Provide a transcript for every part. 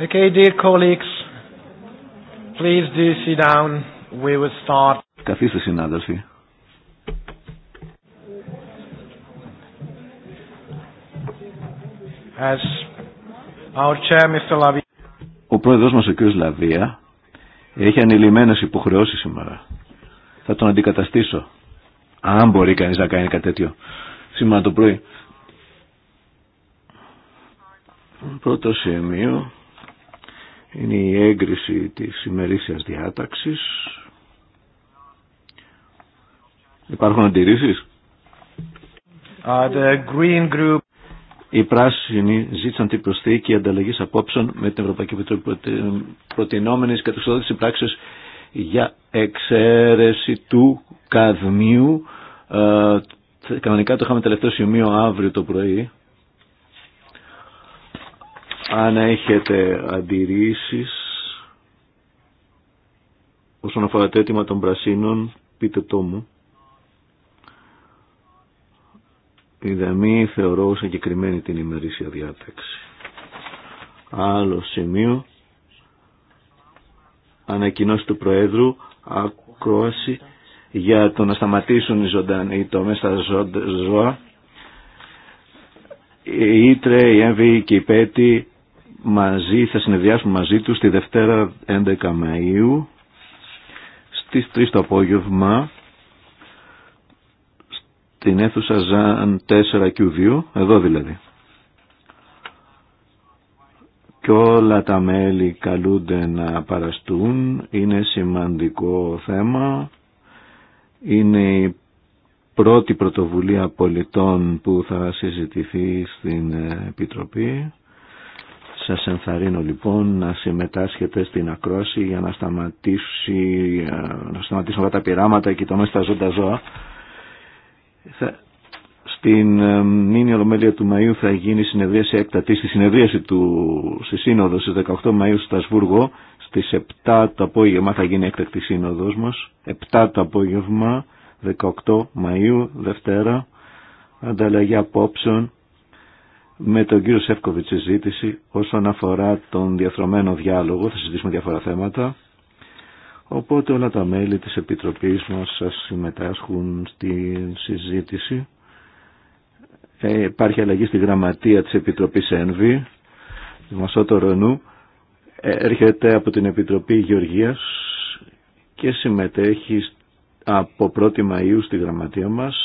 Okay, dear colleagues, please do sit down. We will start. Καθίστε συνάδελφοι. As our chair, Mr. Lavia. Ο πρόεδρος μας, ο κ. Λαβία, έχει ανηλυμένες υποχρεώσεις σήμερα. Θα τον αντικαταστήσω. Αν μπορεί κανείς να κάνει κάτι τέτοιο. Σήμερα το πρωί. Πρώτο σημείο είναι η έγκριση της ημερήσιας διάταξης. Υπάρχουν αντιρρήσεις. Uh, Οι πράσινοι ζήτησαν την προσθήκη ανταλλαγή απόψεων με την Ευρωπαϊκή Επιτροπή προτινόμενης κατεξοδότηση πράξης για εξαίρεση του καδμίου. Ε, κανονικά το είχαμε τελευταίο σημείο αύριο το πρωί. Αν έχετε αντιρρήσεις όσον αφορά το αίτημα των πρασίνων, πείτε το μου. Η δεμή θεωρώ συγκεκριμένη την ημερήσια διάταξη. Άλλο σημείο. Ανακοινώσει του Προέδρου. Ακρόαση για το να σταματήσουν οι, ζωντανοί οι τομές στα ζώα. Η Ήτρε, η Έμβη και η Πέτη μαζί, θα συνεδριάσουμε μαζί τους τη Δευτέρα 11 Μαΐου στις 3 το απόγευμα στην αίθουσα ΖΑΝ 4Q2, εδώ δηλαδή. Και όλα τα μέλη καλούνται να παραστούν, είναι σημαντικό θέμα, είναι η πρώτη πρωτοβουλία πολιτών που θα συζητηθεί στην Επιτροπή. Σας ενθαρρύνω λοιπόν να συμμετάσχετε στην ακρόση για να, σταματήσει, να σταματήσουν αυτά τα πειράματα και το μέσα στα ζώντα ζώα. στην ε, μήνυ ολομέλεια του Μαΐου θα γίνει συνεδρίαση έκτατη στη συνεδρίαση του στη Σύνοδο στις 18 Μαΐου στο Στασβούργο στις 7 το απόγευμα θα γίνει έκτακτη σύνοδος μας 7 το απόγευμα 18 Μαΐου Δευτέρα ανταλλαγή απόψεων με τον κύριο Σεύκοβιτ συζήτηση όσον αφορά τον διαθρωμένο διάλογο. Θα συζητήσουμε διάφορα θέματα. Οπότε όλα τα μέλη της Επιτροπής μας σας συμμετάσχουν στη συζήτηση. Ε, υπάρχει αλλαγή στη γραμματεία της Επιτροπής ΕΝΒΗ, Μασότο Ρονού. Ε, έρχεται από την Επιτροπή Γεωργίας και συμμετέχει από 1η Μαΐου στη γραμματεία μας.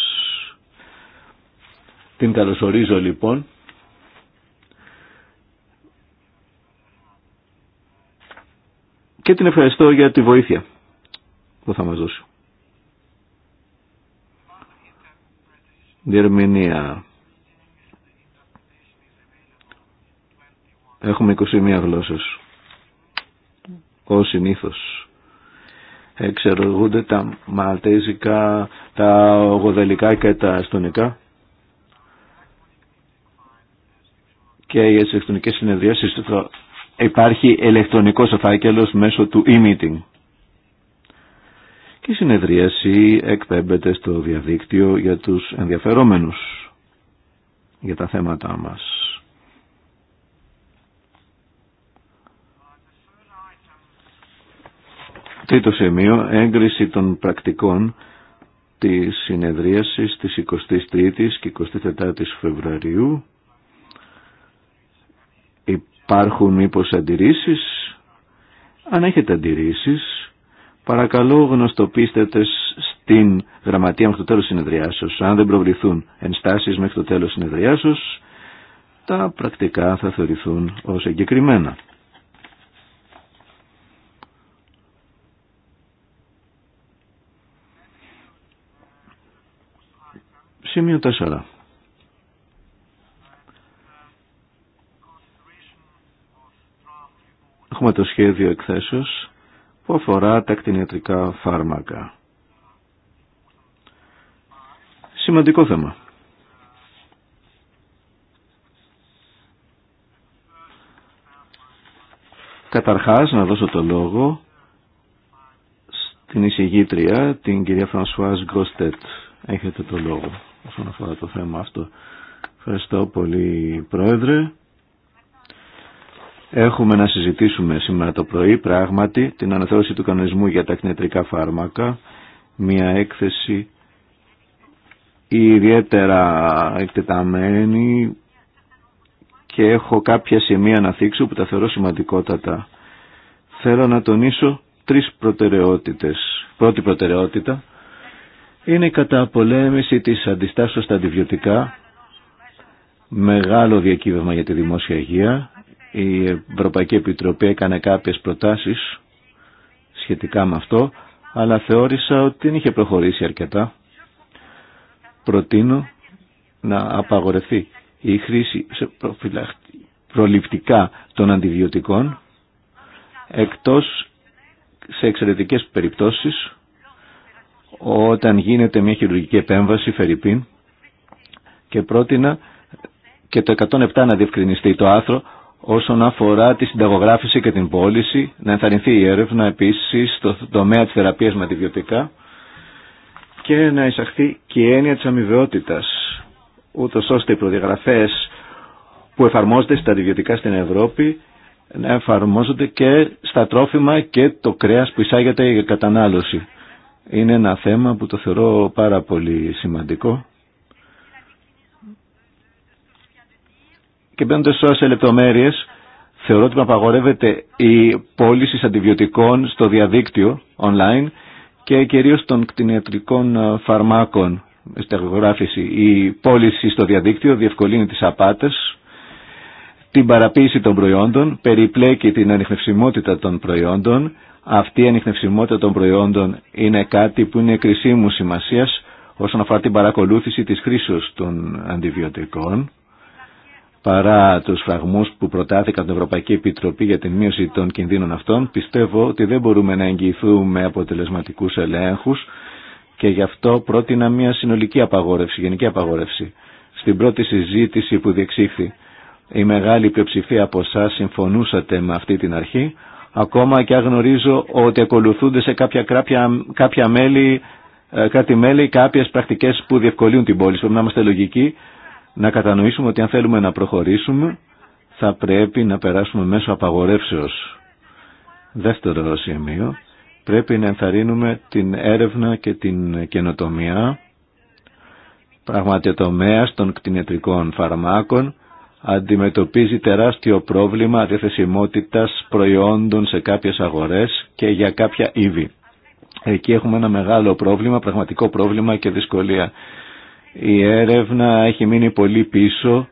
Την καλωσορίζω λοιπόν. και την ευχαριστώ για τη βοήθεια που θα μας δώσει. Διερμηνία. Έχουμε 21 γλώσσες. Όσοι συνήθως. Εξεργούνται τα μαλτέζικα, τα ογοδελικά και τα αστωνικά. Και οι εξεκτονικές συνεδριάσεις θα υπάρχει ηλεκτρονικός φάκελο μέσω του e-meeting. Και η συνεδρίαση εκπέμπεται στο διαδίκτυο για τους ενδιαφερόμενους για τα θέματα μας. Τρίτο σημείο, έγκριση των πρακτικών της συνεδρίασης της 23ης και 24ης Φεβρουαρίου Υπάρχουν μήπως αντιρρήσεις. Αν έχετε αντιρρήσεις, παρακαλώ γνωστοποιήστε τες στην γραμματεία μέχρι το τέλος συνεδριάσεως. Αν δεν προβληθούν ενστάσεις μέχρι το τέλος συνεδριάσεως, τα πρακτικά θα θεωρηθούν ως εγκεκριμένα. Σημείο 4. Έχουμε το σχέδιο εκθέσεως που αφορά τα κτηνιατρικά φάρμακα. Σημαντικό θέμα. Καταρχάς να δώσω το λόγο στην εισηγήτρια, την κυρία Φρανσουάς Γκρόστετ. Έχετε το λόγο όσον αφορά το θέμα αυτό. Ευχαριστώ πολύ Πρόεδρε. Έχουμε να συζητήσουμε σήμερα το πρωί πράγματι την αναθεώρηση του κανονισμού για τα κτηνιατρικά φάρμακα, μια έκθεση ιδιαίτερα εκτεταμένη και έχω κάποια σημεία να θίξω που τα θεωρώ σημαντικότατα. Θέλω να τονίσω τρεις προτεραιότητες. Πρώτη προτεραιότητα είναι η καταπολέμηση της αντιστάσεως στα αντιβιωτικά, μεγάλο διακύβευμα για τη δημόσια υγεία, η Ευρωπαϊκή Επιτροπή έκανε κάποιες προτάσεις σχετικά με αυτό, αλλά θεώρησα ότι δεν είχε προχωρήσει αρκετά. Προτείνω να απαγορευτεί η χρήση σε προληπτικά των αντιβιωτικών, εκτός σε εξαιρετικές περιπτώσεις, όταν γίνεται μια χειρουργική επέμβαση, φερρυπίν, και πρότεινα και το 107 να διευκρινιστεί το άθρο όσον αφορά τη συνταγογράφηση και την πώληση, να ενθαρρυνθεί η έρευνα επίσης στο τομέα της θεραπείας με αντιβιωτικά και να εισαχθεί και η έννοια της αμοιβαιότητας, ούτως ώστε οι προδιαγραφές που εφαρμόζονται στα αντιβιωτικά στην Ευρώπη να εφαρμόζονται και στα τρόφιμα και το κρέας που εισάγεται για κατανάλωση. Είναι ένα θέμα που το θεωρώ πάρα πολύ σημαντικό και μπαίνοντα τώρα σε λεπτομέρειε, θεωρώ ότι απαγορεύεται η πώληση αντιβιωτικών στο διαδίκτυο online και κυρίω των κτηνιατρικών ε, φαρμάκων. Στεγγράφηση. Η πώληση στο διαδίκτυο διευκολύνει τι απάτε, την παραποίηση των προϊόντων, περιπλέκει την ανιχνευσιμότητα των προϊόντων. Αυτή η ανιχνευσιμότητα των προϊόντων είναι κάτι που είναι κρισίμου σημασία όσον αφορά την παρακολούθηση της χρήσης των αντιβιωτικών παρά τους φραγμούς που προτάθηκαν την Ευρωπαϊκή Επιτροπή για την μείωση των κινδύνων αυτών, πιστεύω ότι δεν μπορούμε να εγγυηθούμε αποτελεσματικούς ελέγχους και γι' αυτό πρότεινα μια συνολική απαγόρευση, γενική απαγόρευση. Στην πρώτη συζήτηση που διεξήχθη, η μεγάλη πλειοψηφία από εσά συμφωνούσατε με αυτή την αρχή, ακόμα και αν γνωρίζω ότι ακολουθούνται σε κάποια, κάποια, κάποια μέλη, ε, κάτι μέλη κάποιες πρακτικές που διευκολύνουν την πόλη. Πρέπει να είμαστε λογικοί να κατανοήσουμε ότι αν θέλουμε να προχωρήσουμε θα πρέπει να περάσουμε μέσω απαγορεύσεως. Δεύτερο σημείο, πρέπει να ενθαρρύνουμε την έρευνα και την καινοτομία πραγματετομέας των κτηνιατρικών φαρμάκων αντιμετωπίζει τεράστιο πρόβλημα διαθεσιμότητας προϊόντων σε κάποιες αγορές και για κάποια είδη. Εκεί έχουμε ένα μεγάλο πρόβλημα, πραγματικό πρόβλημα και δυσκολία. Η έρευνα έχει μείνει πολύ πίσω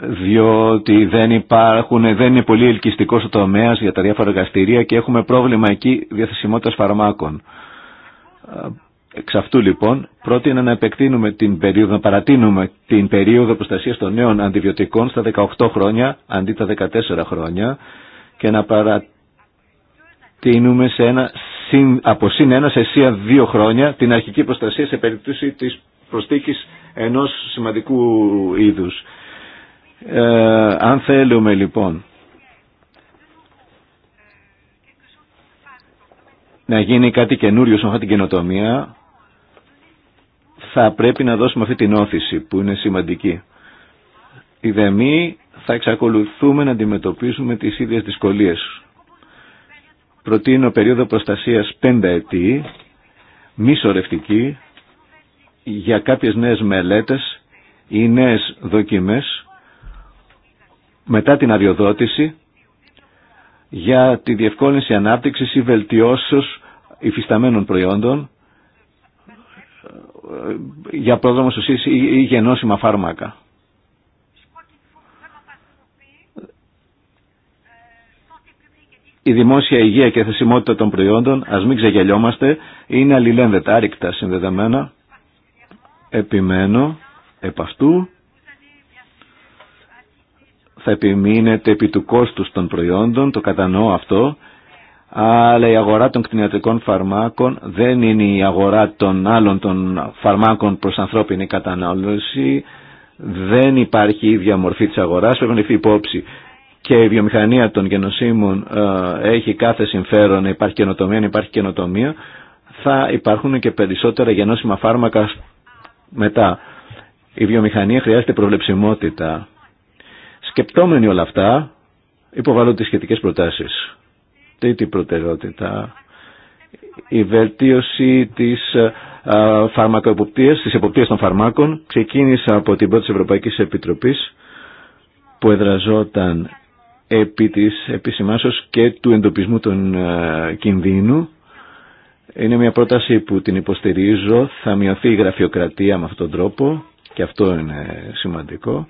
διότι δεν υπάρχουν, δεν είναι πολύ ελκυστικό ο τομέας για τα διάφορα εργαστηρία και έχουμε πρόβλημα εκεί διαθεσιμότητας φαρμάκων. Εξ αυτού λοιπόν πρότεινα να επεκτείνουμε την περίοδο, να παρατείνουμε την περίοδο προστασία των νέων αντιβιωτικών στα 18 χρόνια αντί τα 14 χρόνια και να παρατείνουμε σε ένα από συν ένα σε σύν δύο χρόνια την αρχική προστασία σε περίπτωση της προστίκης ενός σημαντικού είδους. Ε, αν θέλουμε λοιπόν να γίνει κάτι καινούριο σε αυτή την καινοτομία θα πρέπει να δώσουμε αυτή την όθηση που είναι σημαντική. Η δεμή θα εξακολουθούμε να αντιμετωπίσουμε τις ίδιες δυσκολίες προτείνω περίοδο προστασίας 5 ετή, μη σωρευτική, για κάποιες νέες μελέτες ή νέες δοκιμές, μετά την αδειοδότηση, για τη διευκόλυνση ανάπτυξης ή βελτιώσεως υφισταμένων προϊόντων, ε, για πρόδρομο σωσής ή γενώσιμα φάρμακα. Η δημόσια υγεία και θεσιμότητα των προϊόντων, ας μην ξεγελιόμαστε, είναι αλληλένδετα, άρρηκτα συνδεδεμένα. Επιμένω επ' αυτού θα επιμείνετε επί του κόστου των προϊόντων, το κατανοώ αυτό, αλλά η αγορά των κτηνιατρικών φαρμάκων δεν είναι η αγορά των άλλων των φαρμάκων προς ανθρώπινη κατανάλωση, δεν υπάρχει η ίδια μορφή της αγοράς, πρέπει να υπόψη και η βιομηχανία των γενοσύμων ε, έχει κάθε συμφέρον να υπάρχει καινοτομία, υπάρχει καινοτομία, θα υπάρχουν και περισσότερα γενώσιμα φάρμακα μετά. Η βιομηχανία χρειάζεται προβλεψιμότητα. Σκεπτόμενοι όλα αυτά, υποβάλλω τις σχετικές προτάσεις. Τρίτη προτεραιότητα, η βελτίωση της ε, φαρμακοεποπτείας, της εποπτείας των φαρμάκων, ξεκίνησε από την πρώτη Ευρωπαϊκής Επιτροπής που εδραζόταν επί της επισημάσεως και του εντοπισμού των ε, κινδύνου. Είναι μια πρόταση που την υποστηρίζω, θα μειωθεί η γραφειοκρατία με αυτόν τον τρόπο και αυτό είναι σημαντικό.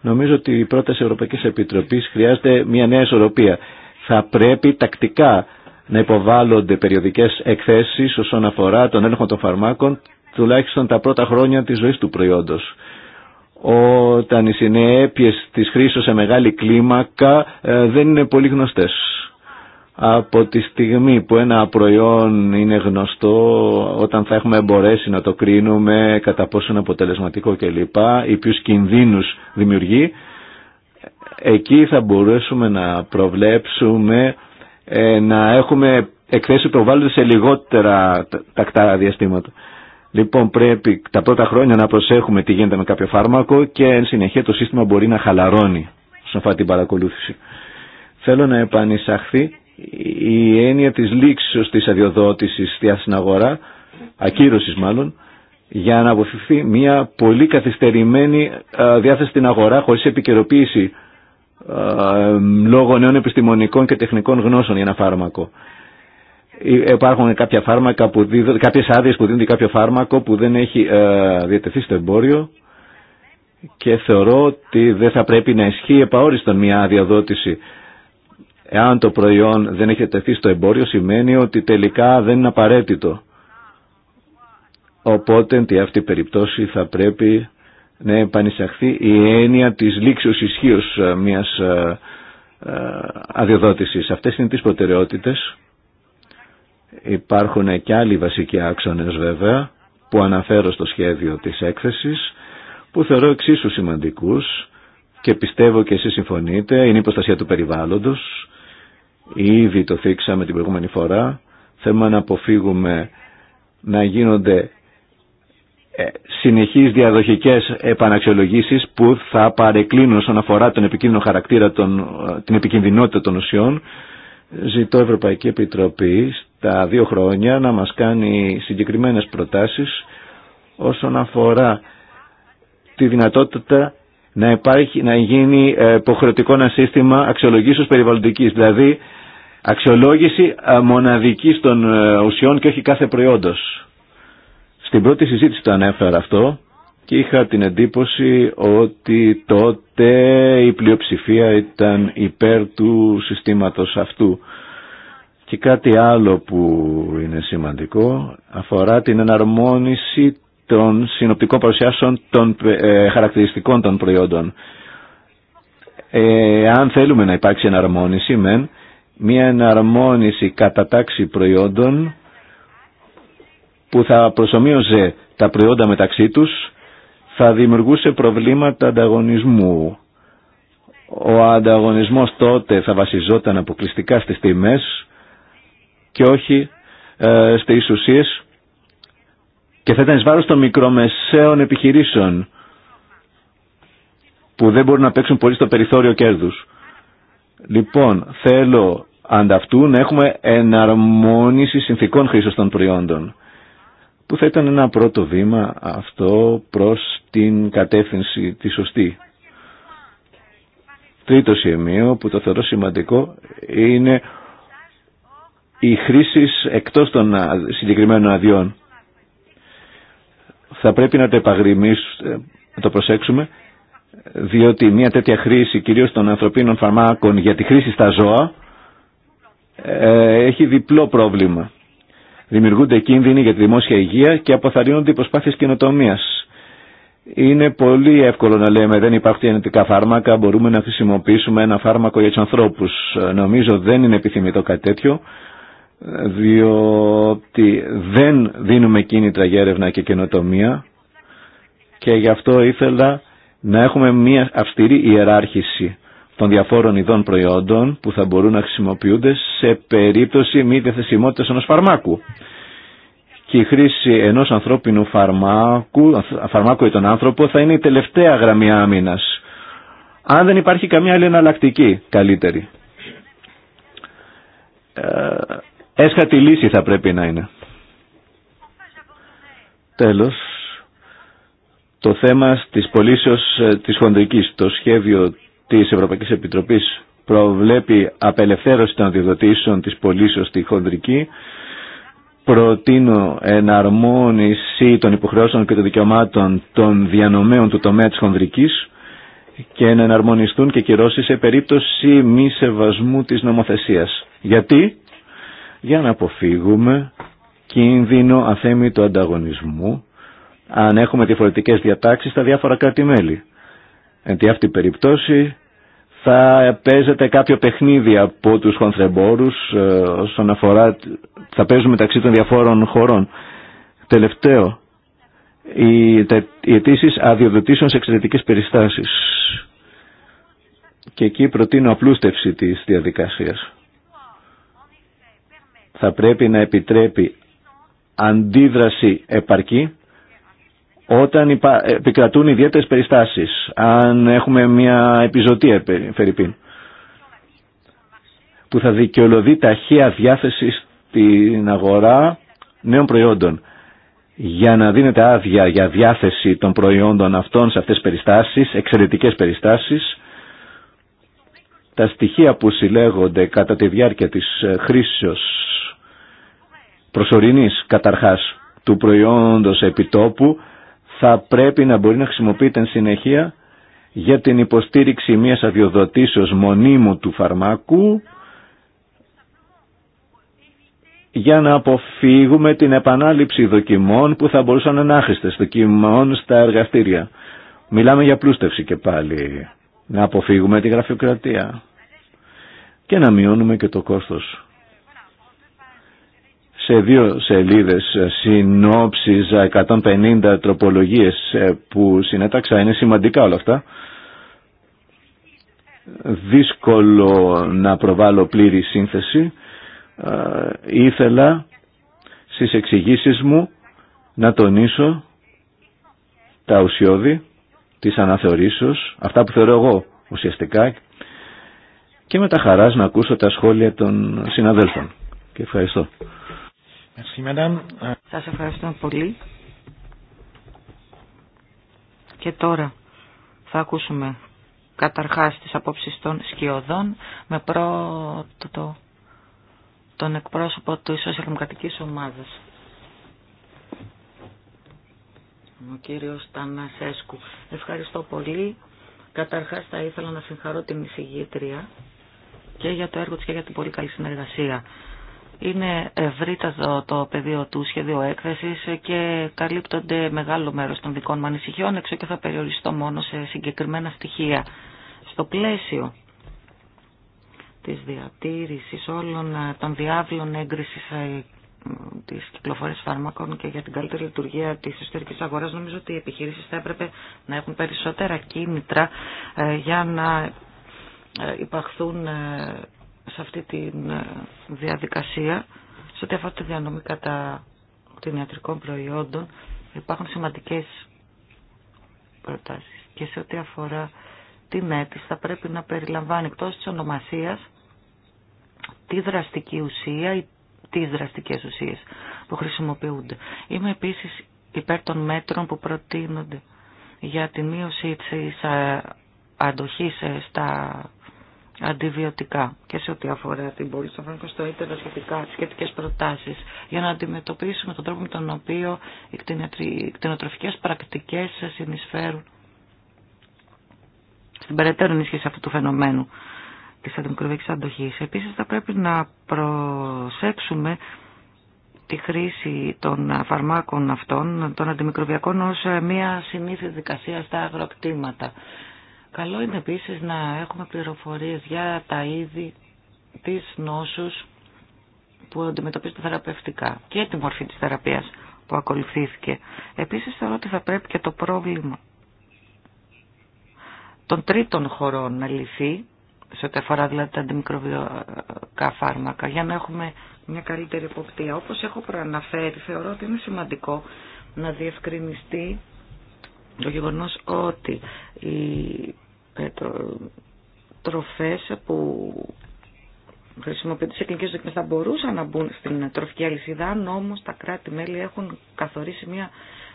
Νομίζω ότι η πρόταση Ευρωπαϊκής Επιτροπής χρειάζεται μια νέα ισορροπία. Θα πρέπει τακτικά να υποβάλλονται περιοδικές εκθέσεις όσον αφορά τον έλεγχο των φαρμάκων τουλάχιστον τα πρώτα χρόνια της ζωής του προϊόντος όταν οι συνέπειες της χρήσης σε μεγάλη κλίμακα ε, δεν είναι πολύ γνωστές. Από τη στιγμή που ένα προϊόν είναι γνωστό, όταν θα έχουμε μπορέσει να το κρίνουμε κατά πόσο είναι αποτελεσματικό κλπ, ή ποιους κινδύνους δημιουργεί, εκεί θα μπορέσουμε να προβλέψουμε ε, να έχουμε εκθέσει προβάλλονται σε λιγότερα τακτά διαστήματα. Λοιπόν πρέπει τα πρώτα χρόνια να προσέχουμε τι γίνεται με κάποιο φάρμακο και εν συνεχεία το σύστημα μπορεί να χαλαρώνει στον αφορά την παρακολούθηση. Θέλω να επανεισαχθεί η έννοια της λήξης της αδειοδότησης στην αγορά, ακύρωσης μάλλον, για να βοηθηθεί μια πολύ καθυστερημένη διάθεση στην αγορά χωρίς επικαιροποίηση λόγω νέων επιστημονικών και τεχνικών γνώσεων για ένα φάρμακο υπάρχουν κάποια φάρμακα που δίδονται, κάποιες άδειες που δίνονται κάποιο φάρμακο που δεν έχει ε, διατεθεί στο εμπόριο και θεωρώ ότι δεν θα πρέπει να ισχύει επαόριστον μια αδιαδότηση. Εάν το προϊόν δεν έχει διατεθεί στο εμπόριο σημαίνει ότι τελικά δεν είναι απαραίτητο. Οπότε, τη αυτή περιπτώση θα πρέπει να επανεισαχθεί η έννοια της λήξης ισχύω ε, μιας ε, ε, αδειοδότησης. Αυτές είναι τις προτεραιότητες Υπάρχουν και άλλοι βασικοί άξονες βέβαια που αναφέρω στο σχέδιο της έκθεσης που θεωρώ εξίσου σημαντικούς και πιστεύω και εσείς συμφωνείτε, είναι η προστασία του περιβάλλοντος. Ήδη το θίξαμε την προηγούμενη φορά. θέμα να αποφύγουμε να γίνονται ε, συνεχείς διαδοχικές επαναξιολογήσεις που θα παρεκκλίνουν όσον αφορά τον επικίνδυνο χαρακτήρα, τον, ε, την επικινδυνότητα των ουσιών. Ζητώ Ευρωπαϊκή Επιτροπή τα δύο χρόνια να μας κάνει συγκεκριμένες προτάσεις όσον αφορά τη δυνατότητα να, υπάρχει, να γίνει ε, υποχρεωτικό ένα σύστημα αξιολογήσεως περιβαλλοντικής, δηλαδή αξιολόγηση ε, μοναδικής των ε, ουσιών και όχι κάθε προϊόντος. Στην πρώτη συζήτηση το ανέφερα αυτό και είχα την εντύπωση ότι τότε η πλειοψηφία ήταν υπέρ του συστήματος αυτού. Και κάτι άλλο που είναι σημαντικό αφορά την εναρμόνιση των συνοπτικών παρουσιάσεων των ε, χαρακτηριστικών των προϊόντων. Ε, αν θέλουμε να υπάρξει εναρμόνιση, μεν, μια εναρμόνιση κατά τάξη προϊόντων που θα προσωμείωζε τα προϊόντα μεταξύ τους θα δημιουργούσε προβλήματα ανταγωνισμού. Ο ανταγωνισμός τότε θα βασιζόταν αποκλειστικά στις τιμές και όχι ε, στις ουσίες και θα ήταν εις βάρος των μικρομεσαίων επιχειρήσεων που δεν μπορούν να παίξουν πολύ στο περιθώριο κέρδους. Λοιπόν, θέλω ανταυτού να έχουμε εναρμόνιση συνθήκων χρήσεως των προϊόντων που θα ήταν ένα πρώτο βήμα αυτό προς την κατεύθυνση τη σωστή. Τρίτο σημείο που το θεωρώ σημαντικό είναι οι χρήσει εκτός των συγκεκριμένων αδειών. Θα πρέπει να το επαγρυμίσουμε, το προσέξουμε, διότι μια τέτοια χρήση κυρίως των ανθρωπίνων φαρμάκων για τη χρήση στα ζώα ε, έχει διπλό πρόβλημα. Δημιουργούνται κίνδυνοι για τη δημόσια υγεία και αποθαρρύνονται οι προσπάθειες καινοτομίας. Είναι πολύ εύκολο να λέμε δεν υπάρχουν γενετικά φάρμακα, μπορούμε να χρησιμοποιήσουμε ένα φάρμακο για τους ανθρώπους. Νομίζω δεν είναι επιθυμητό κάτι τέτοιο διότι δεν δίνουμε κίνητρα για έρευνα και καινοτομία και γι' αυτό ήθελα να έχουμε μια αυστηρή ιεράρχηση των διαφόρων ειδών προϊόντων που θα μπορούν να χρησιμοποιούνται σε περίπτωση μη διαθεσιμότητας ενός φαρμάκου. Και η χρήση ενός ανθρώπινου φαρμάκου, φαρμάκου ή τον άνθρωπο θα είναι η τελευταία γραμμή άμυνας. Αν δεν υπάρχει καμία άλλη εναλλακτική καλύτερη. Ε, Έσχατη λύση θα πρέπει να είναι. Τέλος, το θέμα της πωλήσεως ε, της χονδρικής, το σχέδιο της Ευρωπαϊκής Επιτροπής προβλέπει απελευθέρωση των διδοτήσεων της πωλήσεως στη χονδρική. Προτείνω εναρμόνιση των υποχρεώσεων και των δικαιωμάτων των διανομέων του τομέα της χονδρικής και να εναρμονιστούν και κυρώσει σε περίπτωση μη σεβασμού της νομοθεσίας. Γιατί για να αποφύγουμε κίνδυνο αθέμη του ανταγωνισμού αν έχουμε διαφορετικές διατάξεις στα διάφορα κράτη-μέλη. Εν τη αυτή περιπτώση θα παίζεται κάποιο παιχνίδι από τους χονθρεμπόρους ε, όσον αφορά θα παίζουν μεταξύ των διαφόρων χωρών. Τελευταίο, οι, οι αιτήσει αδειοδοτήσεων σε εξαιρετικές περιστάσεις. Και εκεί προτείνω απλούστευση της διαδικασίας θα πρέπει να επιτρέπει αντίδραση επαρκή όταν επικρατούν ιδιαίτερες περιστάσεις, αν έχουμε μια επιζωτία φερρυπίν, που θα δικαιολογεί ταχεία διάθεση στην αγορά νέων προϊόντων. Για να δίνεται άδεια για διάθεση των προϊόντων αυτών σε αυτές τις περιστάσεις, εξαιρετικές περιστάσεις, τα στοιχεία που συλλέγονται κατά τη διάρκεια της ε, χρήσεως προσωρινής καταρχάς του προϊόντος επιτόπου θα πρέπει να μπορεί να χρησιμοποιείται εν συνεχεία για την υποστήριξη μιας αδειοδοτήσεως μονίμου του φαρμάκου για να αποφύγουμε την επανάληψη δοκιμών που θα μπορούσαν να είναι άχρηστες δοκιμών στα εργαστήρια. Μιλάμε για πλούστευση και πάλι. Να αποφύγουμε τη γραφειοκρατία και να μειώνουμε και το κόστος σε δύο σελίδες ε, συνόψεις, 150 ε, τροπολογίες ε, που συνέταξα. Είναι σημαντικά όλα αυτά. Δύσκολο να προβάλλω πλήρη σύνθεση. Ήθελα στις εξηγήσεις μου να τονίσω τα ουσιώδη της αναθεωρήσεως, αυτά που θεωρώ εγώ ουσιαστικά και με τα χαράς να ακούσω τα σχόλια των συναδέλφων. Και ευχαριστώ. Σας ευχαριστώ πολύ. Και τώρα θα ακούσουμε καταρχάς τις απόψεις των σκιωδών με πρώτο τον εκπρόσωπο του Σοσιαλδημοκρατικής Ομάδας. Ο κύριος Τανασέσκου. Ευχαριστώ πολύ. Καταρχάς θα ήθελα να συγχαρώ την εισηγήτρια και για το έργο της και για την πολύ καλή συνεργασία είναι ευρύτατο το πεδίο του σχεδίου έκθεσης και καλύπτονται μεγάλο μέρος των δικών μου ανησυχιών, έξω και θα περιοριστώ μόνο σε συγκεκριμένα στοιχεία. Στο πλαίσιο της διατήρησης όλων ε, των διάβλων έγκρισης ε, τη κυκλοφορία φάρμακων και για την καλύτερη λειτουργία τη εσωτερική αγορά, νομίζω ότι οι επιχειρήσει θα έπρεπε να έχουν περισσότερα κίνητρα ε, για να υπαχθούν σε αυτή τη ε, διαδικασία, σε ό,τι αφορά τη διανομή κατά των ιατρικών προϊόντων, υπάρχουν σημαντικές προτάσεις. Και σε ό,τι αφορά την αίτηση, θα πρέπει να περιλαμβάνει εκτός της ονομασίας τη δραστική ουσία ή τις δραστικές ουσίες που χρησιμοποιούνται. Είμαι επίσης υπέρ των μέτρων που προτείνονται για τη μείωση της ε, αντοχής ε, στα αντιβιωτικά και σε ό,τι αφορά την πόλη στο Φρόνικο στο ίτερο σχετικά σχετικές προτάσεις για να αντιμετωπίσουμε τον τρόπο με τον οποίο οι κτηνοτροφικές πρακτικές συνεισφέρουν στην περαιτέρω ενίσχυση αυτού του φαινομένου της αντιμικροβιακής αντοχής. Επίσης θα πρέπει να προσέξουμε τη χρήση των φαρμάκων αυτών, των αντιμικροβιακών, ως μια συνήθεια δικασία στα αγροκτήματα. Καλό είναι επίσης να έχουμε πληροφορίες για τα είδη της νόσους που αντιμετωπίζονται θεραπευτικά και τη μορφή της θεραπείας που ακολουθήθηκε. Επίσης θεωρώ ότι θα πρέπει και το πρόβλημα των τρίτων χωρών να λυθεί σε ό,τι αφορά δηλαδή τα αντιμικροβιακά φάρμακα για να έχουμε μια καλύτερη εποπτεία. Όπως έχω προαναφέρει θεωρώ ότι είναι σημαντικό να διευκρινιστεί το γεγονός ότι η ε, τροφές που χρησιμοποιούνται σε κλινικές δοκιμές θα μπορούσαν να μπουν στην τροφική αλυσίδα, αν όμως τα κράτη-μέλη έχουν καθορίσει μια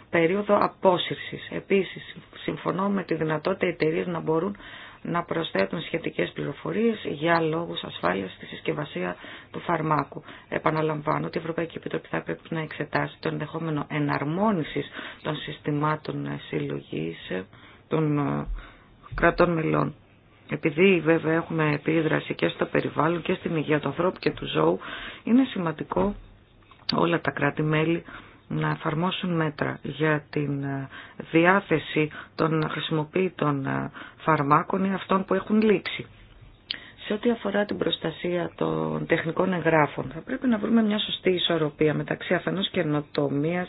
περίοδο απόσυρσης. Επίσης, συμφωνώ με τη δυνατότητα εταιρείε να μπορούν να προσθέτουν σχετικές πληροφορίες για λόγους ασφάλειας στη συσκευασία του φαρμάκου. Επαναλαμβάνω ότι η Ευρωπαϊκή Επιτροπή θα πρέπει να εξετάσει το ενδεχόμενο εναρμόνισης των συστημάτων συλλογής των ε, κρατών μελών. Επειδή βέβαια έχουμε επίδραση και στο περιβάλλον και στην υγεία του ανθρώπου και του ζώου, είναι σημαντικό όλα τα κράτη-μέλη να εφαρμόσουν μέτρα για την ε, διάθεση των χρησιμοποιητών ε, φαρμάκων ή αυτών που έχουν λήξει. Σε ό,τι αφορά την προστασία των τεχνικών εγγράφων, θα πρέπει να βρούμε μια σωστή ισορροπία μεταξύ αφενός καινοτομία,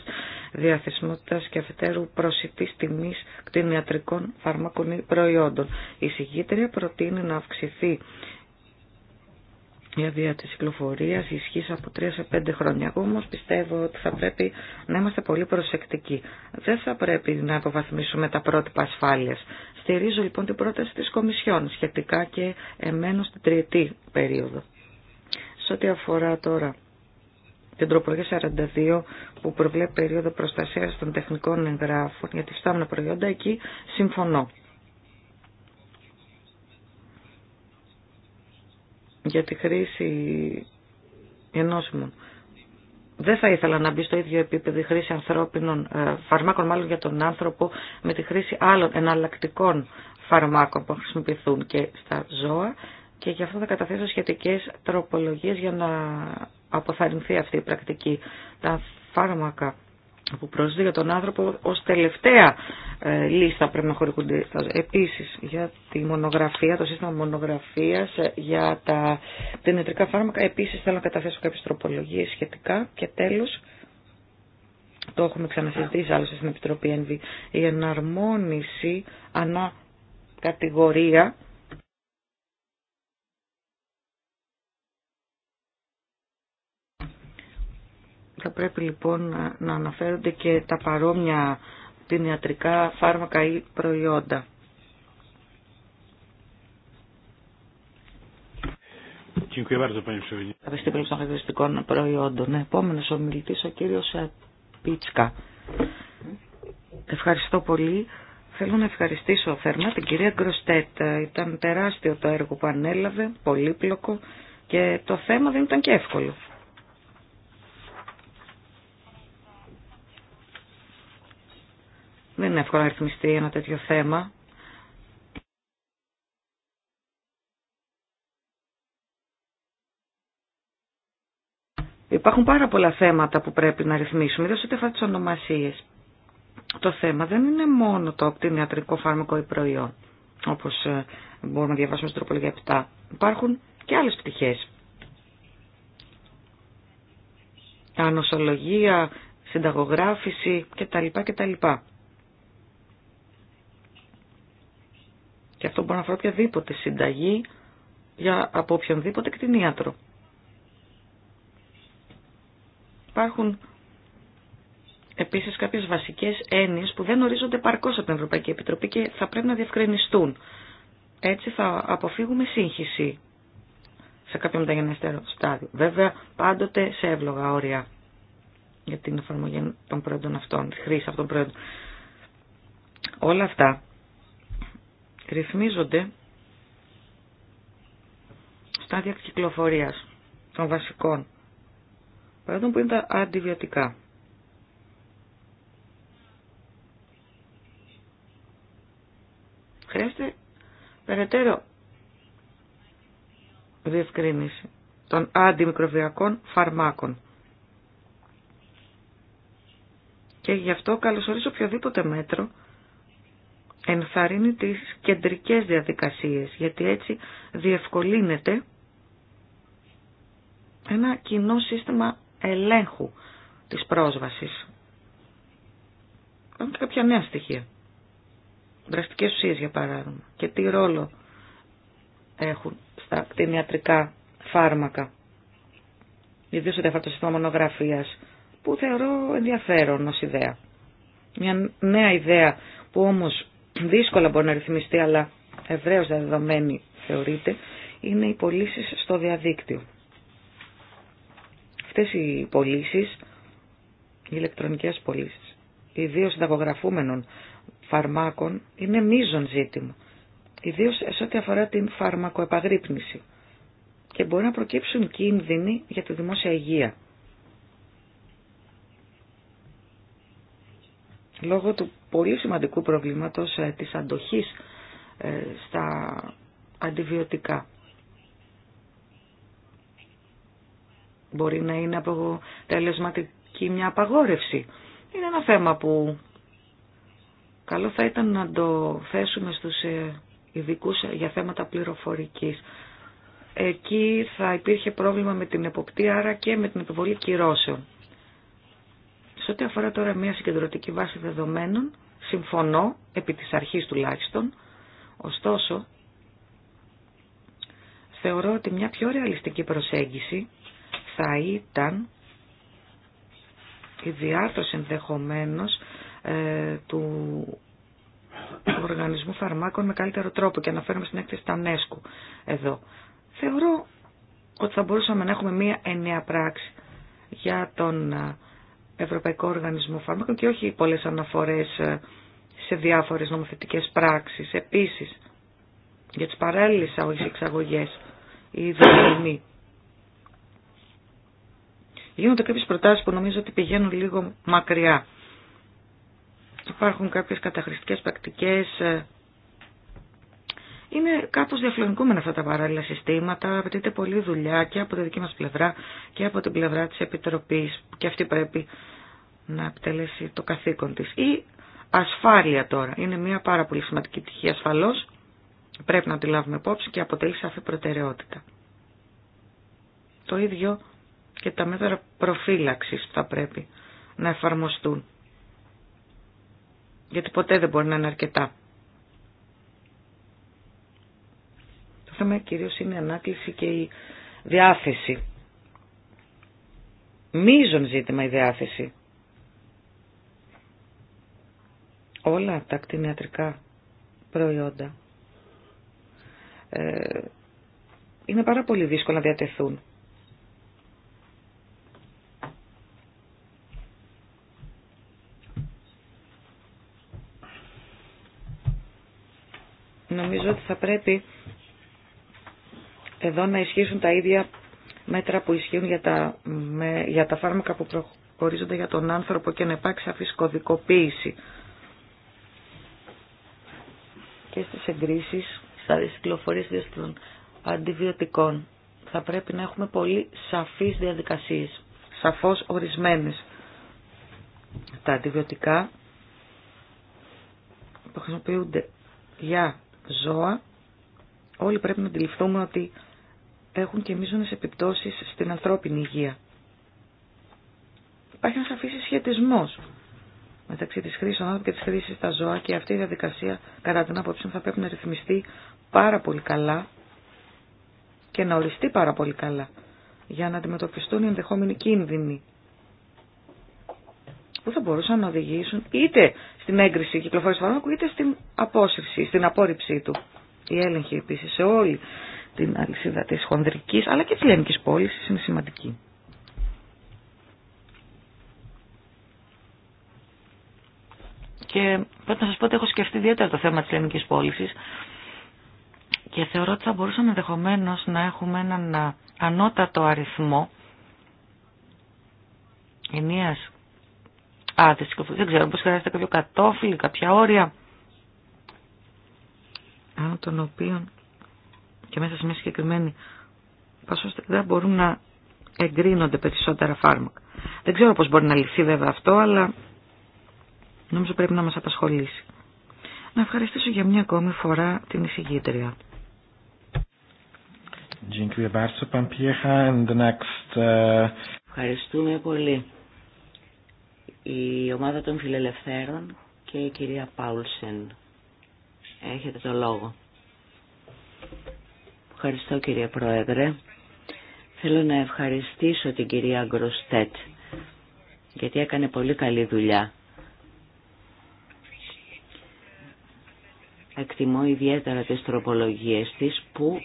διαθεσιμότητας και αφετέρου προσιτή τιμή κτηνιατρικών φαρμάκων ή προϊόντων. Η συγγύτρια προτείνει να αυξηθεί η αδεία της συγκλωφορίας ισχύς από τρία σε προτεινει να αυξηθει η αδεια τη κυκλοφορία ισχύει από 3 σε 5 χρόνια. Εγώ πιστεύω ότι θα πρέπει να είμαστε πολύ προσεκτικοί. Δεν θα πρέπει να αποβαθμίσουμε τα πρότυπα ασφάλεια. Στηρίζω λοιπόν την πρόταση της Κομισιόν σχετικά και εμένω στην τριετή περίοδο. Σε ό,τι αφορά τώρα την τροπολογία 42 που προβλέπει περίοδο προστασίας των τεχνικών εγγράφων για τη φτάμενα προϊόντα, εκεί συμφωνώ. Για τη χρήση ενώσιμων δεν θα ήθελα να μπει στο ίδιο επίπεδο η χρήση ανθρώπινων ε, φαρμάκων, μάλλον για τον άνθρωπο, με τη χρήση άλλων εναλλακτικών φαρμάκων που χρησιμοποιηθούν και στα ζώα και γι' αυτό θα καταθέσω σχετικές τροπολογίες για να αποθαρρυνθεί αυτή η πρακτική. Τα φάρμακα που προσδίδει για τον άνθρωπο ως τελευταία ε, λίστα πρέπει να χωρικούνται. Επίσης για τη μονογραφία, το σύστημα μονογραφίας ε, για τα τενετρικά φάρμακα. Επίσης θέλω να καταθέσω κάποιες τροπολογίες σχετικά και τέλος το έχουμε ξανασυζητήσει άλλωστε στην Επιτροπή ΕΝΒΗ, η εναρμόνιση ανά κατηγορία Θα πρέπει λοιπόν να αναφέρονται και τα παρόμοια ιατρικά φάρμακα ή προϊόντα. Ευχαριστώ των προϊόντων. Ναι, επόμενος ο ο κύριος ε, Πίτσκα. Ευχαριστώ πολύ. Θέλω να ευχαριστήσω θερμά την κυρία Γκροστέτ. Ήταν τεράστιο το έργο που ανέλαβε, πολύπλοκο και το θέμα δεν ήταν και εύκολο. Δεν είναι εύκολο να ρυθμιστεί ένα τέτοιο θέμα. Υπάρχουν πάρα πολλά θέματα που πρέπει να ρυθμίσουμε, Δεν ό,τι τι τις ονομασίες. Το θέμα δεν είναι μόνο το ιατρικό φάρμακο ή προϊόν, όπως ε, μπορούμε να διαβάσουμε στην τροπολογία 7. Υπάρχουν και άλλες πτυχές. Ανοσολογία, συνταγογράφηση κτλ. κτλ. Και αυτό μπορεί να αφορά οποιαδήποτε συνταγή για, από οποιονδήποτε κτηνίατρο. Υπάρχουν επίσης κάποιες βασικές έννοιες που δεν ορίζονται παρκώς από την Ευρωπαϊκή Επιτροπή και θα πρέπει να διευκρινιστούν. Έτσι θα αποφύγουμε σύγχυση σε κάποιο μεταγενέστερο στάδιο. Βέβαια, πάντοτε σε εύλογα όρια για την εφαρμογή των προϊόντων αυτών, τη χρήση αυτών των προϊόντων. Όλα αυτά ρυθμίζονται στάδια κυκλοφορίας των βασικών παράδειγμα που είναι τα αντιβιωτικά. Χρειάζεται περαιτέρω διευκρίνηση των αντιμικροβιακών φαρμάκων. Και γι' αυτό καλωσορίζω οποιοδήποτε μέτρο ενθαρρύνει τις κεντρικές διαδικασίες, γιατί έτσι διευκολύνεται ένα κοινό σύστημα ελέγχου της πρόσβασης. Υπάρχουν κάποια νέα στοιχεία. Δραστικές ουσίες για παράδειγμα. Και τι ρόλο έχουν στα κτηνιατρικά φάρμακα. Ιδίως ότι αυτό το σύστημα μονογραφίας που θεωρώ ενδιαφέρον ως ιδέα. Μια νέα ιδέα που όμως δύσκολα μπορεί να ρυθμιστεί αλλά ευρέως δεδομένη θεωρείται, είναι οι πωλήσει στο διαδίκτυο. Αυτές οι πωλήσει, οι ηλεκτρονικές πωλήσει, ιδίω συνταγογραφούμενων φαρμάκων, είναι μείζον ζήτημα. Ιδίω σε ό,τι αφορά την φαρμακοεπαγρύπνηση. Και μπορεί να προκύψουν κίνδυνοι για τη δημόσια υγεία. λόγω του πολύ σημαντικού προβλήματος ε, της αντοχής ε, στα αντιβιωτικά. Μπορεί να είναι αποτελεσματική μια απαγόρευση. Είναι ένα θέμα που καλό θα ήταν να το θέσουμε στους ε, ειδικού για θέματα πληροφορικής. Εκεί θα υπήρχε πρόβλημα με την εποπτεία, άρα και με την επιβολή κυρώσεων ό,τι αφορά τώρα μια συγκεντρωτική βάση δεδομένων, συμφωνώ, επί της αρχής τουλάχιστον, ωστόσο, θεωρώ ότι μια πιο ρεαλιστική προσέγγιση θα ήταν η διάρθρωση ενδεχομένως ε, του οργανισμού φαρμάκων με καλύτερο τρόπο και αναφέρομαι στην έκθεση Τανέσκου εδώ. Θεωρώ ότι θα μπορούσαμε να έχουμε μία ενιαία πράξη για τον ε, Ευρωπαϊκό Οργανισμό Φάρμακων και όχι πολλές αναφορές ε, σε διάφορες νομοθετικές πράξεις. Επίσης, για τις παράλληλες εξαγωγές ή δοκιμή. Γίνονται κάποιες προτάσεις που νομίζω ότι πηγαίνουν λίγο μακριά. Υπάρχουν κάποιες καταχρηστικές πρακτικές, ε, είναι κάπως διαφλονικούμενα αυτά τα παράλληλα συστήματα, απαιτείται πολλή δουλειά και από τη δική μας πλευρά και από την πλευρά της Επιτροπής και αυτή πρέπει να επιτελέσει το καθήκον της. Η ασφάλεια τώρα είναι μια πάρα πολύ σημαντική τυχή ασφαλώς, πρέπει να τη λάβουμε υπόψη και αποτελεί σαφή προτεραιότητα. Το ίδιο και τα μέτρα προφύλαξης θα πρέπει να εφαρμοστούν. Γιατί ποτέ δεν μπορεί να είναι αρκετά. Το θέμα κυρίως είναι η ανάκληση και η διάθεση. Μίζον ζήτημα η διάθεση. Όλα τα κτηνιατρικά προϊόντα ε, είναι πάρα πολύ δύσκολα να διατεθούν. Νομίζω ότι θα πρέπει εδώ να ισχύσουν τα ίδια μέτρα που ισχύουν για τα, για τα φάρμακα που προχωρίζονται για τον άνθρωπο και να υπάρξει σαφής κωδικοποίηση. Και στις εγκρίσεις, στα κυκλοφορίες των αντιβιωτικών θα πρέπει να έχουμε πολύ σαφείς διαδικασίες, σαφώς ορισμένες. Τα αντιβιωτικά που χρησιμοποιούνται για ζώα, όλοι πρέπει να αντιληφθούμε ότι έχουν και μείζονες επιπτώσεις στην ανθρώπινη υγεία. Υπάρχει ένα σαφή συσχετισμό μεταξύ τη χρήση των άνθρωπων και τη χρήση στα ζώα και αυτή η διαδικασία, κατά την άποψή μου, θα πρέπει να ρυθμιστεί πάρα πολύ καλά και να οριστεί πάρα πολύ καλά για να αντιμετωπιστούν οι ενδεχόμενοι κίνδυνοι που θα μπορούσαν να οδηγήσουν είτε στην έγκριση του φαρμάκου είτε στην απόσυρση, στην απόρριψή του. Η έλεγχη επίση σε όλη την αλυσίδα της χονδρικής αλλά και της λιανικής πόλης είναι σημαντική. Και πρέπει να σας πω ότι έχω σκεφτεί ιδιαίτερα το θέμα της λιανικής πώλησης και θεωρώ ότι θα μπορούσαμε ενδεχομένω να έχουμε έναν ανώτατο αριθμό ενίας άδεσης. Δεν ξέρω πώς χρειάζεται κάποιο κατόφυλλο, κάποια όρια, τον οποίο και μέσα σε μια συγκεκριμένη ποσότητα δεν μπορούν να εγκρίνονται περισσότερα φάρμακα. Δεν ξέρω πώς μπορεί να λυθεί βέβαια αυτό, αλλά νομίζω πρέπει να μας απασχολήσει. Να ευχαριστήσω για μια ακόμη φορά την εισηγήτρια. Ε, Ευχαριστούμε πολύ. Η ομάδα των φιλελευθέρων και η κυρία Πάουλσεν. Έχετε το λόγο. Ευχαριστώ κύριε Πρόεδρε. Θέλω να ευχαριστήσω την κυρία Γκροστέτ γιατί έκανε πολύ καλή δουλειά. Εκτιμώ ιδιαίτερα τις τροπολογίες της που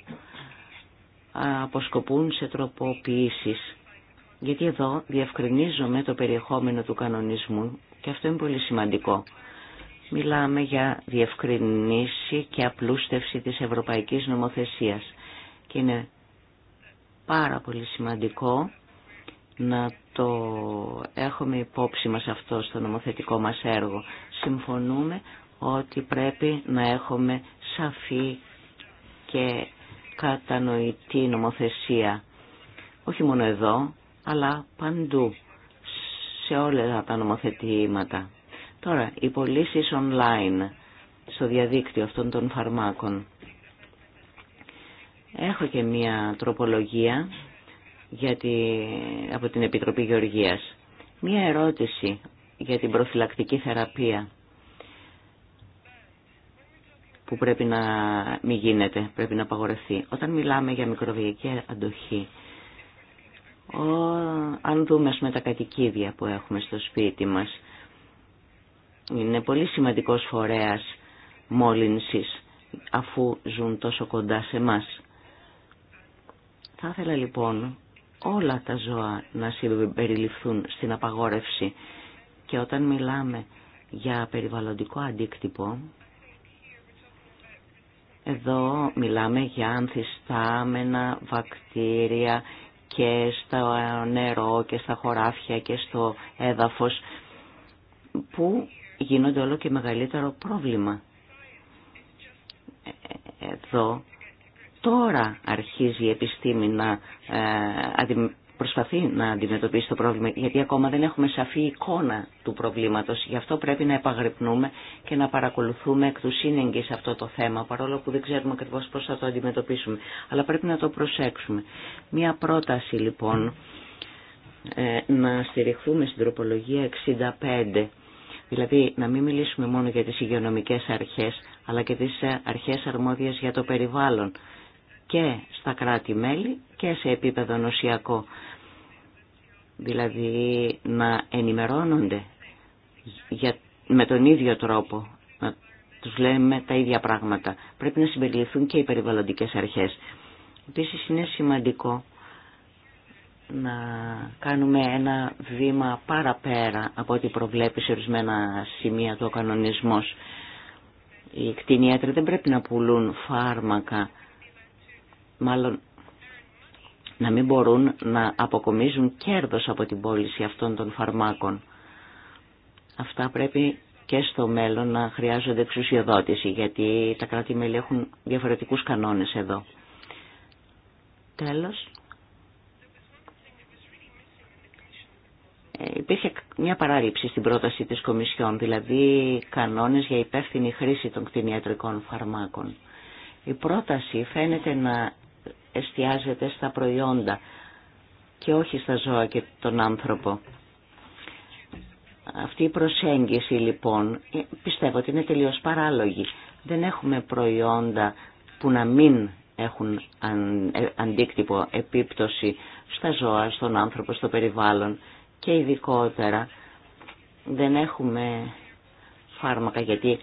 αποσκοπούν σε τροποποιήσεις. Γιατί εδώ διευκρινίζομαι το περιεχόμενο του κανονισμού και αυτό είναι πολύ σημαντικό. Μιλάμε για διευκρινήση και απλούστευση της ευρωπαϊκής νομοθεσίας είναι πάρα πολύ σημαντικό να το έχουμε υπόψη μας αυτό στο νομοθετικό μας έργο. Συμφωνούμε ότι πρέπει να έχουμε σαφή και κατανοητή νομοθεσία. Όχι μόνο εδώ, αλλά παντού, σε όλα τα νομοθετήματα. Τώρα, οι πωλήσει online στο διαδίκτυο αυτών των φαρμάκων. Έχω και μία τροπολογία για από την Επιτροπή Γεωργίας. Μία ερώτηση για την προφυλακτική θεραπεία που πρέπει να μην γίνεται, πρέπει να απαγορευτεί. Όταν μιλάμε για μικροβιακή αντοχή, ο, αν δούμε με τα κατοικίδια που έχουμε στο σπίτι μας, είναι πολύ σημαντικός φορέας μόλυνσης αφού ζουν τόσο κοντά σε μας. Θα ήθελα λοιπόν όλα τα ζώα να συμπεριληφθούν στην απαγόρευση και όταν μιλάμε για περιβαλλοντικό αντίκτυπο εδώ μιλάμε για ανθιστάμενα βακτήρια και στο νερό και στα χωράφια και στο έδαφος που γίνονται όλο και μεγαλύτερο πρόβλημα. Ε, ε, εδώ Τώρα αρχίζει η επιστήμη να ε, προσπαθεί να αντιμετωπίσει το πρόβλημα, γιατί ακόμα δεν έχουμε σαφή εικόνα του προβλήματος. Γι' αυτό πρέπει να επαγρυπνούμε και να παρακολουθούμε εκ του σύνεγγυ σε αυτό το θέμα, παρόλο που δεν ξέρουμε ακριβώ πώς θα το αντιμετωπίσουμε. Αλλά πρέπει να το προσέξουμε. Μία πρόταση λοιπόν, ε, να στηριχθούμε στην τροπολογία 65, δηλαδή να μην μιλήσουμε μόνο για τις υγειονομικές αρχές, αλλά και τις ε, αρχές αρμόδιες για το περιβάλλον και στα κράτη-μέλη και σε επίπεδο νοσιακό. Δηλαδή να ενημερώνονται για, με τον ίδιο τρόπο, να τους λέμε τα ίδια πράγματα. Πρέπει να συμπεριληφθούν και οι περιβαλλοντικές αρχές. Επίσης είναι σημαντικό να κάνουμε ένα βήμα παραπέρα από ό,τι προβλέπει σε ορισμένα σημεία του κανονισμός. Οι κτηνίατροι δεν πρέπει να πουλούν φάρμακα μάλλον να μην μπορούν να αποκομίζουν κέρδος από την πώληση αυτών των φαρμάκων. Αυτά πρέπει και στο μέλλον να χρειάζονται εξουσιοδότηση, γιατί τα κράτη-μέλη έχουν διαφορετικούς κανόνες εδώ. Τέλος. Ε, υπήρχε μια παράληψη στην πρόταση της Κομισιόν, δηλαδή κανόνες για υπεύθυνη χρήση των κτηνιατρικών φαρμάκων. Η πρόταση φαίνεται να εστιάζεται στα προϊόντα και όχι στα ζώα και τον άνθρωπο. Αυτή η προσέγγιση λοιπόν ε, πιστεύω ότι είναι τελείως παράλογη. Δεν έχουμε προϊόντα που να μην έχουν ε, αντίκτυπο επίπτωση στα ζώα, στον άνθρωπο, στο περιβάλλον και ειδικότερα δεν έχουμε φάρμακα γιατί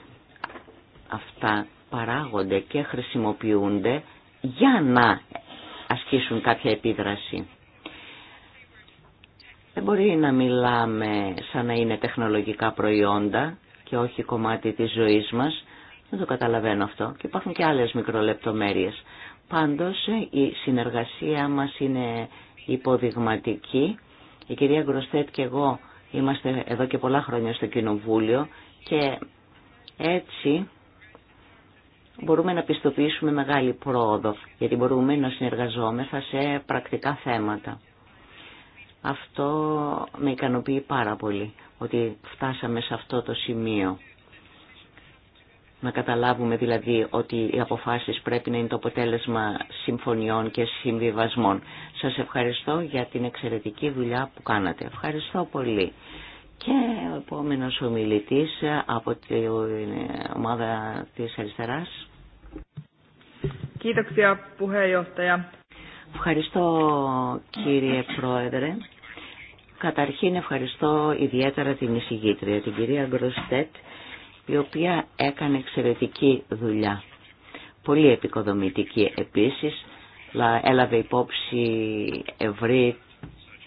αυτά παράγονται και χρησιμοποιούνται για να ασκήσουν κάποια επίδραση. Δεν μπορεί να μιλάμε σαν να είναι τεχνολογικά προϊόντα και όχι κομμάτι της ζωής μας. Δεν το καταλαβαίνω αυτό. Και υπάρχουν και άλλες μικρολεπτομέρειες. Πάντως η συνεργασία μας είναι υποδειγματική. Η κυρία Γκροστέτ και εγώ είμαστε εδώ και πολλά χρόνια στο Κοινοβούλιο και έτσι μπορούμε να πιστοποιήσουμε μεγάλη πρόοδο, γιατί μπορούμε να συνεργαζόμεθα σε πρακτικά θέματα. Αυτό με ικανοποιεί πάρα πολύ, ότι φτάσαμε σε αυτό το σημείο. Να καταλάβουμε δηλαδή ότι οι αποφάσεις πρέπει να είναι το αποτέλεσμα συμφωνιών και συμβιβασμών. Σας ευχαριστώ για την εξαιρετική δουλειά που κάνατε. Ευχαριστώ πολύ. Και ο επόμενος ομιλητής από την ομάδα της αριστεράς. Ευχαριστώ κύριε Πρόεδρε. Καταρχήν ευχαριστώ ιδιαίτερα την εισηγήτρια, την κυρία Γκροστέτ, η οποία έκανε εξαιρετική δουλειά. Πολύ επικοδομητική επίσης, έλαβε υπόψη ευρύ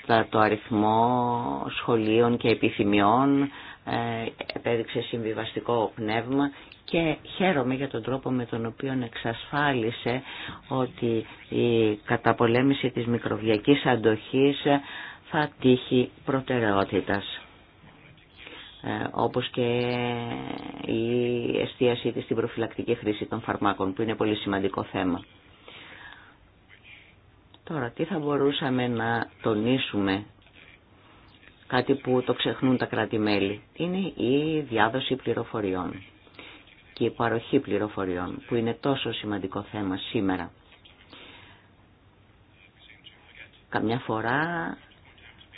το αριθμό σχολείων και επιθυμιών, ε, επέδειξε συμβιβαστικό πνεύμα και χαίρομαι για τον τρόπο με τον οποίο εξασφάλισε ότι η καταπολέμηση της μικροβιακής αντοχής θα τύχει προτεραιότητας ε, όπως και η εστίασή της στην προφυλακτική χρήση των φαρμάκων που είναι πολύ σημαντικό θέμα. Τώρα, τι θα μπορούσαμε να τονίσουμε, κάτι που το ξεχνούν τα κράτη-μέλη, είναι η διάδοση πληροφοριών και η παροχή πληροφοριών, που είναι τόσο σημαντικό θέμα σήμερα. Καμιά φορά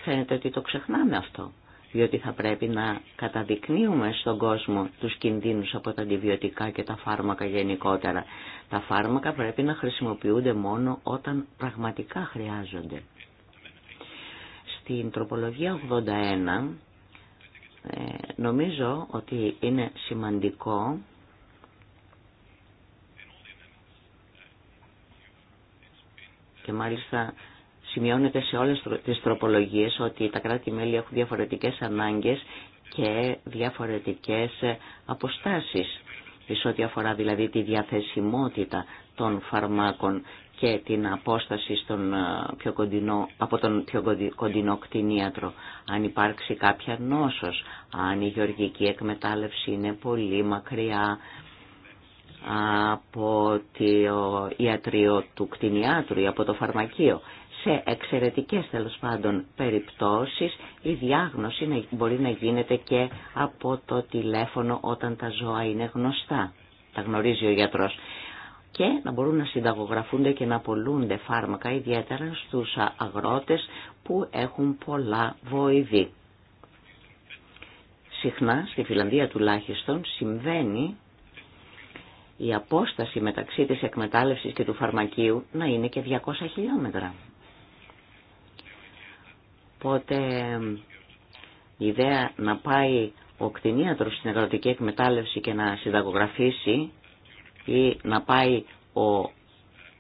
φαίνεται ότι το ξεχνάμε αυτό διότι θα πρέπει να καταδεικνύουμε στον κόσμο τους κινδύνους από τα αντιβιωτικά και τα φάρμακα γενικότερα. Τα φάρμακα πρέπει να χρησιμοποιούνται μόνο όταν πραγματικά χρειάζονται. Στην τροπολογία 81 ε, νομίζω ότι είναι σημαντικό και μάλιστα Σημειώνεται σε όλες τις τροπολογίες ότι τα κράτη-μέλη έχουν διαφορετικές ανάγκες και διαφορετικές αποστάσεις σε ό,τι αφορά δηλαδή τη διαθεσιμότητα των φαρμάκων και την απόσταση στον ε, από τον πιο κοντινό κτηνίατρο. Αν υπάρξει κάποια νόσος, αν η γεωργική εκμετάλλευση είναι πολύ μακριά από το ιατρείο του κτηνιάτρου ή από το φαρμακείο σε εξαιρετικές τέλο πάντων περιπτώσεις η διάγνωση μπορεί να γίνεται και από το τηλέφωνο όταν τα ζώα είναι γνωστά. Τα γνωρίζει ο γιατρός. Και να μπορούν να συνταγογραφούνται και να απολούνται φάρμακα ιδιαίτερα στους αγρότες που έχουν πολλά βοηθή. Συχνά στη Φιλανδία τουλάχιστον συμβαίνει η απόσταση μεταξύ της εκμετάλλευσης και του φαρμακείου να είναι και 200 χιλιόμετρα. Οπότε η ιδέα να πάει ο κτηνίατρος στην αγροτική εκμετάλλευση και να συνταγογραφήσει ή να πάει ο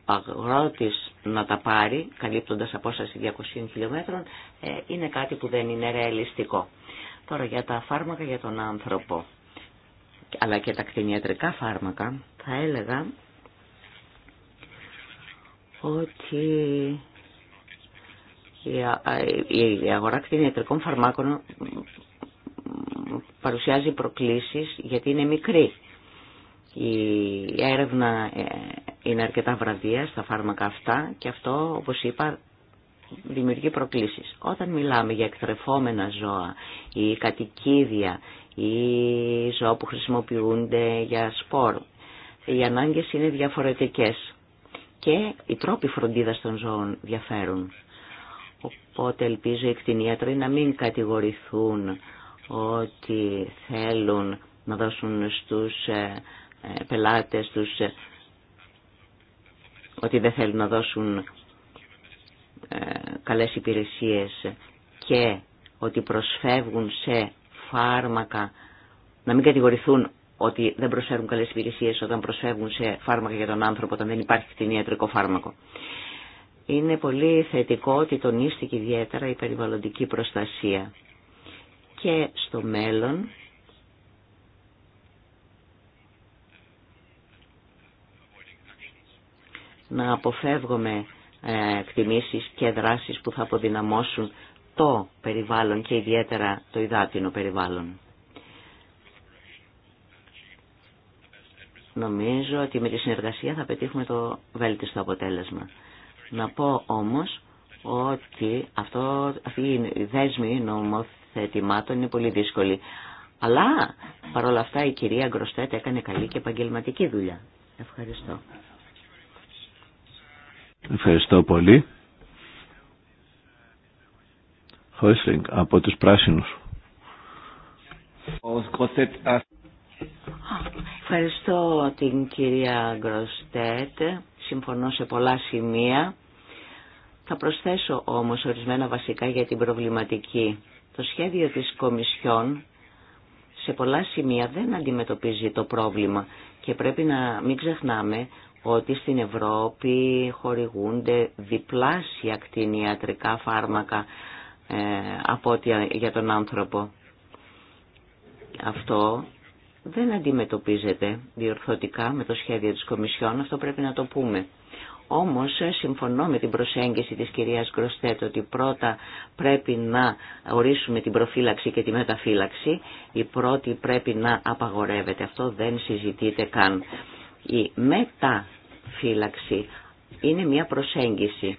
αγρότης να τα πάρει, καλύπτοντας απόσταση 200 χιλιόμετρων, ε, είναι κάτι που δεν είναι ρεαλιστικό. Τώρα για τα φάρμακα για τον άνθρωπο, αλλά και τα κτηνιατρικά φάρμακα, θα έλεγα ότι η αγορά κτηνιατρικών φαρμάκων παρουσιάζει προκλήσεις γιατί είναι μικρή. Η έρευνα ε, είναι αρκετά βραδία στα φάρμακα αυτά και αυτό, όπως είπα, δημιουργεί προκλήσεις. Όταν μιλάμε για εκτρεφόμενα ζώα ή κατοικίδια ή ζώα που χρησιμοποιούνται για σπόρ, οι ανάγκες είναι διαφορετικές και οι τρόποι φροντίδας των ζώων διαφέρουν. Οπότε ελπίζω οι κτηνίατροι να μην κατηγορηθούν ότι θέλουν να δώσουν στους ε, ε, πελάτες τους ε, ότι δεν θέλουν να δώσουν καλές υπηρεσίες και ότι προσφεύγουν σε φάρμακα να μην κατηγορηθούν ότι δεν προσφέρουν καλές υπηρεσίες όταν προσφεύγουν σε φάρμακα για τον άνθρωπο όταν δεν υπάρχει κτηνιατρικό φάρμακο. Είναι πολύ θετικό ότι τονίστηκε ιδιαίτερα η περιβαλλοντική προστασία. Και στο μέλλον να αποφεύγουμε ε, εκτιμήσεις και δράσεις που θα αποδυναμώσουν το περιβάλλον και ιδιαίτερα το υδάτινο περιβάλλον. Νομίζω ότι με τη συνεργασία θα πετύχουμε το βέλτιστο αποτέλεσμα. Να πω όμως ότι αυτό, αυτή η δέσμη νομοθετημάτων είναι πολύ δύσκολη. Αλλά παρόλα αυτά η κυρία Γκροστέτ έκανε καλή και επαγγελματική δουλειά. Ευχαριστώ. Ευχαριστώ πολύ. Χόισλινγκ από τους Πράσινους. Ευχαριστώ την κυρία Γκροστέτ συμφωνώ σε πολλά σημεία. Θα προσθέσω όμως ορισμένα βασικά για την προβληματική. Το σχέδιο της Κομισιόν σε πολλά σημεία δεν αντιμετωπίζει το πρόβλημα και πρέπει να μην ξεχνάμε ότι στην Ευρώπη χορηγούνται διπλάσια κτηνιατρικά φάρμακα ε, από ό,τι για τον άνθρωπο. Αυτό δεν αντιμετωπίζεται διορθωτικά με το σχέδιο της Κομισιόν, αυτό πρέπει να το πούμε. Όμως συμφωνώ με την προσέγγιση της κυρίας Γκροστέτ ότι πρώτα πρέπει να ορίσουμε την προφύλαξη και τη μεταφύλαξη. Η πρώτη πρέπει να απαγορεύεται. Αυτό δεν συζητείται καν. Η μεταφύλαξη είναι μια προσέγγιση.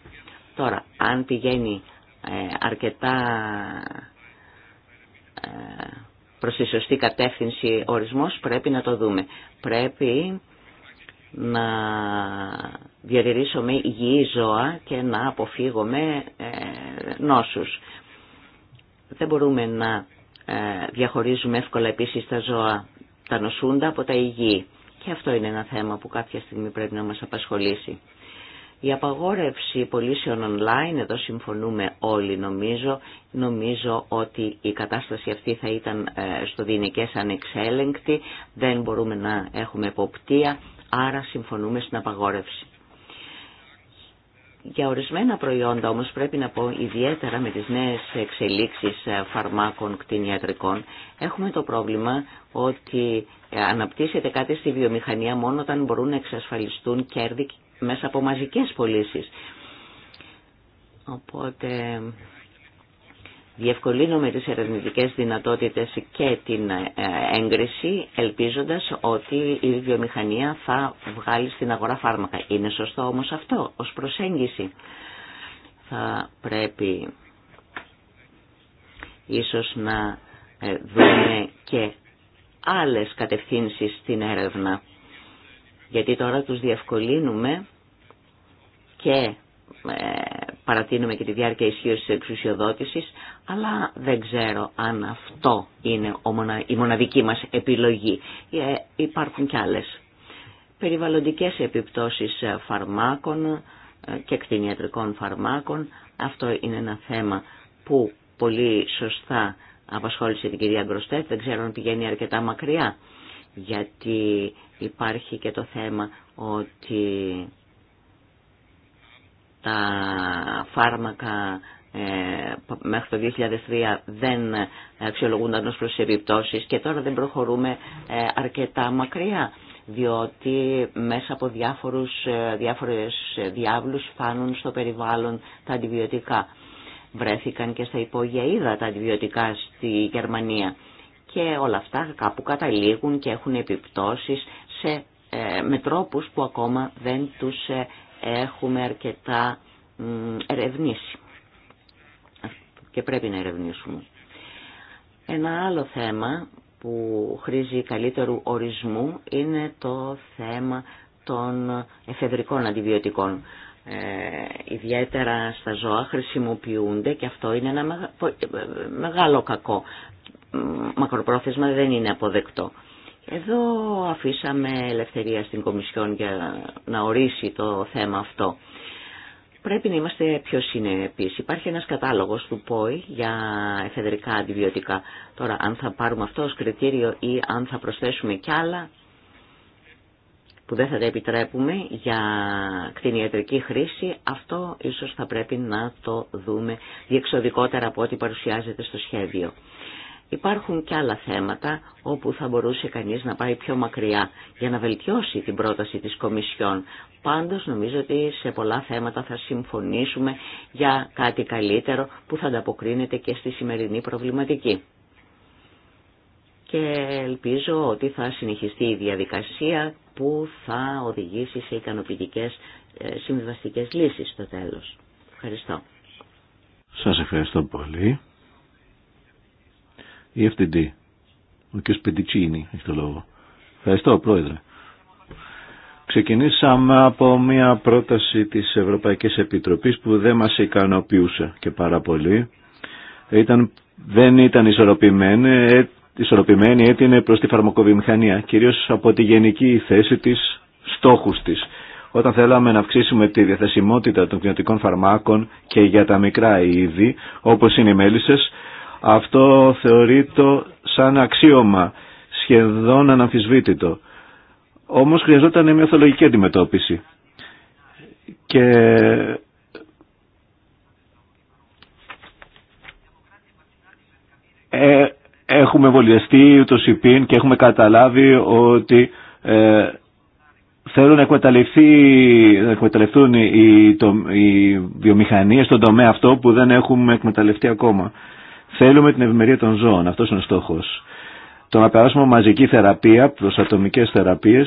Τώρα, αν πηγαίνει ε, αρκετά ε, προς τη σωστή κατεύθυνση ορισμός πρέπει να το δούμε. Πρέπει να διατηρήσουμε υγιή ζώα και να αποφύγουμε ε, νόσους. Δεν μπορούμε να ε, διαχωρίζουμε εύκολα επίσης τα ζώα τα νοσούντα από τα υγιή. Και αυτό είναι ένα θέμα που κάποια στιγμή πρέπει να μας απασχολήσει. Η απαγόρευση πολίσεων online, εδώ συμφωνούμε όλοι νομίζω, νομίζω ότι η κατάσταση αυτή θα ήταν ε, στο δινικές ανεξέλεγκτη, δεν μπορούμε να έχουμε εποπτεία, άρα συμφωνούμε στην απαγόρευση. Για ορισμένα προϊόντα όμως πρέπει να πω ιδιαίτερα με τις νέες εξελίξεις ε, φαρμάκων κτηνιατρικών έχουμε το πρόβλημα ότι ε, αναπτύσσεται κάτι στη βιομηχανία μόνο όταν μπορούν να εξασφαλιστούν κέρδη μέσα από μαζικές πωλήσει. Οπότε διευκολύνουμε τις ερευνητικές δυνατότητες και την ε, έγκριση ελπίζοντας ότι η βιομηχανία θα βγάλει στην αγορά φάρμακα. Είναι σωστό όμως αυτό ως προσέγγιση. Θα πρέπει ίσως να ε, δούμε και άλλες κατευθύνσεις στην έρευνα γιατί τώρα τους διευκολύνουμε και ε, παρατείνουμε και τη διάρκεια ισχύωσης της εξουσιοδότησης, αλλά δεν ξέρω αν αυτό είναι η μοναδική μας επιλογή. Ε, υπάρχουν κι άλλες. Περιβαλλοντικές επιπτώσεις ε, φαρμάκων και κτηνιατρικών φαρμάκων. Αυτό είναι ένα θέμα που πολύ σωστά απασχόλησε την κυρία Γκροστέτ. Δεν ξέρω αν πηγαίνει αρκετά μακριά γιατί υπάρχει και το θέμα ότι τα φάρμακα ε, μέχρι το 2003 δεν αξιολογούνταν ως προς και τώρα δεν προχωρούμε ε, αρκετά μακριά διότι μέσα από διάφορους, ε, διάφορες διάβλους φάνουν στο περιβάλλον τα αντιβιωτικά. Βρέθηκαν και στα υπόγεια είδα τα αντιβιωτικά στη Γερμανία και όλα αυτά κάπου καταλήγουν και έχουν επιπτώσεις σε, ε, με τρόπους που ακόμα δεν τους ε, έχουμε αρκετά ερευνήσει και πρέπει να ερευνήσουμε. Ένα άλλο θέμα που χρήζει καλύτερου ορισμού είναι το θέμα των εφεδρικών αντιβιωτικών. Ε, ιδιαίτερα στα ζώα χρησιμοποιούνται και αυτό είναι ένα μεγάλο κακό μακροπρόθεσμα δεν είναι αποδεκτό. Εδώ αφήσαμε ελευθερία στην Κομισιόν για να ορίσει το θέμα αυτό. Πρέπει να είμαστε πιο συνεπείς. Υπάρχει ένας κατάλογος του ΠΟΗ για εφεδρικά αντιβιωτικά. Τώρα αν θα πάρουμε αυτό ως κριτήριο ή αν θα προσθέσουμε κι άλλα που δεν θα τα επιτρέπουμε για κτηνιατρική χρήση, αυτό ίσως θα πρέπει να το δούμε διεξοδικότερα από ό,τι παρουσιάζεται στο σχέδιο. Υπάρχουν και άλλα θέματα όπου θα μπορούσε κανείς να πάει πιο μακριά για να βελτιώσει την πρόταση της Κομισιόν. Πάντως νομίζω ότι σε πολλά θέματα θα συμφωνήσουμε για κάτι καλύτερο που θα ανταποκρίνεται και στη σημερινή προβληματική. Και ελπίζω ότι θα συνεχιστεί η διαδικασία που θα οδηγήσει σε ικανοποιητικές ε, συμβιβαστικές λύσεις στο τέλος. Ευχαριστώ. Σας ευχαριστώ πολύ. Η FTD. Ο κ. Πεντιτσίνη έχει το λόγο. Ευχαριστώ, Πρόεδρε. Ξεκινήσαμε από μια πρόταση της Ευρωπαϊκής Επιτροπής που δεν μας ικανοποιούσε και πάρα πολύ. Ήταν, δεν ήταν ισορροπημένη, ε, ισορροπημένη έτεινε προ τη φαρμακοβιομηχανία, κυρίως από τη γενική θέση της, στόχους της. Όταν θέλαμε να αυξήσουμε τη διαθεσιμότητα των κοινωτικών φαρμάκων και για τα μικρά είδη, όπως είναι οι μέλισσες, αυτό θεωρείται σαν αξίωμα, σχεδόν αναμφισβήτητο. Όμως χρειαζόταν μια θεολογική αντιμετώπιση. Και ε, έχουμε βολιαστεί το ΣΥΠΗΝ και έχουμε καταλάβει ότι ε, θέλουν να, να εκμεταλλευτούν οι, το, οι βιομηχανίες στον τομέα αυτό που δεν έχουμε εκμεταλλευτεί ακόμα. Θέλουμε την ευημερία των ζώων, αυτό είναι ο στόχο. Το να περάσουμε μαζική θεραπεία προ ατομικέ θεραπείε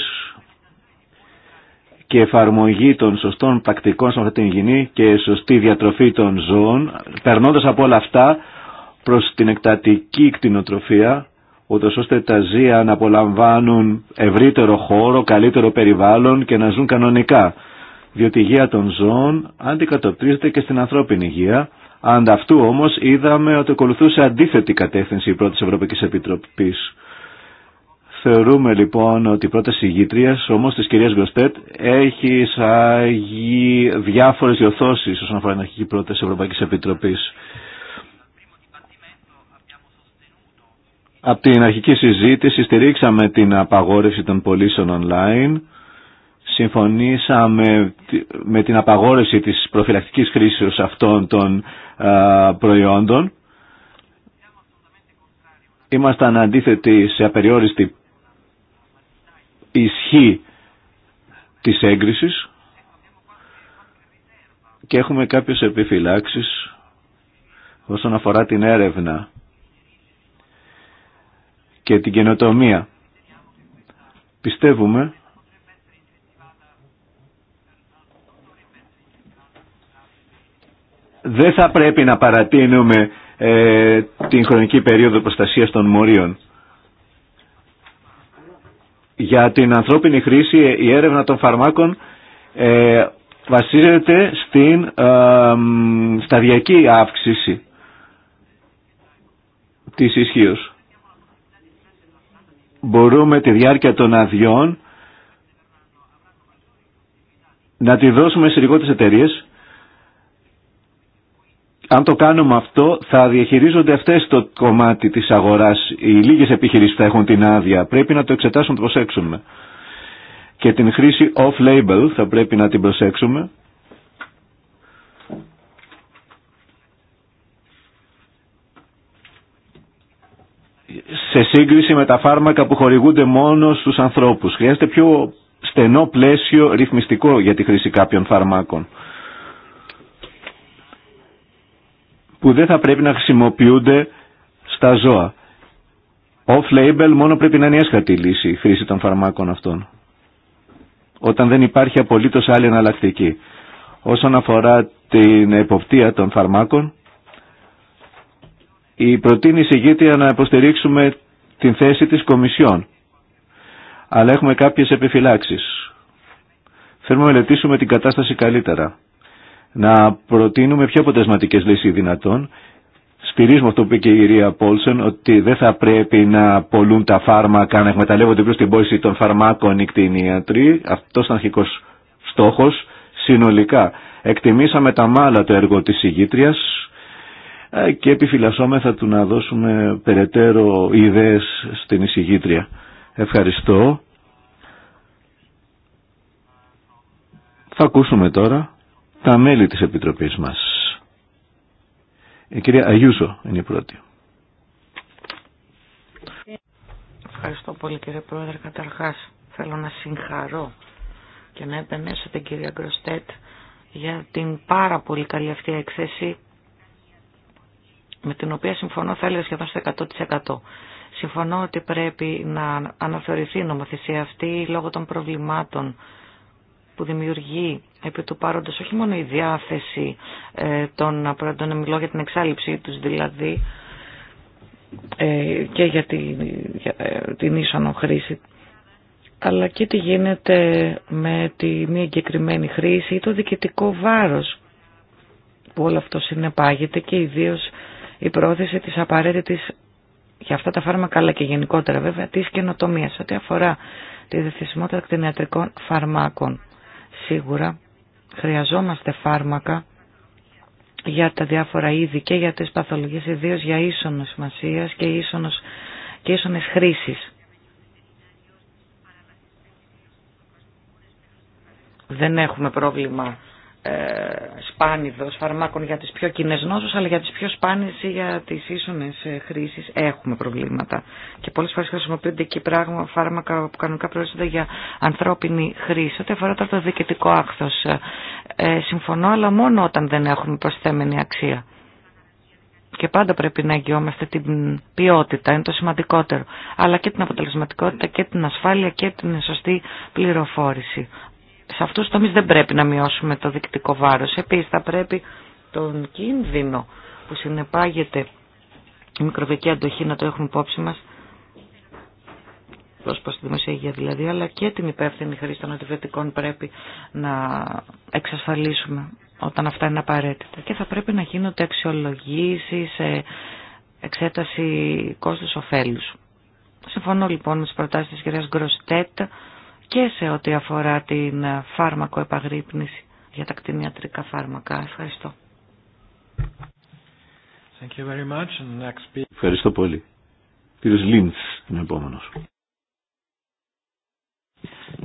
και εφαρμογή των σωστών πρακτικών σε αυτή την υγιεινή και σωστή διατροφή των ζώων, περνώντα από όλα αυτά προ την εκτατική κτηνοτροφία, ούτω ώστε τα ζεία να απολαμβάνουν ευρύτερο χώρο, καλύτερο περιβάλλον και να ζουν κανονικά. Διότι η υγεία των ζώων αντικατοπτρίζεται και στην ανθρώπινη υγεία Ανταυτού όμως είδαμε ότι ακολουθούσε αντίθετη κατεύθυνση η πρώτη Ευρωπαϊκή Επιτροπή. Θεωρούμε λοιπόν ότι η πρόταση ηγήτρια όμως της κυρία Γκροστέτ έχει εισάγει διάφορες διορθώσει όσον αφορά την αρχική πρόταση Ευρωπαϊκή Επιτροπή. Από την αρχική συζήτηση στηρίξαμε την απαγόρευση των πωλήσεων online συμφωνήσαμε με την απαγόρευση της προφυλακτικής χρήσης αυτών των προϊόντων. Ήμασταν αντίθετοι σε απεριόριστη ισχύ της έγκρισης και έχουμε κάποιες επιφυλάξεις όσον αφορά την έρευνα και την καινοτομία. Πιστεύουμε δεν θα πρέπει να παρατείνουμε ε, την χρονική περίοδο προστασίας των μορίων. Για την ανθρώπινη χρήση η έρευνα των φαρμάκων ε, βασίζεται στην ε, σταδιακή αύξηση της ισχύω. Μπορούμε τη διάρκεια των αδειών να τη δώσουμε σε λιγότερες εταιρείες αν το κάνουμε αυτό θα διαχειρίζονται αυτές το κομμάτι της αγοράς. Οι λίγες επιχειρήσεις θα έχουν την άδεια. Πρέπει να το εξετάσουμε, το προσέξουμε. Και την χρήση off-label θα πρέπει να την προσέξουμε. Σε σύγκριση με τα φάρμακα που χορηγούνται μόνο στους ανθρώπους. Χρειάζεται πιο στενό πλαίσιο ρυθμιστικό για τη χρήση κάποιων φαρμάκων. που δεν θα πρέπει να χρησιμοποιούνται στα ζώα. Off-label μόνο πρέπει να είναι έσχατη η λύση η χρήση των φαρμάκων αυτών. Όταν δεν υπάρχει απολύτως άλλη εναλλακτική. Όσον αφορά την εποπτεία των φαρμάκων, η προτείνηση γίνεται να υποστηρίξουμε την θέση της Κομισιόν. Αλλά έχουμε κάποιες επιφυλάξεις. Θέλουμε να μελετήσουμε την κατάσταση καλύτερα να προτείνουμε πιο αποτελεσματικέ λύσει δυνατόν. Σπυρίζουμε αυτό που είπε και η κυρία Πόλσον, ότι δεν θα πρέπει να πολλούν τα φάρμακα, να εκμεταλλεύονται προ την πώληση των φαρμάκων οι κτηνίατροι. Αυτό ήταν αρχικό στόχο. Συνολικά, εκτιμήσαμε τα μάλα το έργο τη ηγήτρια ε, και επιφυλασσόμεθα του να δώσουμε περαιτέρω ιδέες στην εισηγήτρια. Ευχαριστώ. Θα ακούσουμε τώρα τα μέλη της Επιτροπής μας. Η ε, κυρία Αγιούσο είναι η πρώτη. Ευχαριστώ πολύ κύριε Πρόεδρε. Καταρχάς θέλω να συγχαρώ και να επενέσω την κυρία Γκροστέτ για την πάρα πολύ καλή αυτή έκθεση με την οποία συμφωνώ θα σχεδόν στο 100%. Συμφωνώ ότι πρέπει να αναθεωρηθεί η νομοθεσία αυτή λόγω των προβλημάτων που δημιουργεί επί του παρόντος όχι μόνο η διάθεση ε, των απορραντών, μιλώ για την εξάλληψή τους δηλαδή ε, και για ε, την, για ίσονο χρήση αλλά και τι γίνεται με τη μη εγκεκριμένη χρήση ή το διοικητικό βάρος που όλο αυτό συνεπάγεται και ιδίως η πρόθεση της απαραίτητης για αυτά τα φάρμακα αλλά και γενικότερα βέβαια της καινοτομίας ό,τι αφορά τη διαθεσιμότητα κτηνιατρικών φαρμάκων. Σίγουρα χρειαζόμαστε φάρμακα για τα διάφορα είδη και για τις παθολογίες, ιδίω για ίσονος σημασία και, ίσονος, και ίσονες χρήσεις. Δεν έχουμε πρόβλημα ε, σπάνιδος φαρμάκων για τις πιο κοινέ νόσους, αλλά για τις πιο σπάνιες ή για τις ίσονες ε, χρήσεις έχουμε προβλήματα. Και πολλές φορές χρησιμοποιούνται εκεί πράγμα, φάρμακα που κανονικά προέρχονται για ανθρώπινη χρήση. Ό,τι αφορά το διοικητικό άκθος, ε, ε, συμφωνώ, αλλά μόνο όταν δεν έχουμε προσθέμενη αξία. Και πάντα πρέπει να αγγιόμαστε την ποιότητα, είναι το σημαντικότερο. Αλλά και την αποτελεσματικότητα και την ασφάλεια και την σωστή πληροφόρηση σε αυτούς τους τομείς δεν πρέπει να μειώσουμε το δικτικό βάρος. Επίσης θα πρέπει τον κίνδυνο που συνεπάγεται η μικροβιακή αντοχή να το έχουμε υπόψη μας προς προς τη δημοσία υγεία δηλαδή, αλλά και την υπεύθυνη χρήση των αντιβιωτικών πρέπει να εξασφαλίσουμε όταν αυτά είναι απαραίτητα. Και θα πρέπει να γίνονται αξιολογήσεις, ε, εξέταση κόστους ωφέλους. Συμφωνώ λοιπόν με τις προτάσεις της κυρίας Γκροστέτ και σε ό,τι αφορά την ε, φάρμακο επαγρύπνηση για τα κτηνιατρικά φάρμακα. Ευχαριστώ. Ευχαριστώ πολύ. Κύριος Λίντς είναι επόμενος.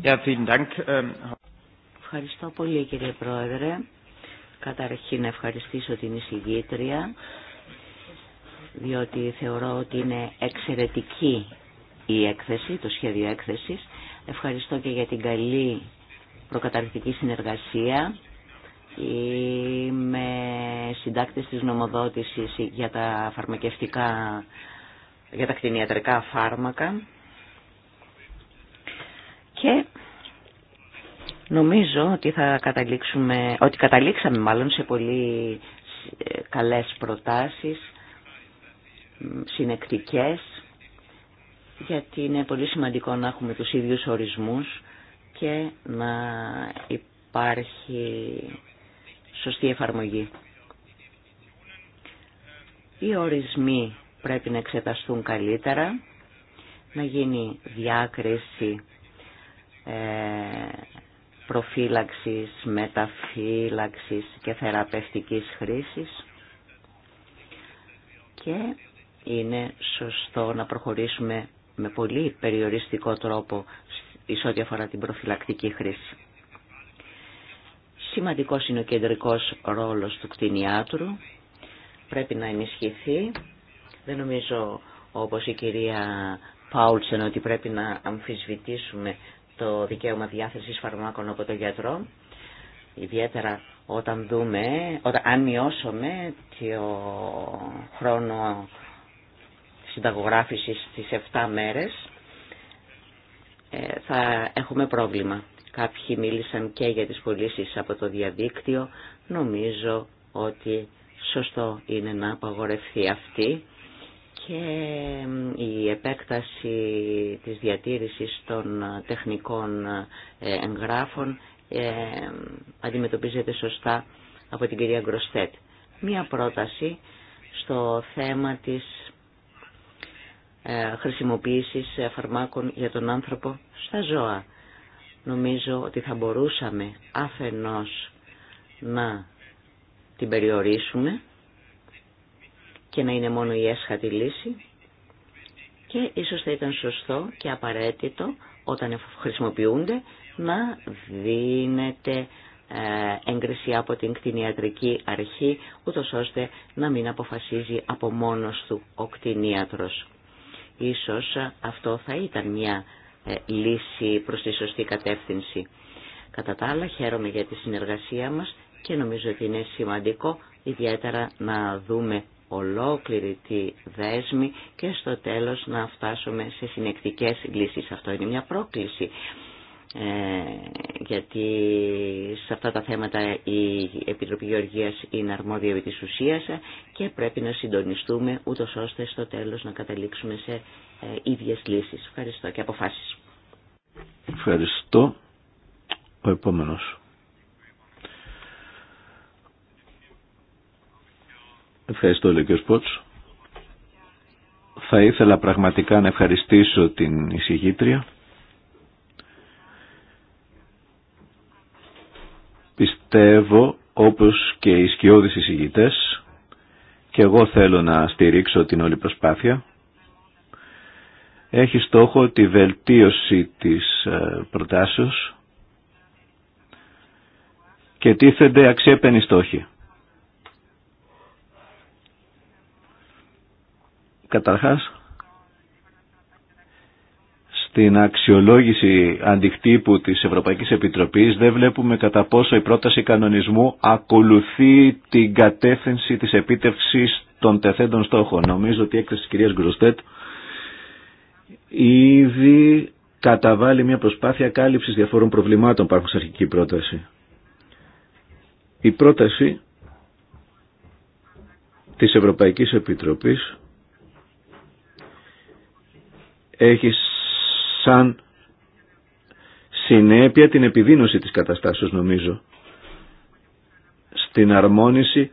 Ähm, Ευχαριστώ πολύ κύριε Πρόεδρε. Καταρχήν να ευχαριστήσω την εισηγήτρια διότι θεωρώ ότι είναι εξαιρετική η έκθεση, το σχέδιο έκθεσης Ευχαριστώ και για την καλή προκαταρκτική συνεργασία. με συντάκτες της νομοδότησης για τα φαρμακευτικά, για τα κτηνιατρικά φάρμακα και νομίζω ότι θα καταλήξουμε, ότι καταλήξαμε μάλλον σε πολύ ε, καλές προτάσεις συνεκτικές γιατί είναι πολύ σημαντικό να έχουμε τους ίδιους ορισμούς και να υπάρχει σωστή εφαρμογή. Οι ορισμοί πρέπει να εξεταστούν καλύτερα, να γίνει διάκριση ε, προφύλαξης, μεταφύλαξης και θεραπευτικής χρήσης και είναι σωστό να προχωρήσουμε με πολύ περιοριστικό τρόπο εις ό,τι αφορά την προφυλακτική χρήση. Σημαντικός είναι ο κεντρικός ρόλος του κτηνιάτρου. Πρέπει να ενισχυθεί. Δεν νομίζω όπως η κυρία Πάουλτσεν, ότι πρέπει να αμφισβητήσουμε το δικαίωμα διάθεσης φαρμάκων από το γιατρό. Ιδιαίτερα όταν δούμε, όταν, αν μειώσουμε το χρόνο συνταγογράφησης στις 7 μέρες ε, θα έχουμε πρόβλημα. Κάποιοι μίλησαν και για τις πωλήσει από το διαδίκτυο. Νομίζω ότι σωστό είναι να απαγορευτεί αυτή και η επέκταση της διατήρησης των τεχνικών ε, εγγράφων ε, αντιμετωπίζεται σωστά από την κυρία Γκροστέτ. Μία πρόταση στο θέμα της ε, χρησιμοποίησης φαρμάκων για τον άνθρωπο στα ζώα. Νομίζω ότι θα μπορούσαμε αφενός να την περιορίσουμε και να είναι μόνο η έσχατη λύση και ίσως θα ήταν σωστό και απαραίτητο όταν χρησιμοποιούνται να δίνεται ε, έγκριση από την κτηνιατρική αρχή ούτως ώστε να μην αποφασίζει από μόνος του ο κτηνίατρος. Ίσως αυτό θα ήταν μια ε, λύση προς τη σωστή κατεύθυνση. Κατά τα άλλα χαίρομαι για τη συνεργασία μας και νομίζω ότι είναι σημαντικό ιδιαίτερα να δούμε ολόκληρη τη δέσμη και στο τέλος να φτάσουμε σε συνεκτικές λύσεις. Αυτό είναι μια πρόκληση ε, γιατί σε αυτά τα θέματα η Επιτροπή Γεωργίας είναι αρμόδια επί της ουσίας και πρέπει να συντονιστούμε ούτω ώστε στο τέλος να καταλήξουμε σε ε, ίδιες λύσεις. Ευχαριστώ και αποφάσεις. Ευχαριστώ. Ο επόμενος. Ευχαριστώ, ο Σπότς. Θα ήθελα πραγματικά να ευχαριστήσω την εισηγήτρια Πιστεύω, όπως και οι σκιώδεις εισηγητές, και εγώ θέλω να στηρίξω την όλη προσπάθεια, έχει στόχο τη βελτίωση της ε, προτάσεως και τίθενται αξιέπαινοι στόχοι. Καταρχάς, την αξιολόγηση αντικτύπου της Ευρωπαϊκής Επιτροπής δεν βλέπουμε κατά πόσο η πρόταση κανονισμού ακολουθεί την κατεύθυνση της επίτευξης των τεθέντων στόχων. Νομίζω ότι η έκθεση της κυρίας Γκροστέτ ήδη καταβάλει μια προσπάθεια κάλυψης διαφόρων προβλημάτων που αρχική πρόταση. Η πρόταση της Ευρωπαϊκής Επιτροπής έχει σαν συνέπεια την επιδείνωση της καταστάσεως νομίζω. Στην αρμόνιση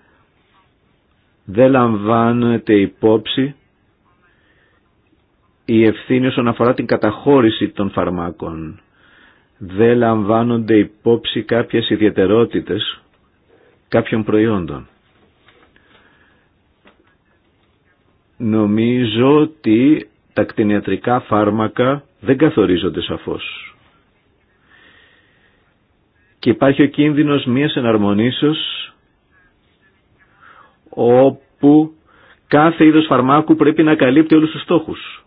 δεν λαμβάνεται υπόψη η ευθύνη όσον αφορά την καταχώρηση των φαρμάκων. Δεν λαμβάνονται υπόψη κάποιες ιδιαιτερότητες κάποιων προϊόντων. Νομίζω ότι τα κτηνιατρικά φάρμακα δεν καθορίζονται σαφώς. Και υπάρχει ο κίνδυνος μίας εναρμονήσεως όπου κάθε είδος φαρμάκου πρέπει να καλύπτει όλους τους στόχους.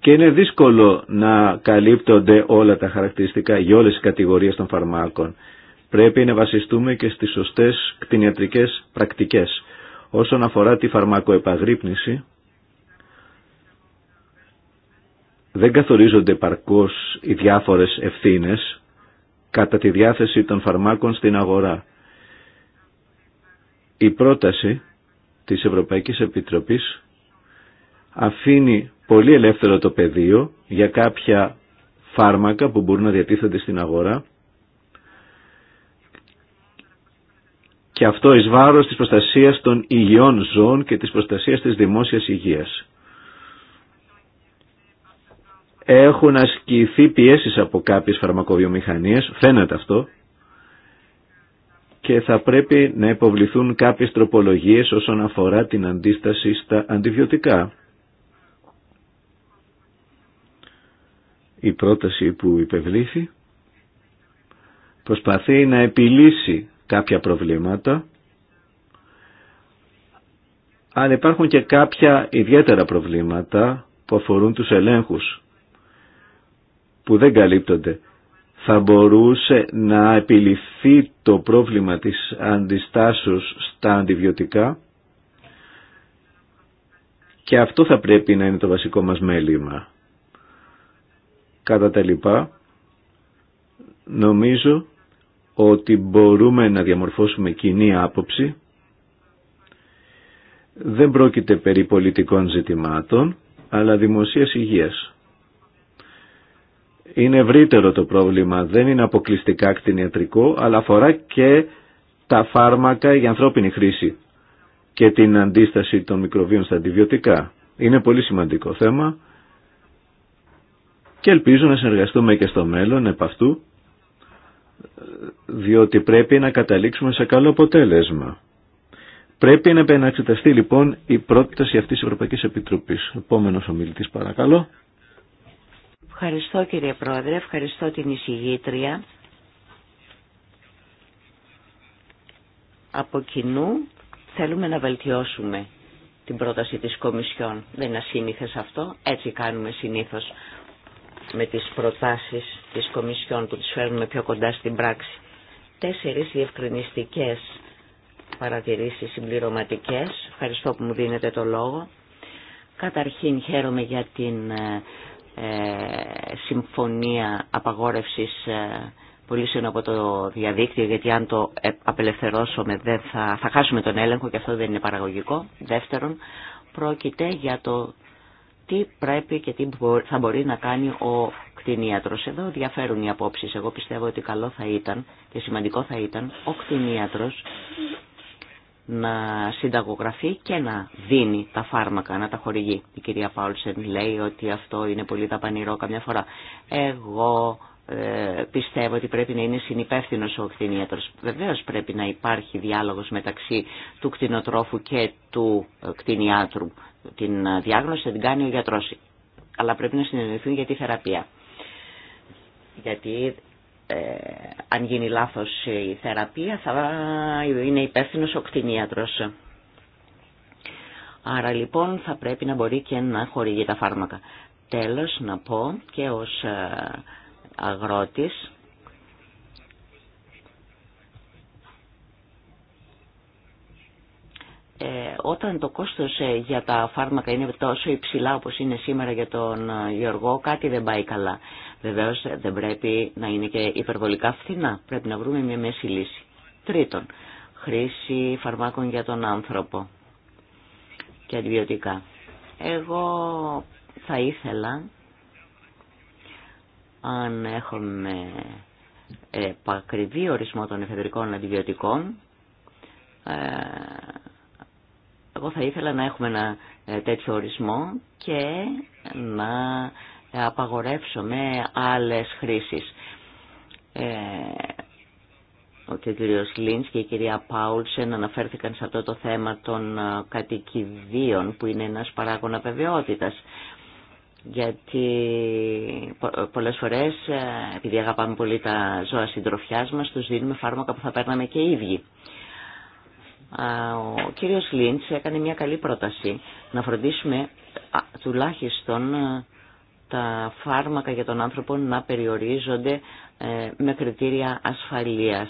Και είναι δύσκολο να καλύπτονται όλα τα χαρακτηριστικά για όλες τις κατηγορίες των φαρμάκων. Πρέπει να βασιστούμε και στις σωστές κτηνιατρικές πρακτικές. Όσον αφορά τη φαρμακοεπαγρύπνηση, δεν καθορίζονται παρκώς οι διάφορες ευθύνες κατά τη διάθεση των φαρμάκων στην αγορά. Η πρόταση της Ευρωπαϊκής Επιτροπής αφήνει πολύ ελεύθερο το πεδίο για κάποια φάρμακα που μπορούν να διατίθενται στην αγορά και αυτό εις βάρος της προστασίας των υγιών ζώων και της προστασίας της δημόσιας υγείας έχουν ασκηθεί πιέσεις από κάποιες φαρμακοβιομηχανίες, φαίνεται αυτό, και θα πρέπει να υποβληθούν κάποιες τροπολογίες όσον αφορά την αντίσταση στα αντιβιωτικά. Η πρόταση που υπευλήθη προσπαθεί να επιλύσει κάποια προβλήματα, αλλά υπάρχουν και κάποια ιδιαίτερα προβλήματα που αφορούν τους ελέγχους που δεν καλύπτονται. Θα μπορούσε να επιληθεί το πρόβλημα της αντιστάσεως στα αντιβιωτικά και αυτό θα πρέπει να είναι το βασικό μας μέλημα. Κατά τα λοιπά, νομίζω ότι μπορούμε να διαμορφώσουμε κοινή άποψη. Δεν πρόκειται περί πολιτικών ζητημάτων, αλλά δημοσίας υγείας είναι ευρύτερο το πρόβλημα. Δεν είναι αποκλειστικά κτηνιατρικό, αλλά αφορά και τα φάρμακα για ανθρώπινη χρήση και την αντίσταση των μικροβίων στα αντιβιωτικά. Είναι πολύ σημαντικό θέμα και ελπίζω να συνεργαστούμε και στο μέλλον επ' αυτού, διότι πρέπει να καταλήξουμε σε καλό αποτέλεσμα. Πρέπει να επαναξεταστεί λοιπόν η πρόταση αυτής της Ευρωπαϊκής Επιτροπής. Επόμενος ομιλητής παρακαλώ. Ευχαριστώ κύριε Πρόεδρε, ευχαριστώ την εισηγήτρια. Από κοινού θέλουμε να βελτιώσουμε την πρόταση της Κομισιόν. Δεν είναι ασύνηθες αυτό, έτσι κάνουμε συνήθως με τις προτάσεις της Κομισιόν που τις φέρνουμε πιο κοντά στην πράξη. Τέσσερις διευκρινιστικές παρατηρήσεις συμπληρωματικές. Ευχαριστώ που μου δίνετε το λόγο. Καταρχήν χαίρομαι για την ε, ε, συμφωνία απαγόρευσης ε, σύντομα από το διαδίκτυο, γιατί αν το ε, απελευθερώσουμε δεν θα, θα χάσουμε τον έλεγχο και αυτό δεν είναι παραγωγικό. Δεύτερον, πρόκειται για το τι πρέπει και τι θα μπορεί να κάνει ο κτηνίατρος. Εδώ διαφέρουν οι απόψεις. Εγώ πιστεύω ότι καλό θα ήταν και σημαντικό θα ήταν ο κτηνίατρος να συνταγογραφεί και να δίνει τα φάρμακα, να τα χορηγεί. Η κυρία Πάουλσεν λέει ότι αυτό είναι πολύ ταπανηρό καμιά φορά. Εγώ ε, πιστεύω ότι πρέπει να είναι συνυπεύθυνο ο κτηνίατρος. Βεβαίως πρέπει να υπάρχει διάλογος μεταξύ του κτηνοτρόφου και του ε, κτηνιάτρου. Την ε, διάγνωση την κάνει ο γιατρός, αλλά πρέπει να συνεννοηθούν για τη θεραπεία. Γιατί ε, αν γίνει λάθος η θεραπεία θα είναι υπεύθυνο ο κτηνίατρος. Άρα λοιπόν θα πρέπει να μπορεί και να χορηγεί τα φάρμακα. Τέλος να πω και ως ε, αγρότης Ε, όταν το κόστος ε, για τα φάρμακα είναι τόσο υψηλά όπως είναι σήμερα για τον ε, Γιωργό, κάτι δεν πάει καλά. Βεβαίως δεν πρέπει να είναι και υπερβολικά φθηνά. Πρέπει να βρούμε μια μέση λύση. Τρίτον, χρήση φαρμάκων για τον άνθρωπο και αντιβιωτικά. Εγώ θα ήθελα, αν έχουμε επακριβή ορισμό των εφεδρικών αντιβιωτικών, εγώ θα ήθελα να έχουμε ένα ε, τέτοιο ορισμό και να απαγορεύσουμε άλλες χρήσεις. Ε, ο κ. Λίντς και η κυρία Πάουλσεν αναφέρθηκαν σε αυτό το θέμα των ε, κατοικιδίων που είναι ένας παράγωνα βεβαιότητας γιατί πολλές φορές επειδή αγαπάμε πολύ τα ζώα συντροφιάς μας τους δίνουμε φάρμακα που θα παίρναμε και οι ίδιοι ο κύριος Λίντς έκανε μια καλή πρόταση να φροντίσουμε τουλάχιστον ε, τα φάρμακα για τον άνθρωπο να περιορίζονται ε, με κριτήρια ασφαλείας.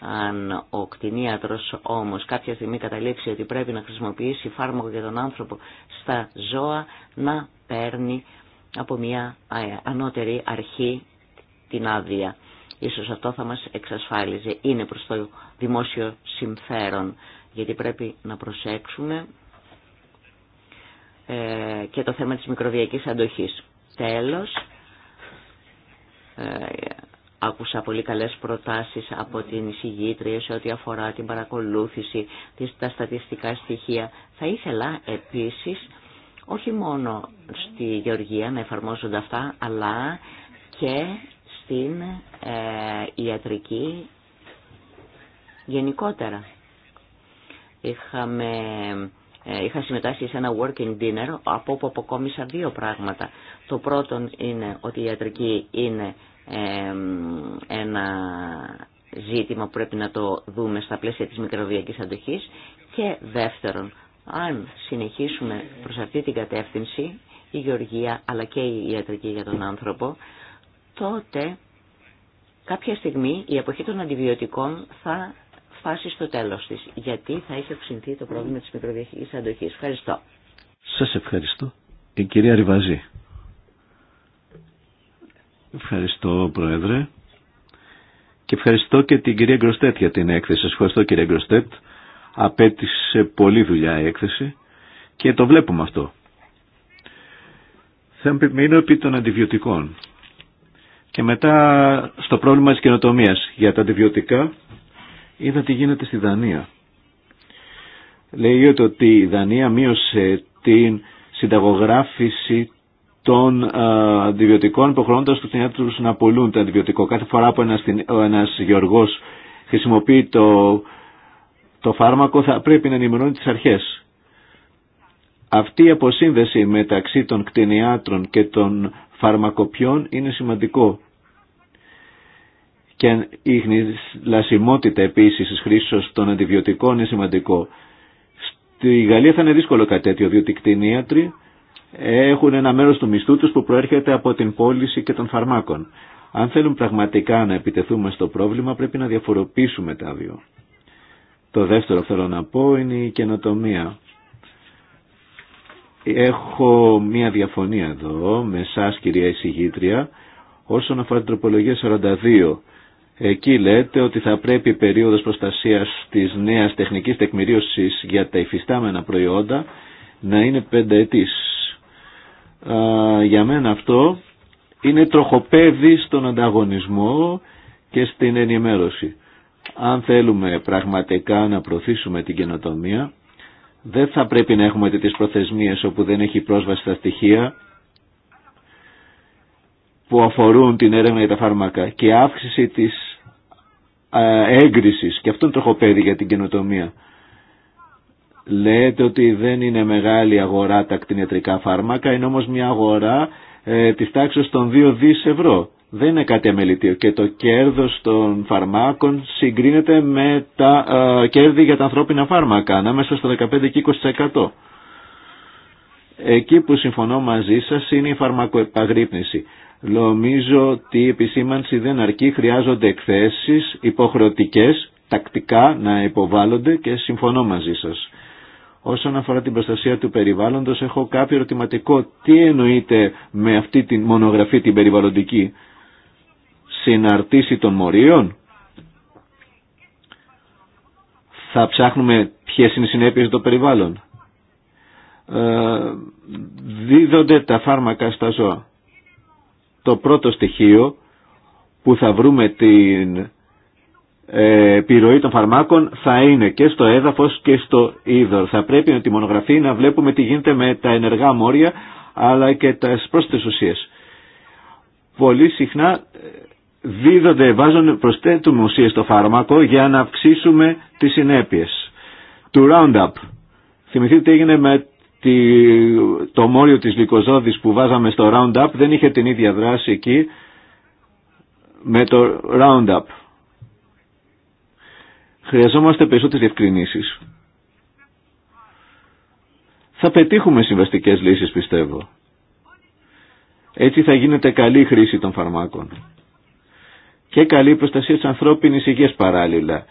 Αν ο κτηνίατρος όμως κάποια στιγμή καταλήξει ότι πρέπει να χρησιμοποιήσει φάρμακο για τον άνθρωπο στα ζώα, να παίρνει από μια ε, ανώτερη αρχή την άδεια. Ίσως αυτό θα μας εξασφάλιζε. Είναι προς το δημόσιο συμφέρον. Γιατί πρέπει να προσέξουμε ε, και το θέμα της μικροβιακής αντοχής. Τέλος, ε, άκουσα πολύ καλές προτάσεις από την εισηγήτρια σε ό,τι αφορά την παρακολούθηση, τα στατιστικά στοιχεία. Θα ήθελα επίσης όχι μόνο στη Γεωργία να εφαρμόζονται αυτά, αλλά και στην ε, ιατρική γενικότερα. Είχαμε, ε, είχα συμμετάσχει σε ένα working dinner από όπου αποκόμισα δύο πράγματα. Το πρώτο είναι ότι η ιατρική είναι ένα ζήτημα που πρέπει να το δούμε στα πλαίσια της μικροβιακής αντοχής και δεύτερον, αν συνεχίσουμε προς αυτή την κατεύθυνση η γεωργία αλλά και η ιατρική για τον άνθρωπο τότε κάποια στιγμή η εποχή των αντιβιωτικών θα φτάσει στο τέλος της, γιατί θα έχει αυξηθεί το πρόβλημα της μικροβιακής αντοχής. Ευχαριστώ. Σας ευχαριστώ. Η κυρία Ριβαζή. Ευχαριστώ, Πρόεδρε. Και ευχαριστώ και την κυρία Γκροστέτ για την έκθεση. Σας ευχαριστώ, κυρία Γκροστέτ. Απέτησε πολλή δουλειά η έκθεση και το βλέπουμε αυτό. Θα επιμείνω επί των αντιβιωτικών. Και μετά στο πρόβλημα της καινοτομίας για τα αντιβιωτικά είδα τι γίνεται στη Δανία. Λέει ότι η Δανία μείωσε την συνταγογράφηση των ε, αντιβιωτικών υποχρεώντας τους νεάτρους να πουλούν το αντιβιωτικό. Κάθε φορά που ένας, ένας γεωργός χρησιμοποιεί το, το φάρμακο θα πρέπει να ενημερώνει τις αρχές. Αυτή η αποσύνδεση μεταξύ των κτηνιάτρων και των φαρμακοποιών είναι σημαντικό. Και η λασιμότητα επίσης της χρήσης των αντιβιωτικών είναι σημαντικό. Στη Γαλλία θα είναι δύσκολο κάτι τέτοιο, διότι οι κτηνίατροι έχουν ένα μέρος του μισθού τους που προέρχεται από την πώληση και των φαρμάκων. Αν θέλουν πραγματικά να επιτεθούμε στο πρόβλημα πρέπει να διαφοροποιήσουμε τα δύο. Το δεύτερο θέλω να πω είναι η καινοτομία. Έχω μία διαφωνία εδώ με εσά κυρία εισηγήτρια όσον αφορά την τροπολογία 42. Εκεί λέτε ότι θα πρέπει η περίοδος προστασίας της νέας τεχνικής τεκμηρίωσης για τα υφιστάμενα προϊόντα να είναι ετή. Για μένα αυτό είναι τροχοπέδι στον ανταγωνισμό και στην ενημέρωση. Αν θέλουμε πραγματικά να προωθήσουμε την καινοτομία δεν θα πρέπει να έχουμε τέτοιες προθεσμίες όπου δεν έχει πρόσβαση στα στοιχεία που αφορούν την έρευνα για τα φάρμακα και αύξηση της έγκρισης και αυτό είναι τροχοπέδι για την καινοτομία. Λέτε ότι δεν είναι μεγάλη αγορά τα κτηνιατρικά φάρμακα, είναι όμως μια αγορά ε, της τάξης των 2 δις ευρώ δεν είναι κάτι αμελητήριο και το κέρδος των φαρμάκων συγκρίνεται με τα κέρδη για τα ανθρώπινα φάρμακα ανάμεσα στο 15 και 20%. Εκεί που συμφωνώ μαζί σας είναι η φαρμακοεπαγρύπνηση. Νομίζω ότι η επισήμανση δεν αρκεί, χρειάζονται εκθέσεις υποχρεωτικές, τακτικά να υποβάλλονται και συμφωνώ μαζί σας. Όσον αφορά την προστασία του περιβάλλοντος έχω κάποιο ερωτηματικό τι εννοείται με αυτή τη μονογραφή την περιβαλλοντική συναρτήσει των μορίων. Θα ψάχνουμε ποιες είναι οι συνέπειες των περιβάλλων. Ε, δίδονται τα φάρμακα στα ζώα. Το πρώτο στοιχείο που θα βρούμε την ε, επιρροή των φαρμάκων θα είναι και στο έδαφος και στο είδωρ. Θα πρέπει με τη μονογραφή να βλέπουμε τι γίνεται με τα ενεργά μόρια αλλά και τα πρόσθετες ουσίες. Πολύ συχνά δίδονται, βάζουν, προσθέτουμε ουσίες στο φάρμακο για να αυξήσουμε τις συνέπειες. Του Roundup. Θυμηθείτε τι έγινε με το μόριο της λικοζόδης που βάζαμε στο Roundup δεν είχε την ίδια δράση εκεί με το Roundup. Χρειαζόμαστε περισσότερες διευκρινήσεις. Θα πετύχουμε συμβαστικές λύσεις πιστεύω. Έτσι θα γίνεται καλή χρήση των φαρμάκων και καλή προστασία της ανθρώπινης υγείας παράλληλα.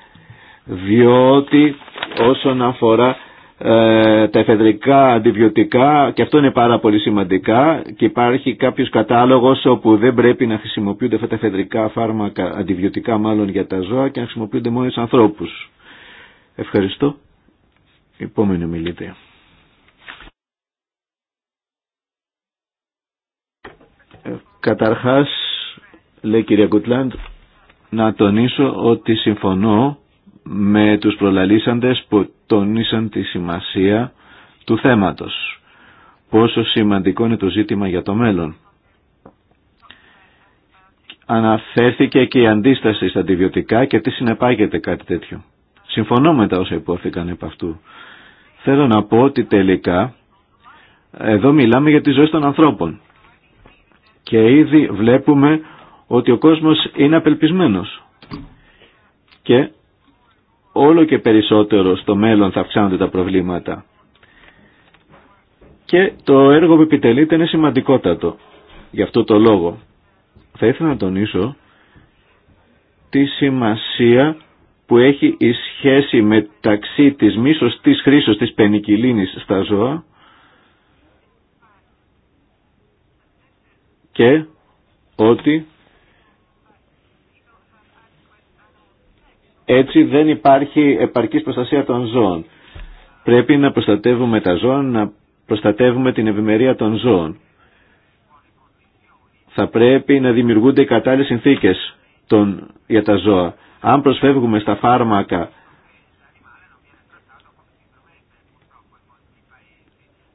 Διότι όσον αφορά ε, τα εφεδρικά αντιβιωτικά και αυτό είναι πάρα πολύ σημαντικά και υπάρχει κάποιος κατάλογος όπου δεν πρέπει να χρησιμοποιούνται αυτά τα εφεδρικά φάρμακα αντιβιωτικά μάλλον για τα ζώα και να χρησιμοποιούνται μόνο στους ανθρώπους. Ευχαριστώ. Επόμενη μιλήτρια. Ε, καταρχάς, λέει κυρία Κουτλάντ, να τονίσω ότι συμφωνώ με τους προλαλήσαντες που τόνισαν τη σημασία του θέματος. Πόσο σημαντικό είναι το ζήτημα για το μέλλον. Αναφέρθηκε και η αντίσταση στα αντιβιωτικά και τι συνεπάγεται κάτι τέτοιο. Συμφωνώ με τα όσα υπόθηκαν επ' αυτού. Θέλω να πω ότι τελικά εδώ μιλάμε για τη ζωή των ανθρώπων. Και ήδη βλέπουμε ότι ο κόσμος είναι απελπισμένος και όλο και περισσότερο στο μέλλον θα αυξάνονται τα προβλήματα. Και το έργο που επιτελείται είναι σημαντικότατο. Γι' αυτό το λόγο θα ήθελα να τονίσω τη σημασία που έχει η σχέση μεταξύ της μη σωστής χρήσης της πενικυλίνης στα ζώα και ότι Έτσι δεν υπάρχει επαρκής προστασία των ζώων. Πρέπει να προστατεύουμε τα ζώα, να προστατεύουμε την ευημερία των ζώων. Θα πρέπει να δημιουργούνται οι κατάλληλες συνθήκες των, για τα ζώα. Αν προσφεύγουμε στα φάρμακα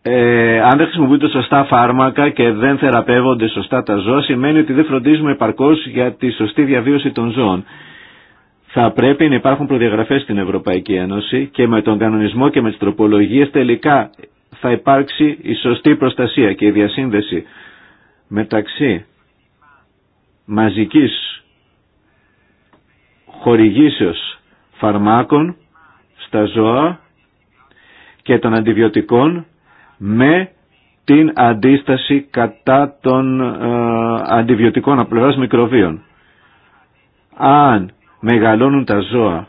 Ε, αν δεν χρησιμοποιούνται σωστά φάρμακα και δεν θεραπεύονται σωστά τα ζώα, σημαίνει ότι δεν φροντίζουμε επαρκώς για τη σωστή διαβίωση των ζώων θα πρέπει να υπάρχουν προδιαγραφές στην Ευρωπαϊκή Ένωση και με τον κανονισμό και με τις τροπολογίες τελικά θα υπάρξει η σωστή προστασία και η διασύνδεση μεταξύ μαζικής χορηγήσεως φαρμάκων στα ζώα και των αντιβιωτικών με την αντίσταση κατά των ε, αντιβιωτικών απλωράς μικροβίων. Αν μεγαλώνουν τα ζώα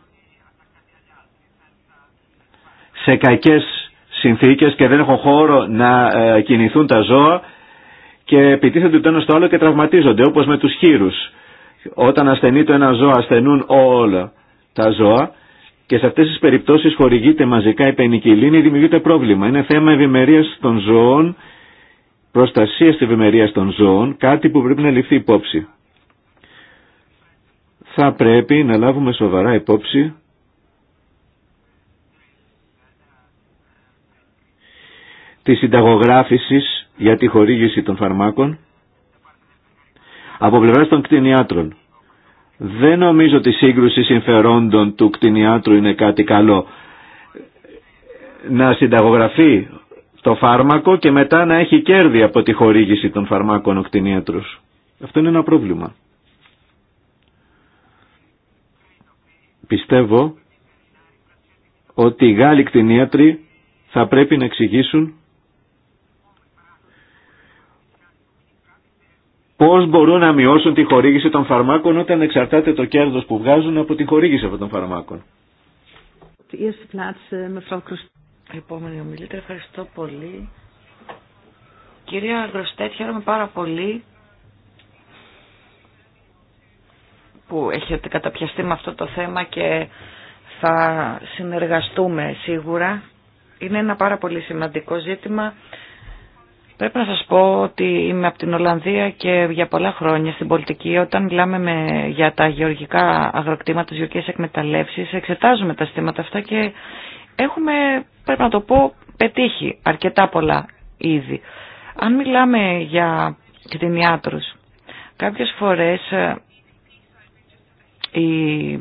σε κακές συνθήκες και δεν έχουν χώρο να ε, κινηθούν τα ζώα και επιτίθενται το ένα στο άλλο και τραυματίζονται όπως με τους χείρους. Όταν ασθενεί το ένα ζώο ασθενούν όλα τα ζώα και σε αυτές τις περιπτώσεις χορηγείται μαζικά η πενικυλίνη δημιουργείται πρόβλημα. Είναι θέμα ευημερία των ζώων, προστασία της ευημερία των ζώων, κάτι που πρέπει να ληφθεί υπόψη θα πρέπει να λάβουμε σοβαρά υπόψη τη συνταγογράφηση για τη χορήγηση των φαρμάκων από πλευρά των κτηνιάτρων. Δεν νομίζω ότι η σύγκρουση συμφερόντων του κτηνιάτρου είναι κάτι καλό. Να συνταγογραφεί το φάρμακο και μετά να έχει κέρδη από τη χορήγηση των φαρμάκων ο κτηνίατρος. Αυτό είναι ένα πρόβλημα. Πιστεύω ότι οι Γάλλοι κτηνίατροι θα πρέπει να εξηγήσουν πώς μπορούν να μειώσουν τη χορήγηση των φαρμάκων όταν εξαρτάται το κέρδος που βγάζουν από τη χορήγηση αυτών των φαρμάκων. Επόμενη ομιλήτρια, ευχαριστώ πολύ. Κυρία Αγροστέτ, χαίρομαι πάρα πολύ που έχετε καταπιαστεί με αυτό το θέμα και θα συνεργαστούμε σίγουρα. Είναι ένα πάρα πολύ σημαντικό ζήτημα. Πρέπει να σας πω ότι είμαι από την Ολλανδία και για πολλά χρόνια στην πολιτική όταν μιλάμε με, για τα γεωργικά αγροκτήματα, τις γεωργικές εκμεταλλεύσεις, εξετάζουμε τα στήματα αυτά και έχουμε, πρέπει να το πω, πετύχει αρκετά πολλά ήδη. Αν μιλάμε για κτηνιάτρους, κάποιες φορές ε, οι,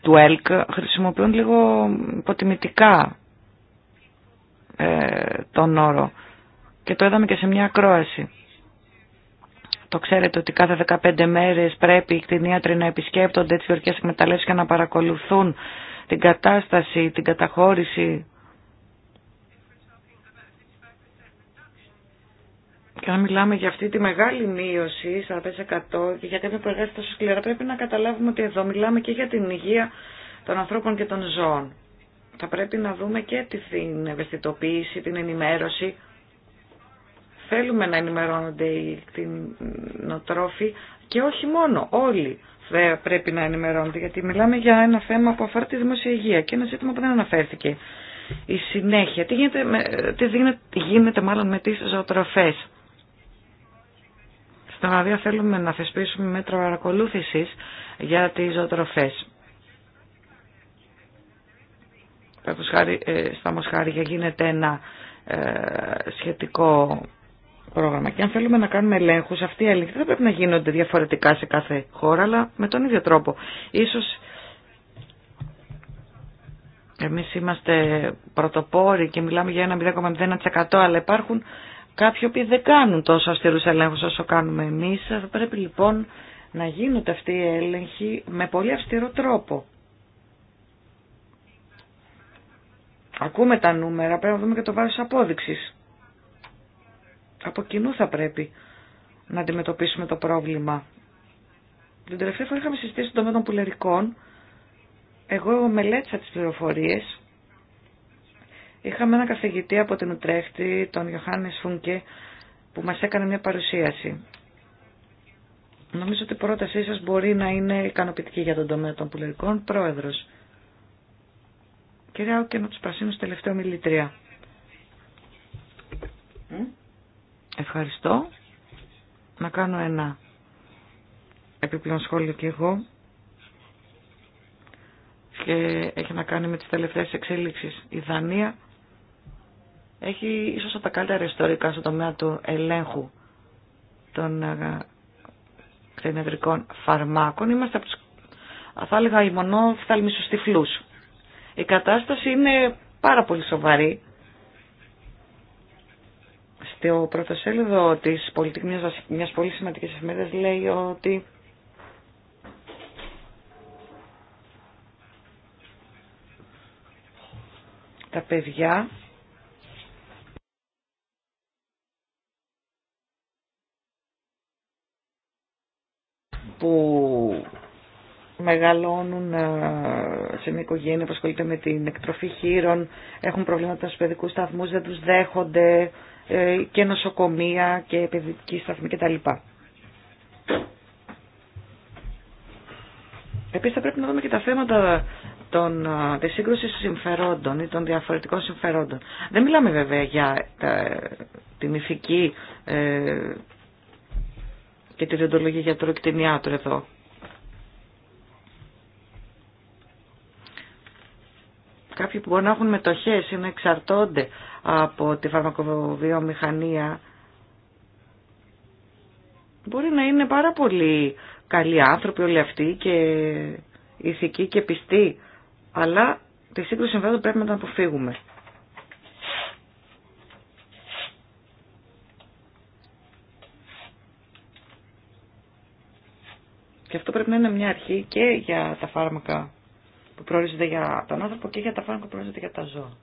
του ΕΛΚ χρησιμοποιούν λίγο υποτιμητικά ε, τον όρο. Και το είδαμε και σε μια ακρόαση. Το ξέρετε ότι κάθε 15 μέρες πρέπει οι κτηνίατροι να επισκέπτονται τις γεωργικές εκμεταλλεύσεις και να παρακολουθούν την κατάσταση, την καταχώρηση Και αν μιλάμε για αυτή τη μεγάλη μείωση, 45% και για κάποια που εργάζεται τόσο σκληρά, πρέπει να καταλάβουμε ότι εδώ μιλάμε και για την υγεία των ανθρώπων και των ζώων. Θα πρέπει να δούμε και την ευαισθητοποίηση, την ενημέρωση. Θέλουμε να ενημερώνονται οι κτηνοτρόφοι και όχι μόνο, όλοι πρέπει να ενημερώνονται, γιατί μιλάμε για ένα θέμα που αφορά τη δημόσια υγεία και ένα ζήτημα που δεν αναφέρθηκε. Η συνέχεια, τι γίνεται, τι γίνεται, γίνεται μάλλον με τις ζωοτροφές. Στον Ολλανδία θέλουμε να θεσπίσουμε μέτρα παρακολούθηση για τι ζωοτροφέ. Ε, στα Μοσχάρια γίνεται ένα ε, σχετικό πρόγραμμα. Και αν θέλουμε να κάνουμε ελέγχου, αυτοί οι έλεγχοι δεν πρέπει να γίνονται διαφορετικά σε κάθε χώρα, αλλά με τον ίδιο τρόπο. Ίσως εμείς είμαστε πρωτοπόροι και μιλάμε για ένα 0,01% αλλά υπάρχουν Κάποιοι οποίοι δεν κάνουν τόσο αυστηρούς ελέγχους όσο κάνουμε εμείς, θα πρέπει λοιπόν να γίνονται αυτοί οι έλεγχοι με πολύ αυστηρό τρόπο. Ακούμε τα νούμερα, πρέπει να δούμε και το βάρος απόδειξης. Από κοινού θα πρέπει να αντιμετωπίσουμε το πρόβλημα. Την τελευταία φορά είχαμε συζητήσει τον τομέα των πουλερικών. Εγώ μελέτησα τις πληροφορίες Είχαμε ένα καθηγητή από την Ουτρέχτη, τον Ιωάννη Φούνκε, που μας έκανε μια παρουσίαση. Νομίζω ότι η πρότασή σας μπορεί να είναι ικανοποιητική για τον τομέα των πουλερικών. Πρόεδρος. Κυρία Όκεν, τους Πρασίνους, τελευταίο μιλητρία. Ευχαριστώ. Να κάνω ένα επιπλέον σχόλιο κι εγώ και έχει να κάνει με τις τελευταίες εξέλιξεις. Η Δανία έχει ίσως από τα καλύτερα ιστορικά στο τομέα του ελέγχου των ε, κτηνιατρικών φαρμάκων. Είμαστε από τους, θα έλεγα, οι Η κατάσταση είναι πάρα πολύ σοβαρή. Στο πρωτοσέλιδο της πολιτικής μιας, μιας πολύ σημαντικής εφημερίδας λέει ότι τα παιδιά που μεγαλώνουν ε, σε μια οικογένεια που ασχολείται με την εκτροφή χείρων, έχουν προβλήματα στους παιδικούς σταθμούς, δεν τους δέχονται ε, και νοσοκομεία και παιδική σταθμή κτλ. Επίσης θα πρέπει να δούμε και τα θέματα των, ε, της σύγκρουσης συμφερόντων ή των διαφορετικών συμφερόντων. Δεν μιλάμε βέβαια για την ηθική και τη διοντολογία γιατρού και την ιάτρου εδώ. Κάποιοι που μπορεί να έχουν μετοχές ή να εξαρτώνται από τη φαρμακοβιομηχανία μπορεί να είναι πάρα πολύ καλοί άνθρωποι όλοι αυτοί και ηθικοί και πιστοί αλλά τη σύγκρουση συμφέροντων πρέπει να τα αποφύγουμε. Και αυτό πρέπει να είναι μια αρχή και για τα φάρμακα που προορίζονται για τον άνθρωπο και για τα φάρμακα που προορίζονται για τα ζώα.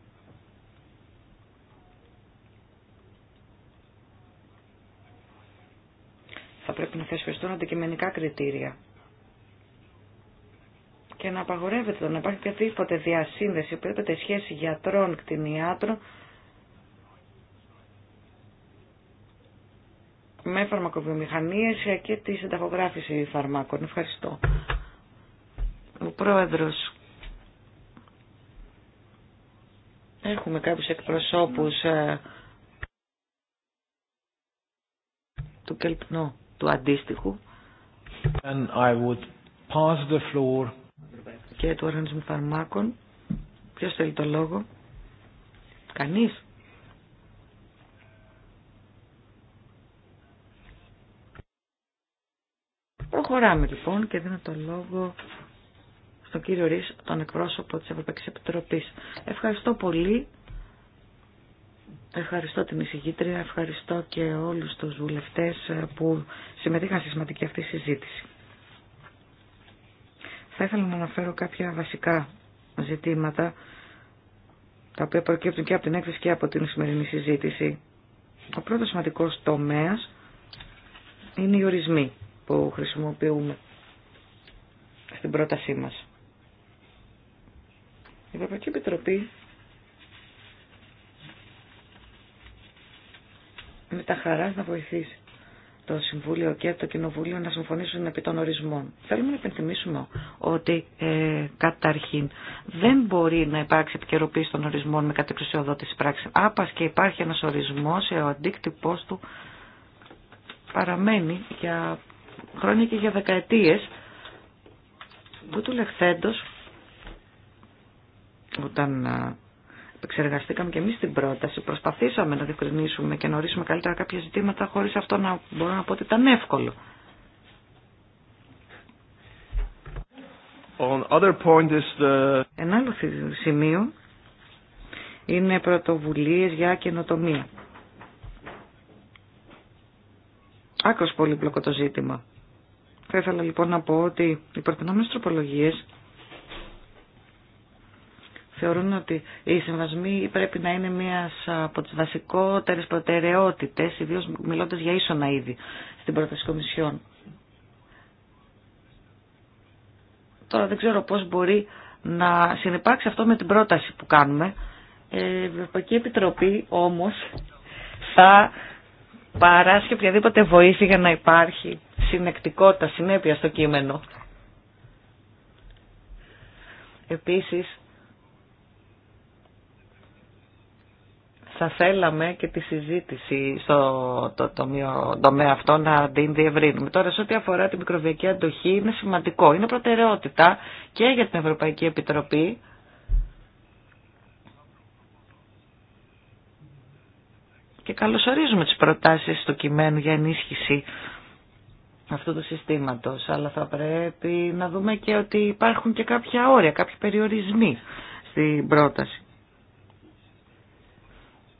Θα πρέπει να θεσπιστούν αντικειμενικά κριτήρια και να απαγορεύεται να υπάρχει οποιαδήποτε διασύνδεση, οποιαδήποτε σχέση γιατρών, κτηνιάτρων με φαρμακοβιομηχανίες και τη συνταγογράφηση φαρμάκων. Ευχαριστώ. Ο Πρόεδρος. Έχουμε κάποιους εκπροσώπους ε, του κελπνού, του αντίστοιχου. And I would pass the floor. Και του οργανισμού φαρμάκων. Ποιος θέλει το λόγο. Κανείς. Προχωράμε λοιπόν και δίνω το λόγο στον κύριο Ρης, τον εκπρόσωπο της Ευρωπαϊκής Επιτροπής. Ευχαριστώ πολύ. Ευχαριστώ την εισηγήτρια, ευχαριστώ και όλους τους βουλευτές που συμμετείχαν στη σημαντική αυτή συζήτηση. Θα ήθελα να αναφέρω κάποια βασικά ζητήματα, τα οποία προκύπτουν και από την έκθεση και από την σημερινή συζήτηση. Ο πρώτος σημαντικός τομέας είναι οι ορισμοί που χρησιμοποιούμε στην πρότασή μας. Η Ευρωπαϊκή Επιτροπή με τα χαρά να βοηθήσει το Συμβούλιο και το Κοινοβούλιο να συμφωνήσουν επί των ορισμών. Θέλουμε να υπενθυμίσουμε ότι ε, καταρχήν δεν μπορεί να υπάρξει επικαιροποίηση των ορισμών με κατεξουσιοδότηση πράξη. Άπας και υπάρχει ένας ορισμός, ο αντίκτυπός του παραμένει για χρόνια και για δεκαετίες, που του λεχθέντος, όταν ε, επεξεργαστήκαμε και εμείς την πρόταση, προσπαθήσαμε να διευκρινίσουμε και να ορίσουμε καλύτερα κάποια ζητήματα, χωρίς αυτό να μπορώ να πω ότι ήταν εύκολο. On other point is the... Ένα άλλο σημείο είναι πρωτοβουλίες για καινοτομία. άκρος πολύπλοκο το ζήτημα. Θα ήθελα λοιπόν να πω ότι οι προτινόμενες τροπολογίες θεωρούν ότι οι συμβασμοί πρέπει να είναι μία από τις βασικότερες προτεραιότητες, ιδίως μιλώντας για ίσονα είδη στην πρόταση Κομισιόν. Τώρα δεν ξέρω πώς μπορεί να συνεπάρξει αυτό με την πρόταση που κάνουμε. Ε, η Ευρωπαϊκή Επιτροπή όμως θα παράσχει οποιαδήποτε βοήθεια για να υπάρχει συνεκτικότητα, συνέπεια στο κείμενο. Επίσης, θα θέλαμε και τη συζήτηση στο το, τομέα αυτό να την διευρύνουμε. Τώρα, σε ό,τι αφορά την μικροβιακή αντοχή, είναι σημαντικό. Είναι προτεραιότητα και για την Ευρωπαϊκή Επιτροπή, και καλωσορίζουμε τις προτάσεις του κειμένου για ενίσχυση αυτού του συστήματος, αλλά θα πρέπει να δούμε και ότι υπάρχουν και κάποια όρια, κάποιοι περιορισμοί στην πρόταση.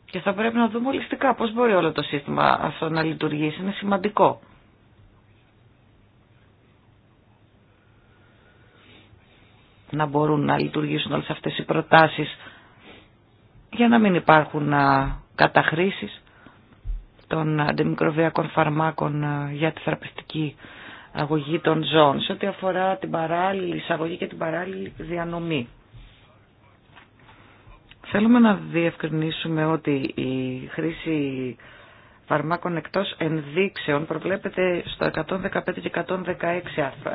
Και θα πρέπει να δούμε ολιστικά πώς μπορεί όλο το σύστημα αυτό να λειτουργήσει. Είναι σημαντικό. Να μπορούν να λειτουργήσουν όλες αυτές οι προτάσεις για να μην υπάρχουν καταχρήσεις των αντιμικροβιακών φαρμάκων ε, για τη θεραπευτική αγωγή των ζώων σε ό,τι αφορά την παράλληλη εισαγωγή και την παράλληλη διανομή. Θέλουμε να διευκρινίσουμε ότι η χρήση φαρμάκων εκτός ενδείξεων προβλέπεται στο 115 και 116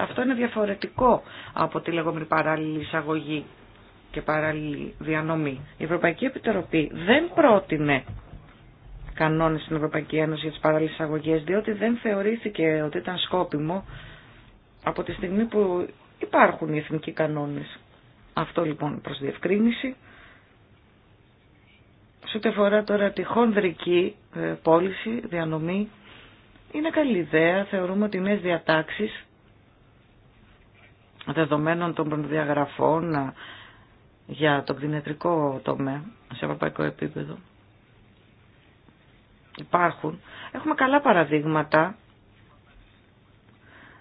Αυτό είναι διαφορετικό από τη λεγόμενη παράλληλη εισαγωγή και παράλληλη διανομή. Η Ευρωπαϊκή Επιτροπή δεν πρότεινε κανόνες στην Ευρωπαϊκή Ένωση για τις παράλληλες διότι δεν θεωρήθηκε ότι ήταν σκόπιμο από τη στιγμή που υπάρχουν οι εθνικοί κανόνες. Αυτό λοιπόν προς διευκρίνηση. Σε ό,τι αφορά τώρα τη χονδρική ε, πώληση, διανομή, είναι καλή ιδέα. Θεωρούμε ότι οι νέε διατάξεις δεδομένων των προδιαγραφών για τον κτηνιατρικό τομέα σε ευρωπαϊκό επίπεδο. Υπάρχουν. Έχουμε καλά παραδείγματα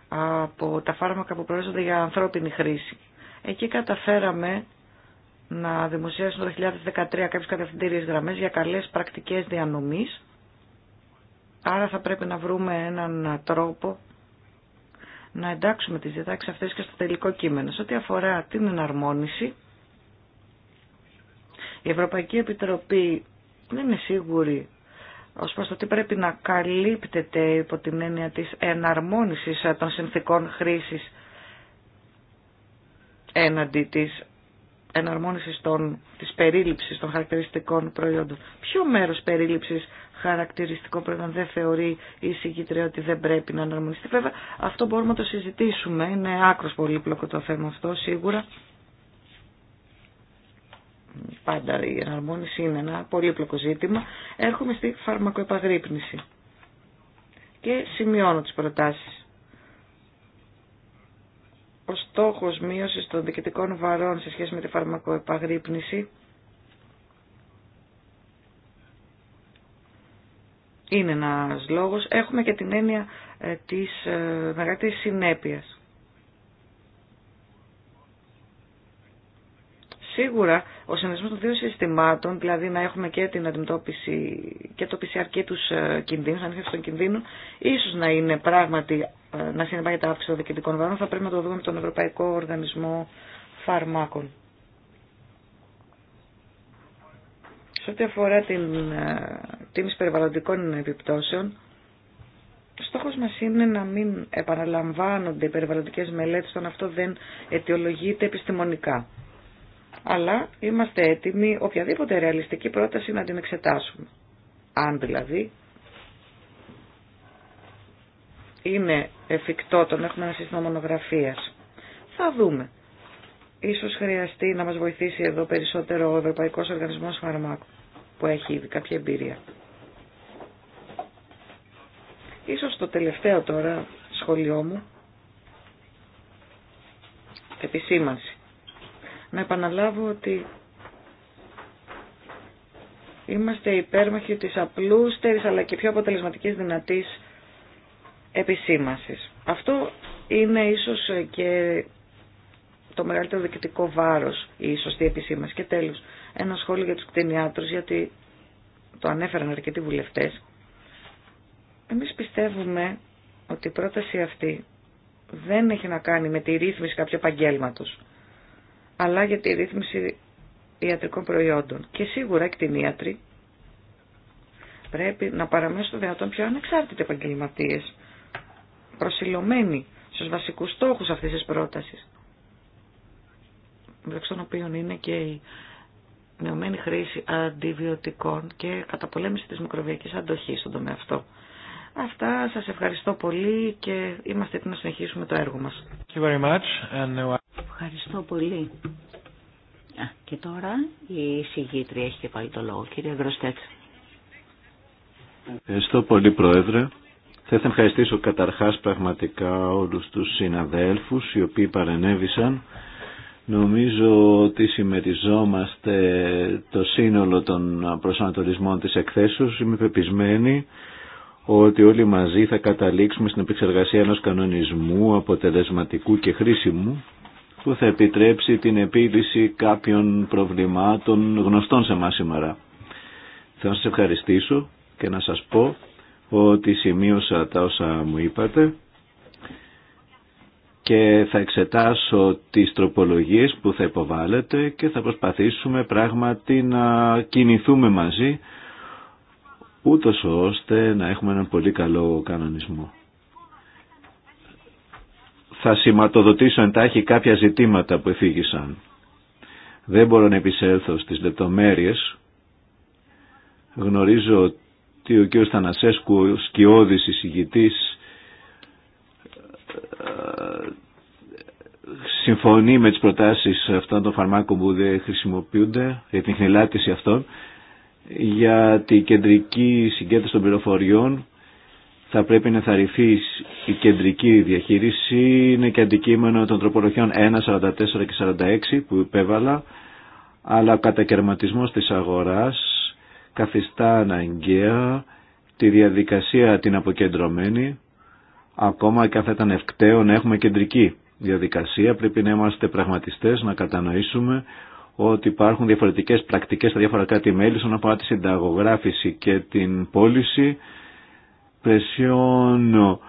από τα φάρμακα που προέρχονται για ανθρώπινη χρήση. Εκεί καταφέραμε να δημοσιεύσουμε το 2013 κάποιες κατευθυντήριες γραμμές για καλές πρακτικές διανομής. Άρα θα πρέπει να βρούμε έναν τρόπο να εντάξουμε τις διατάξεις αυτές και στο τελικό κείμενο. Σε ό,τι αφορά την εναρμόνιση, η Ευρωπαϊκή Επιτροπή δεν είναι σίγουρη ως προς το τι πρέπει να καλύπτεται υπό την έννοια της εναρμόνισης των συνθήκων χρήσης έναντι της εναρμόνισης των, της περίληψης των χαρακτηριστικών προϊόντων. Ποιο μέρος περίληψης χαρακτηριστικών προϊόντων δεν θεωρεί η συγκήτρια ότι δεν πρέπει να εναρμονιστεί. Βέβαια αυτό μπορούμε να το συζητήσουμε, είναι άκρος πολύπλοκο το θέμα αυτό σίγουρα πάντα η εναρμόνιση είναι ένα πολύπλοκο ζήτημα, έρχομαι στη φαρμακοεπαγρύπνηση και σημειώνω τις προτάσεις. Ο στόχος μείωσης των διοικητικών βαρών σε σχέση με τη φαρμακοεπαγρύπνηση είναι ένας λόγος. Έχουμε και την έννοια ε, της ε, μεγαλύτερης συνέπειας. Σίγουρα ο συνδυασμό των δύο συστημάτων, δηλαδή να έχουμε και την αντιμετώπιση και το PCR και του ε, κινδύνου, ανείχνευση των κινδύνων, ίσω να είναι πράγματι ε, να συνεπάγεται αύξηση των δικαιωτικών βάρων. Θα πρέπει να το δούμε με τον Ευρωπαϊκό Οργανισμό Φαρμάκων. Σε ό,τι αφορά την ε, τίμηση περιβαλλοντικών επιπτώσεων, στόχος μας είναι να μην επαναλαμβάνονται οι περιβαλλοντικές μελέτες όταν αυτό δεν αιτιολογείται επιστημονικά αλλά είμαστε έτοιμοι οποιαδήποτε ρεαλιστική πρόταση να την εξετάσουμε. Αν δηλαδή είναι εφικτό το να έχουμε ένα σύστημα μονογραφίας. Θα δούμε. Ίσως χρειαστεί να μας βοηθήσει εδώ περισσότερο ο Ευρωπαϊκός Οργανισμός Φαρμάκου που έχει ήδη κάποια εμπειρία. Ίσως το τελευταίο τώρα σχολείο μου επισήμανση να επαναλάβω ότι είμαστε υπέρμαχοι της απλούστερης αλλά και πιο αποτελεσματικής δυνατής επισήμασης. Αυτό είναι ίσως και το μεγαλύτερο διοικητικό βάρος η σωστή επισήμαση. Και τέλος, ένα σχόλιο για τους κτηνιάτρους, γιατί το ανέφεραν αρκετοί βουλευτές. Εμείς πιστεύουμε ότι η πρόταση αυτή δεν έχει να κάνει με τη ρύθμιση κάποιου επαγγέλματος αλλά για τη ρύθμιση ιατρικών προϊόντων. Και σίγουρα ιατρή πρέπει να παραμένουν στο δυνατόν πιο ανεξάρτητοι επαγγελματίε, προσιλωμένοι στους βασικούς στόχους αυτής της πρότασης, μεταξύ των οποίων είναι και η μειωμένη χρήση αντιβιωτικών και καταπολέμηση της μικροβιακής αντοχής στον τομέα αυτό. Αυτά, σας ευχαριστώ πολύ και είμαστε έτοιμοι να συνεχίσουμε το έργο μας. Ευχαριστώ πολύ. Α, και τώρα η συγγήτρια έχει και πάλι το λόγο. Κύριε Γκροστέτ. Ευχαριστώ πολύ Πρόεδρε. Θα ήθελα ευχαριστήσω καταρχάς πραγματικά όλους τους συναδέλφους οι οποίοι παρενέβησαν. Νομίζω ότι συμμεριζόμαστε το σύνολο των προσανατολισμών της εκθέσεως. Είμαι πεπισμένη ότι όλοι μαζί θα καταλήξουμε στην επεξεργασία ενός κανονισμού αποτελεσματικού και χρήσιμου που θα επιτρέψει την επίλυση κάποιων προβλημάτων γνωστών σε μας σήμερα. Θα σας ευχαριστήσω και να σας πω ότι σημείωσα τα όσα μου είπατε και θα εξετάσω τις τροπολογίες που θα υποβάλλετε και θα προσπαθήσουμε πράγματι να κινηθούμε μαζί ούτως ώστε να έχουμε έναν πολύ καλό κανονισμό θα σηματοδοτήσω εντάχει κάποια ζητήματα που εφήγησαν. Δεν μπορώ να επισέλθω στις λεπτομέρειες. Γνωρίζω ότι ο κ. Θανασέσκου, σκιώδης εισηγητής, συμφωνεί με τις προτάσεις αυτών των φαρμάκων που δεν χρησιμοποιούνται, για την χνηλάτιση αυτών, για την κεντρική συγκέντρωση των πληροφοριών θα πρέπει να θαρρυθεί η κεντρική διαχείριση. Είναι και αντικείμενο των τροπολογιών 1, 44 και 46 που υπέβαλα, αλλά ο κατακαιρματισμός της αγοράς καθιστά αναγκαία τη διαδικασία την αποκεντρωμένη, ακόμα και αν θα ήταν ευκταίο να έχουμε κεντρική διαδικασία, πρέπει να είμαστε πραγματιστές, να κατανοήσουμε ότι υπάρχουν διαφορετικές πρακτικές στα διαφορα κάτι κράτη-μέλη όσον αφορά τη συνταγογράφηση και την πώληση Πεσιώνω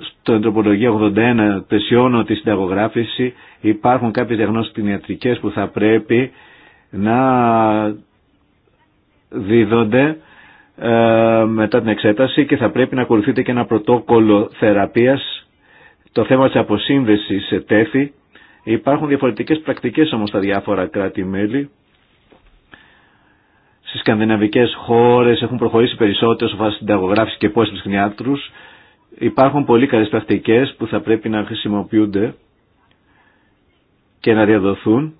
στο 81 πεσιώνω τη συνταγογράφηση υπάρχουν κάποιες διαγνώσεις κτηνιατρικές που θα πρέπει να δίδονται ε, μετά την εξέταση και θα πρέπει να ακολουθείται και ένα πρωτόκολλο θεραπείας το θέμα της αποσύνδεσης τέθη υπάρχουν διαφορετικές πρακτικές όμως στα διάφορα κράτη-μέλη Στι σκανδιναβικέ χώρε έχουν προχωρήσει περισσότερο σε βάση συνταγογράφηση και πόσε κτηνιάτρους. Υπάρχουν πολύ καλέ πρακτικέ που θα πρέπει να χρησιμοποιούνται και να διαδοθούν.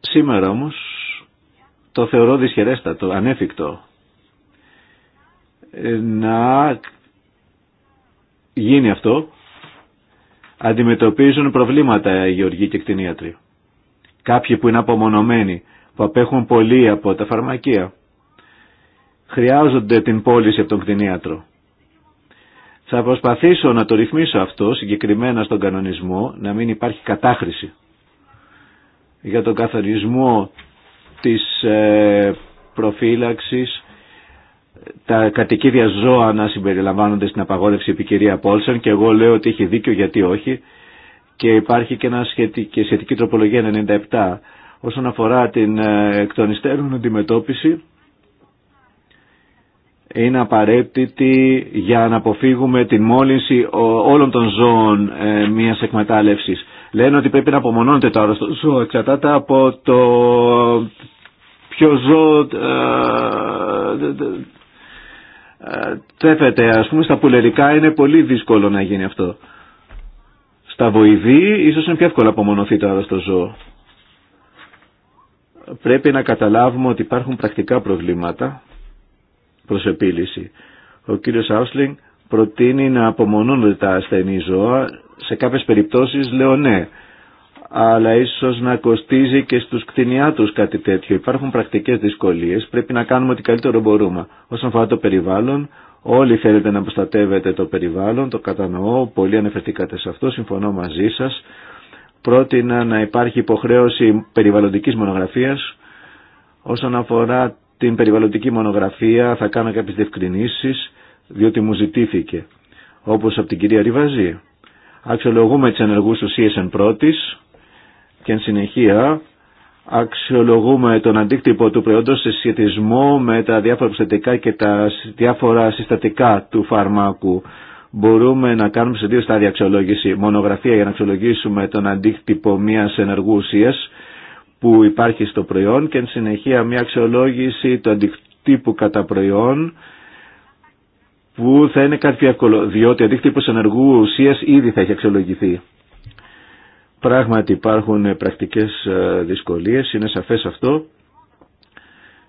Σήμερα όμω, το θεωρώ δυσχερέστατο, ανέφικτο να γίνει αυτό αντιμετωπίζουν προβλήματα οι γεωργοί και κτηνίατροι κάποιοι που είναι απομονωμένοι, που απέχουν πολύ από τα φαρμακεία. Χρειάζονται την πώληση από τον κτηνίατρο. Θα προσπαθήσω να το ρυθμίσω αυτό συγκεκριμένα στον κανονισμό, να μην υπάρχει κατάχρηση για τον καθορισμό της ε, προφύλαξης τα κατοικίδια ζώα να συμπεριλαμβάνονται στην απαγόρευση επικυρία Πόλσον και εγώ λέω ότι έχει δίκιο γιατί όχι και υπάρχει και, ένα σχετική, σχετική τροπολογία 97 όσον αφορά την ε, εκ αντιμετώπιση είναι απαραίτητη για να αποφύγουμε την μόλυνση όλων των ζώων ε, μιας εκμετάλλευσης. Λένε ότι πρέπει να απομονώνεται το άρρωστο ζώο εξαρτάται από το ποιο ζώο ε, τρέφεται. Ας πούμε στα πουλερικά είναι πολύ δύσκολο να γίνει αυτό. Στα βοηδή ίσως είναι πιο εύκολο απομονωθεί το στο ζώο. Πρέπει να καταλάβουμε ότι υπάρχουν πρακτικά προβλήματα προς επίλυση. Ο κύριος Άουσλινγκ προτείνει να απομονώνονται τα ασθενή ζώα. Σε κάποιες περιπτώσεις λέω ναι, αλλά ίσως να κοστίζει και στους κτηνιάτους κάτι τέτοιο. Υπάρχουν πρακτικές δυσκολίες, πρέπει να κάνουμε ό,τι καλύτερο μπορούμε. Όσον αφορά το περιβάλλον, Όλοι θέλετε να προστατεύετε το περιβάλλον, το κατανοώ, πολύ αναφερθήκατε σε αυτό, συμφωνώ μαζί σας. Πρότεινα να υπάρχει υποχρέωση περιβαλλοντικής μονογραφίας. Όσον αφορά την περιβαλλοντική μονογραφία θα κάνω κάποιες διευκρινήσεις, διότι μου ζητήθηκε, όπως από την κυρία Ριβαζή. Αξιολογούμε τις ενεργούς του εν πρώτης και εν συνεχεία αξιολογούμε τον αντίκτυπο του προϊόντος σε σχετισμό με τα διάφορα και τα διάφορα συστατικά του φαρμάκου. Μπορούμε να κάνουμε σε δύο στάδια αξιολόγηση. Μονογραφία για να αξιολογήσουμε τον αντίκτυπο μιας ενεργού ουσίας που υπάρχει στο προϊόν και εν συνεχεία μια αξιολόγηση του αντικτύπου κατά προϊόν που θα είναι κάτι πιο εύκολο, διότι ο αντίκτυπος ενεργού ουσίας ήδη θα έχει αξιολογηθεί. Πράγματι υπάρχουν ε, πρακτικές ε, δυσκολίες, είναι σαφές αυτό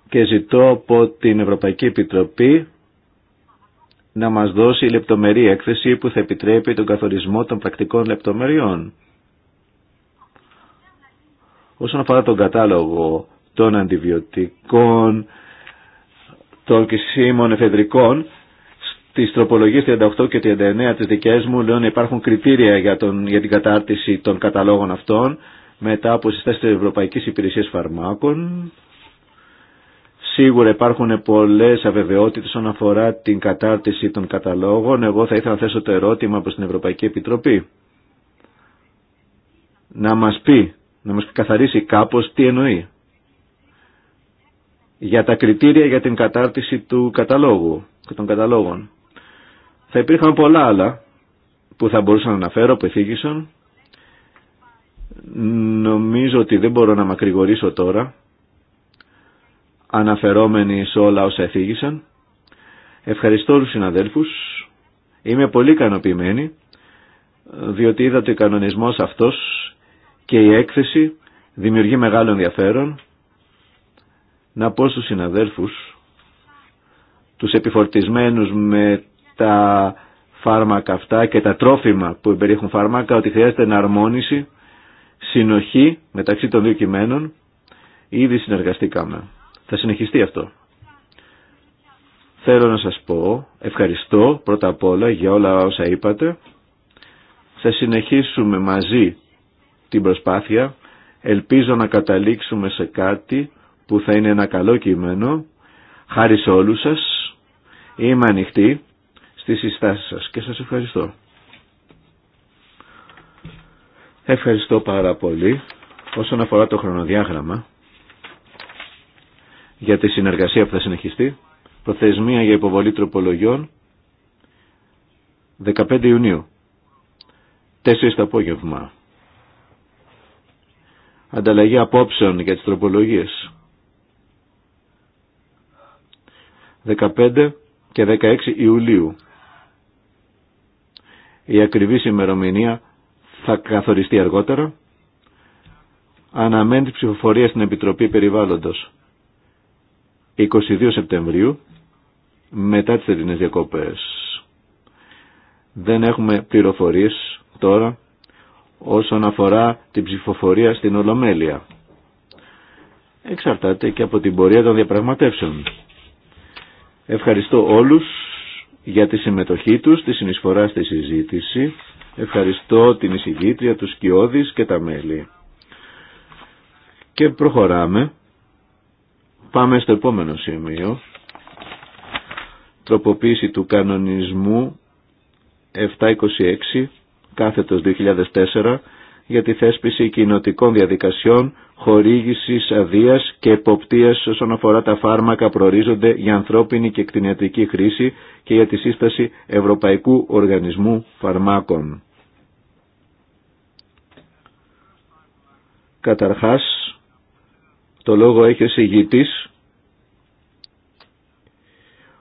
και ζητώ από την Ευρωπαϊκή Επιτροπή να μας δώσει λεπτομερή έκθεση που θα επιτρέπει τον καθορισμό των πρακτικών λεπτομεριών. Όσον αφορά τον κατάλογο των αντιβιωτικών, των κυσίμων εφεδρικών, Τη τροπολογία 38 και 39 τη δικέ μου λέω να υπάρχουν κριτήρια για, τον, για την κατάρτιση των καταλόγων αυτών μετά από συστάσεις τη Ευρωπαϊκή Υπηρεσία Φαρμάκων. Σίγουρα υπάρχουν πολλές αβεβαιότητες όσον αφορά την κατάρτιση των καταλόγων. Εγώ θα ήθελα να θέσω το ερώτημα προς την Ευρωπαϊκή Επιτροπή. Να μα πει, να μα καθαρίσει κάπω τι εννοεί. Για τα κριτήρια για την κατάρτιση του καταλόγου και των καταλόγων. Θα υπήρχαν πολλά άλλα που θα μπορούσα να αναφέρω, που εθίγησαν. Νομίζω ότι δεν μπορώ να μακρηγορήσω τώρα, αναφερόμενοι σε όλα όσα εθίγησαν. Ευχαριστώ όλους τους συναδέλφους. Είμαι πολύ ικανοποιημένη, διότι είδα ότι ο κανονισμός αυτός και η έκθεση δημιουργεί μεγάλο ενδιαφέρον. Να πω στους συναδέλφους, τους επιφορτισμένους με τα φάρμακα αυτά και τα τρόφιμα που περιέχουν φάρμακα ότι χρειάζεται εναρμόνιση, συνοχή μεταξύ των δύο κειμένων. Ήδη συνεργαστήκαμε. Θα συνεχιστεί αυτό. Θέλω να σας πω, ευχαριστώ πρώτα απ' όλα για όλα όσα είπατε. Θα συνεχίσουμε μαζί την προσπάθεια. Ελπίζω να καταλήξουμε σε κάτι που θα είναι ένα καλό κείμενο. Χάρη σε όλους σας. Είμαι ανοιχτή στις συστάσεις σας και σας ευχαριστώ. Ευχαριστώ πάρα πολύ όσον αφορά το χρονοδιάγραμμα για τη συνεργασία που θα συνεχιστεί. Προθεσμία για υποβολή τροπολογιών 15 Ιουνίου, 4 το απόγευμα. Ανταλλαγή απόψεων για τις τροπολογίες. 15 και 16 Ιουλίου. Η ακριβή ημερομηνία θα καθοριστεί αργότερα. Αναμένει ψηφοφορία στην Επιτροπή Περιβάλλοντος 22 Σεπτεμβρίου μετά τις θερινές διακόπες. Δεν έχουμε πληροφορίες τώρα όσον αφορά την ψηφοφορία στην Ολομέλεια. Εξαρτάται και από την πορεία των διαπραγματεύσεων. Ευχαριστώ όλους για τη συμμετοχή τους, τη συνεισφορά στη συζήτηση. Ευχαριστώ την εισηγήτρια, τους κοιόδης και τα μέλη. Και προχωράμε. Πάμε στο επόμενο σημείο. Τροποποίηση του κανονισμού 726 κάθετος 2004 για τη θέσπιση κοινοτικών διαδικασιών χορήγησης αδείας και εποπτείας όσον αφορά τα φάρμακα προορίζονται για ανθρώπινη και κτηνιατρική χρήση και για τη σύσταση Ευρωπαϊκού Οργανισμού Φαρμάκων. Καταρχάς, το λόγο έχει ο συγγητής,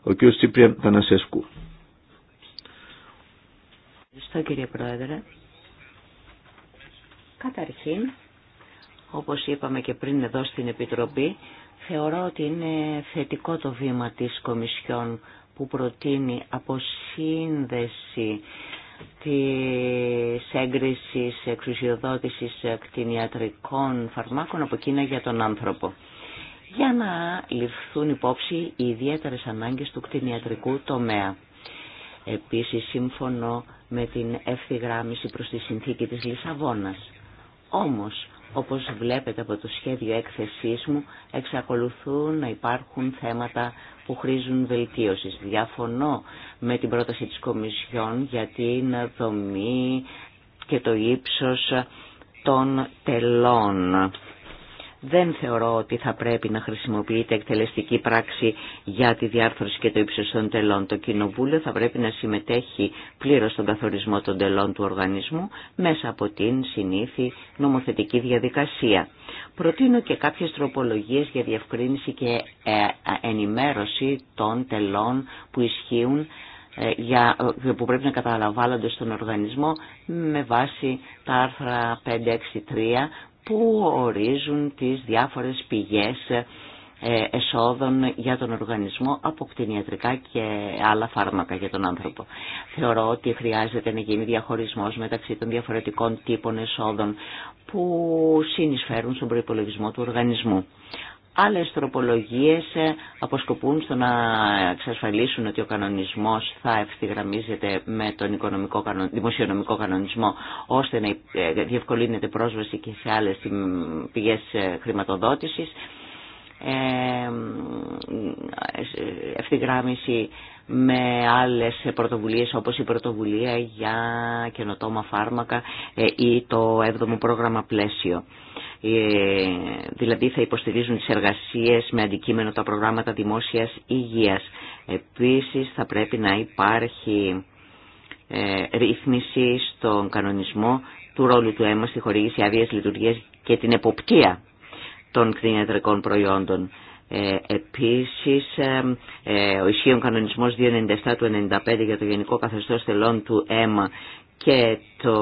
ο κ. Τσίπριαν Θανασέσκου. Ευχαριστώ κύριε Πρόεδρε. Καταρχήν, όπως είπαμε και πριν εδώ στην Επιτροπή, θεωρώ ότι είναι θετικό το βήμα της Κομισιόν που προτείνει αποσύνδεση της έγκρισης εξουσιοδότησης κτηνιατρικών φαρμάκων από Κίνα για τον άνθρωπο για να ληφθούν υπόψη οι ιδιαίτερες ανάγκες του κτηνιατρικού τομέα. Επίσης σύμφωνο με την ευθυγράμμιση προς τη συνθήκη της Λισαβόνας. Όμως όπως βλέπετε από το σχέδιο έκθεσής μου, εξακολουθούν να υπάρχουν θέματα που χρήζουν βελτίωση. Διαφωνώ με την πρόταση της Κομισιόν για την δομή και το ύψος των τελών δεν θεωρώ ότι θα πρέπει να χρησιμοποιείται εκτελεστική πράξη για τη διάρθρωση και το ύψος των τελών. Το Κοινοβούλιο θα πρέπει να συμμετέχει πλήρως στον καθορισμό των τελών του οργανισμού μέσα από την συνήθι νομοθετική διαδικασία. Προτείνω και κάποιες τροπολογίες για διευκρίνηση και ε, ενημέρωση των τελών που ισχύουν ε, για, ε, που πρέπει να καταλαμβάνονται στον οργανισμό με βάση τα άρθρα 563 που ορίζουν τις διάφορες πηγές ε, εσόδων για τον οργανισμό από κτηνιατρικά και άλλα φάρμακα για τον άνθρωπο. Θεωρώ ότι χρειάζεται να γίνει διαχωρισμός μεταξύ των διαφορετικών τύπων εσόδων που συνεισφέρουν στον προϋπολογισμό του οργανισμού. Άλλες τροπολογίες ε, αποσκοπούν στο να εξασφαλίσουν ότι ο κανονισμός θα ευθυγραμμίζεται με τον οικονομικό, δημοσιονομικό κανονισμό ώστε να ε, διευκολύνεται πρόσβαση και σε άλλες πηγές ε, χρηματοδότησης. Ευθυγράμμιση με άλλες πρωτοβουλίες όπως η πρωτοβουλία για καινοτόμα φάρμακα ή το 7ο πρόγραμμα πλαίσιο. Ε, δηλαδή θα υποστηρίζουν τις εργασίες με αντικείμενο τα προγράμματα δημόσιας υγείας. Επίσης θα πρέπει να υπάρχει ε, ρύθμιση στον κανονισμό του ρόλου του αίμα στη χορήγηση άδειας λειτουργίας και την εποπτεία των κτηνιατρικών προϊόντων. Ε, επίσης, ε, ο ισχύων κανονισμός 297 του 95 για το γενικό καθεστώς θελών του αίμα και το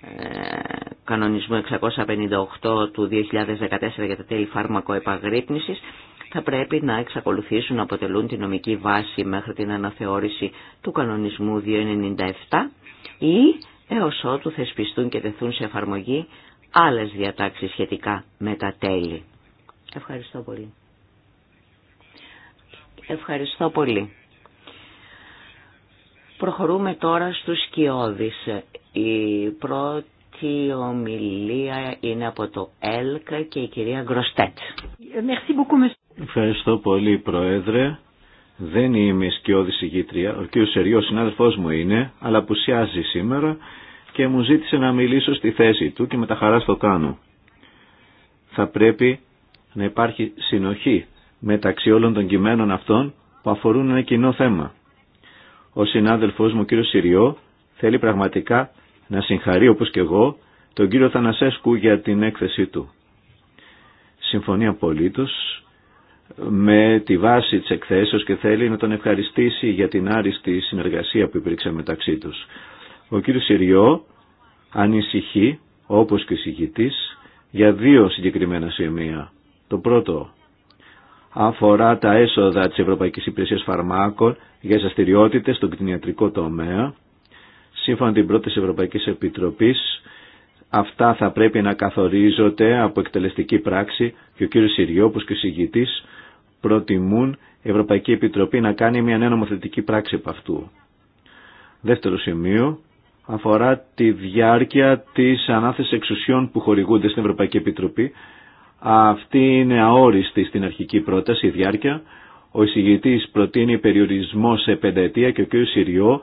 ε, κανονισμού 658 του 2014 για τα τέλη φάρμακο επαγρύπνησης θα πρέπει να εξακολουθήσουν να αποτελούν τη νομική βάση μέχρι την αναθεώρηση του κανονισμού 297 ή έως ότου θεσπιστούν και τεθούν σε εφαρμογή άλλες διατάξεις σχετικά με τα τέλη. Ευχαριστώ πολύ. Ευχαριστώ πολύ. Προχωρούμε τώρα στους σκιώδεις. Η πρώτη ομιλία είναι από το ΕΛΚΑ και η κυρία Γκροστέτ. Ευχαριστώ πολύ Πρόεδρε. Δεν είμαι σκιώδη ηγήτρια. Ο κύριος Σεριός συνάδελφός μου είναι, αλλά απουσιάζει σήμερα και μου ζήτησε να μιλήσω στη θέση του και με τα χαρά στο κάνω. Θα πρέπει να υπάρχει συνοχή μεταξύ όλων των κειμένων αυτών που αφορούν ένα κοινό θέμα. Ο συνάδελφός μου, κύριο Συριό, θέλει πραγματικά να συγχαρεί όπως και εγώ τον κύριο Θανασέσκου για την έκθεσή του. Συμφωνεί απολύτως με τη βάση της εκθέσεως και θέλει να τον ευχαριστήσει για την άριστη συνεργασία που υπήρξε μεταξύ τους. Ο κύριος Συριό ανησυχεί, όπως και ο για δύο συγκεκριμένα σημεία. Το πρώτο, αφορά τα έσοδα της Ευρωπαϊκής Υπηρεσίας Φαρμάκων για τις αστηριότητες στον κτηνιατρικό τομέα. Σύμφωνα την πρώτη Ευρωπαϊκής Επιτροπής, αυτά θα πρέπει να καθορίζονται από εκτελεστική πράξη και ο κύριος Συριώπους και ο συγητής προτιμούν η Ευρωπαϊκή Επιτροπή να κάνει μια νέα νομοθετική πράξη από αυτού. Δεύτερο σημείο αφορά τη διάρκεια της ανάθεσης εξουσιών που χορηγούνται στην Ευρωπαϊκή Επιτροπή αυτή είναι αόριστη στην αρχική πρόταση, διάρκεια. Ο εισηγητής προτείνει περιορισμό σε πενταετία και ο κ. Συριό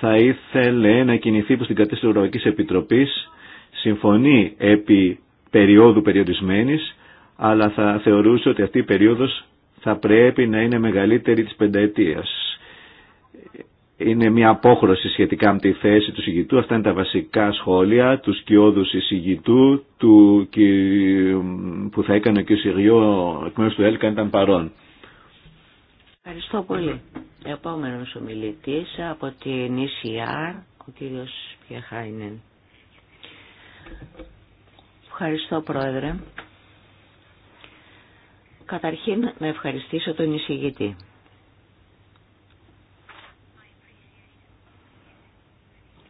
θα ήθελε να κινηθεί προς την της Ευρωπαϊκής Επιτροπής, συμφωνεί επί περίοδου περιορισμένης, αλλά θα θεωρούσε ότι αυτή η περίοδος θα πρέπει να είναι μεγαλύτερη της πενταετίας είναι μια απόχρωση σχετικά με τη θέση του συγητού. Αυτά είναι τα βασικά σχόλια του σκιώδου συγητού του, που θα έκανε ο κ. Σιριό εκ μέρους του ΕΛΚΑ ήταν παρόν. Ευχαριστώ πολύ. Επόμενος ομιλητής από την ECR, ο κ. Πιεχάινεν. Ευχαριστώ Πρόεδρε. Καταρχήν να ευχαριστήσω τον εισηγητή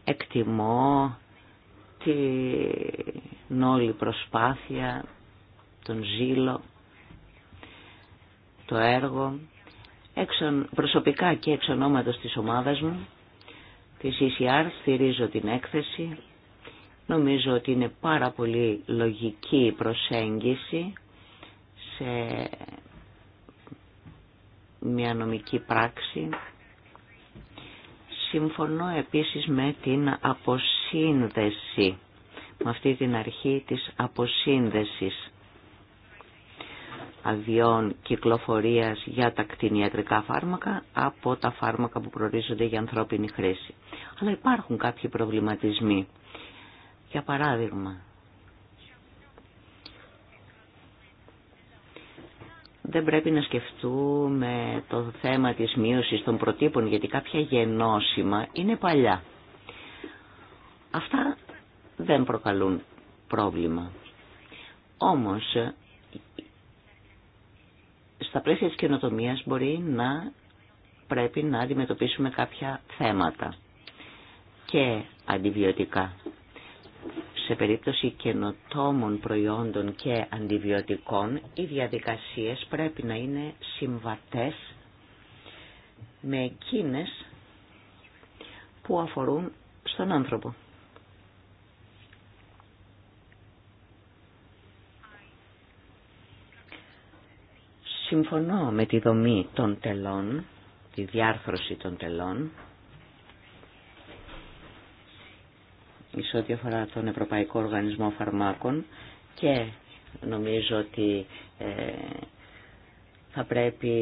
Εκτιμώ την όλη προσπάθεια, τον ζήλο, το έργο, προσωπικά και εξ ονόματος της ομάδας μου, της ECR, στηρίζω την έκθεση. Νομίζω ότι είναι πάρα πολύ λογική η προσέγγιση σε μια νομική πράξη Συμφωνώ επίσης με την αποσύνδεση, με αυτή την αρχή της αποσύνδεσης αδειών κυκλοφορίας για τα κτηνιατρικά φάρμακα από τα φάρμακα που προορίζονται για ανθρώπινη χρήση. Αλλά υπάρχουν κάποιοι προβληματισμοί. Για παράδειγμα, δεν πρέπει να σκεφτούμε το θέμα της μείωσης των προτύπων, γιατί κάποια γενώσιμα είναι παλιά. Αυτά δεν προκαλούν πρόβλημα. Όμως, στα πλαίσια της καινοτομίας μπορεί να πρέπει να αντιμετωπίσουμε κάποια θέματα και αντιβιωτικά σε περίπτωση καινοτόμων προϊόντων και αντιβιωτικών οι διαδικασίες πρέπει να είναι συμβατές με εκείνες που αφορούν στον άνθρωπο. Συμφωνώ με τη δομή των τελών, τη διάρθρωση των τελών, σε ό,τι αφορά τον Ευρωπαϊκό Οργανισμό Φαρμάκων και νομίζω ότι ε, θα πρέπει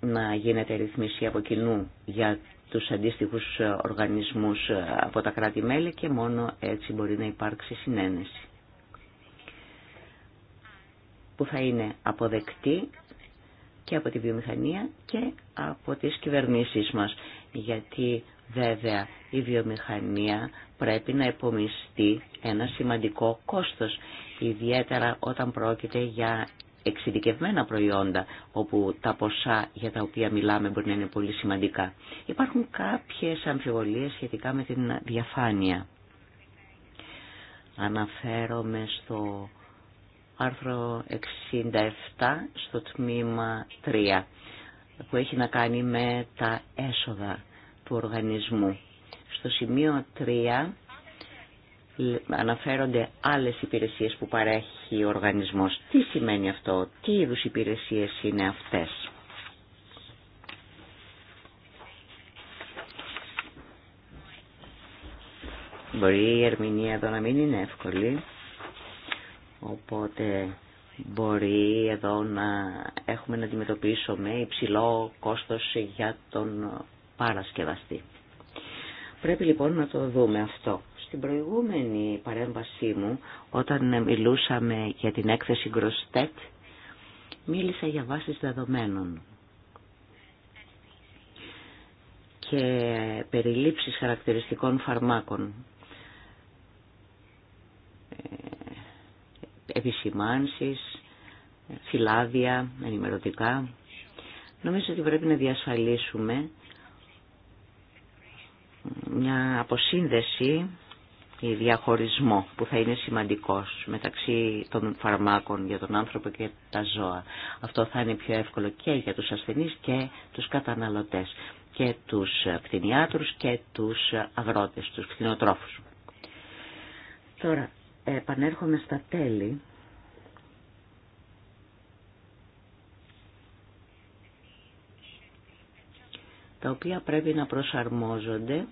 να γίνεται ρυθμίση από κοινού για τους αντίστοιχους οργανισμούς από τα κράτη-μέλη και μόνο έτσι μπορεί να υπάρξει συνένεση που θα είναι αποδεκτή και από τη βιομηχανία και από τις κυβερνήσεις μας γιατί Βέβαια, η βιομηχανία πρέπει να επομιστεί ένα σημαντικό κόστος, ιδιαίτερα όταν πρόκειται για εξειδικευμένα προϊόντα, όπου τα ποσά για τα οποία μιλάμε μπορεί να είναι πολύ σημαντικά. Υπάρχουν κάποιες αμφιβολίες σχετικά με την διαφάνεια. Αναφέρομαι στο άρθρο 67 στο τμήμα 3 που έχει να κάνει με τα έσοδα του οργανισμού. Στο σημείο 3 αναφέρονται άλλες υπηρεσίες που παρέχει ο οργανισμός. Τι σημαίνει αυτό, τι είδους υπηρεσίες είναι αυτές. Μπορεί η ερμηνεία εδώ να μην είναι εύκολη, οπότε μπορεί εδώ να έχουμε να αντιμετωπίσουμε υψηλό κόστος για τον παρασκευαστεί. Πρέπει λοιπόν να το δούμε αυτό. Στην προηγούμενη παρέμβασή μου, όταν μιλούσαμε για την έκθεση Γκροστέτ, μίλησα για βάσεις δεδομένων και περιλήψεις χαρακτηριστικών φαρμάκων. Ε, επισημάνσεις, φυλάδια, ενημερωτικά. Νομίζω ότι πρέπει να διασφαλίσουμε μια αποσύνδεση ή διαχωρισμό που θα είναι σημαντικός μεταξύ των φαρμάκων για τον άνθρωπο και τα ζώα. Αυτό θα είναι πιο εύκολο και για τους ασθενείς και τους καταναλωτές και τους κτηνιάτρους και τους αγρότες, τους κτηνοτρόφους. Τώρα, επανέρχομαι στα τέλη τα οποία πρέπει να προσαρμόζονται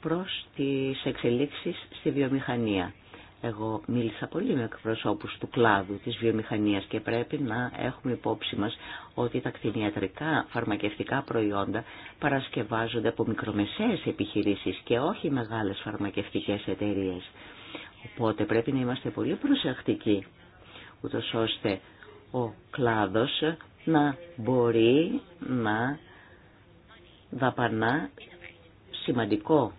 προς τις εξελίξεις στη βιομηχανία. Εγώ μίλησα πολύ με εκπροσώπους του κλάδου της βιομηχανίας και πρέπει να έχουμε υπόψη μας ότι τα κτηνιατρικά φαρμακευτικά προϊόντα παρασκευάζονται από μικρομεσαίες επιχειρήσεις και όχι μεγάλες φαρμακευτικές εταιρείες. Οπότε πρέπει να είμαστε πολύ προσεκτικοί, ούτως ώστε ο κλάδος να μπορεί να δαπανά σημαντικό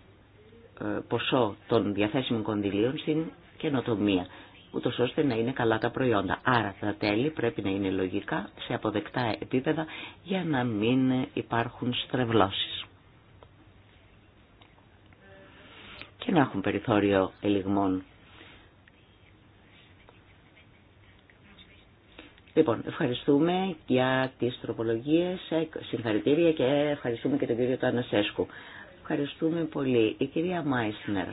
ε, ποσό των διαθέσιμων κονδυλίων στην καινοτομία, ούτως ώστε να είναι καλά τα προϊόντα. Άρα τα τέλη πρέπει να είναι λογικά σε αποδεκτά επίπεδα για να μην υπάρχουν στρεβλώσεις. Και να έχουν περιθώριο ελιγμών Λοιπόν, ευχαριστούμε για τις τροπολογίες, ε, συγχαρητήρια και ευχαριστούμε και τον κύριο Τανασέσκου. Ευχαριστούμε πολύ. Η κυρία Μάισνερ.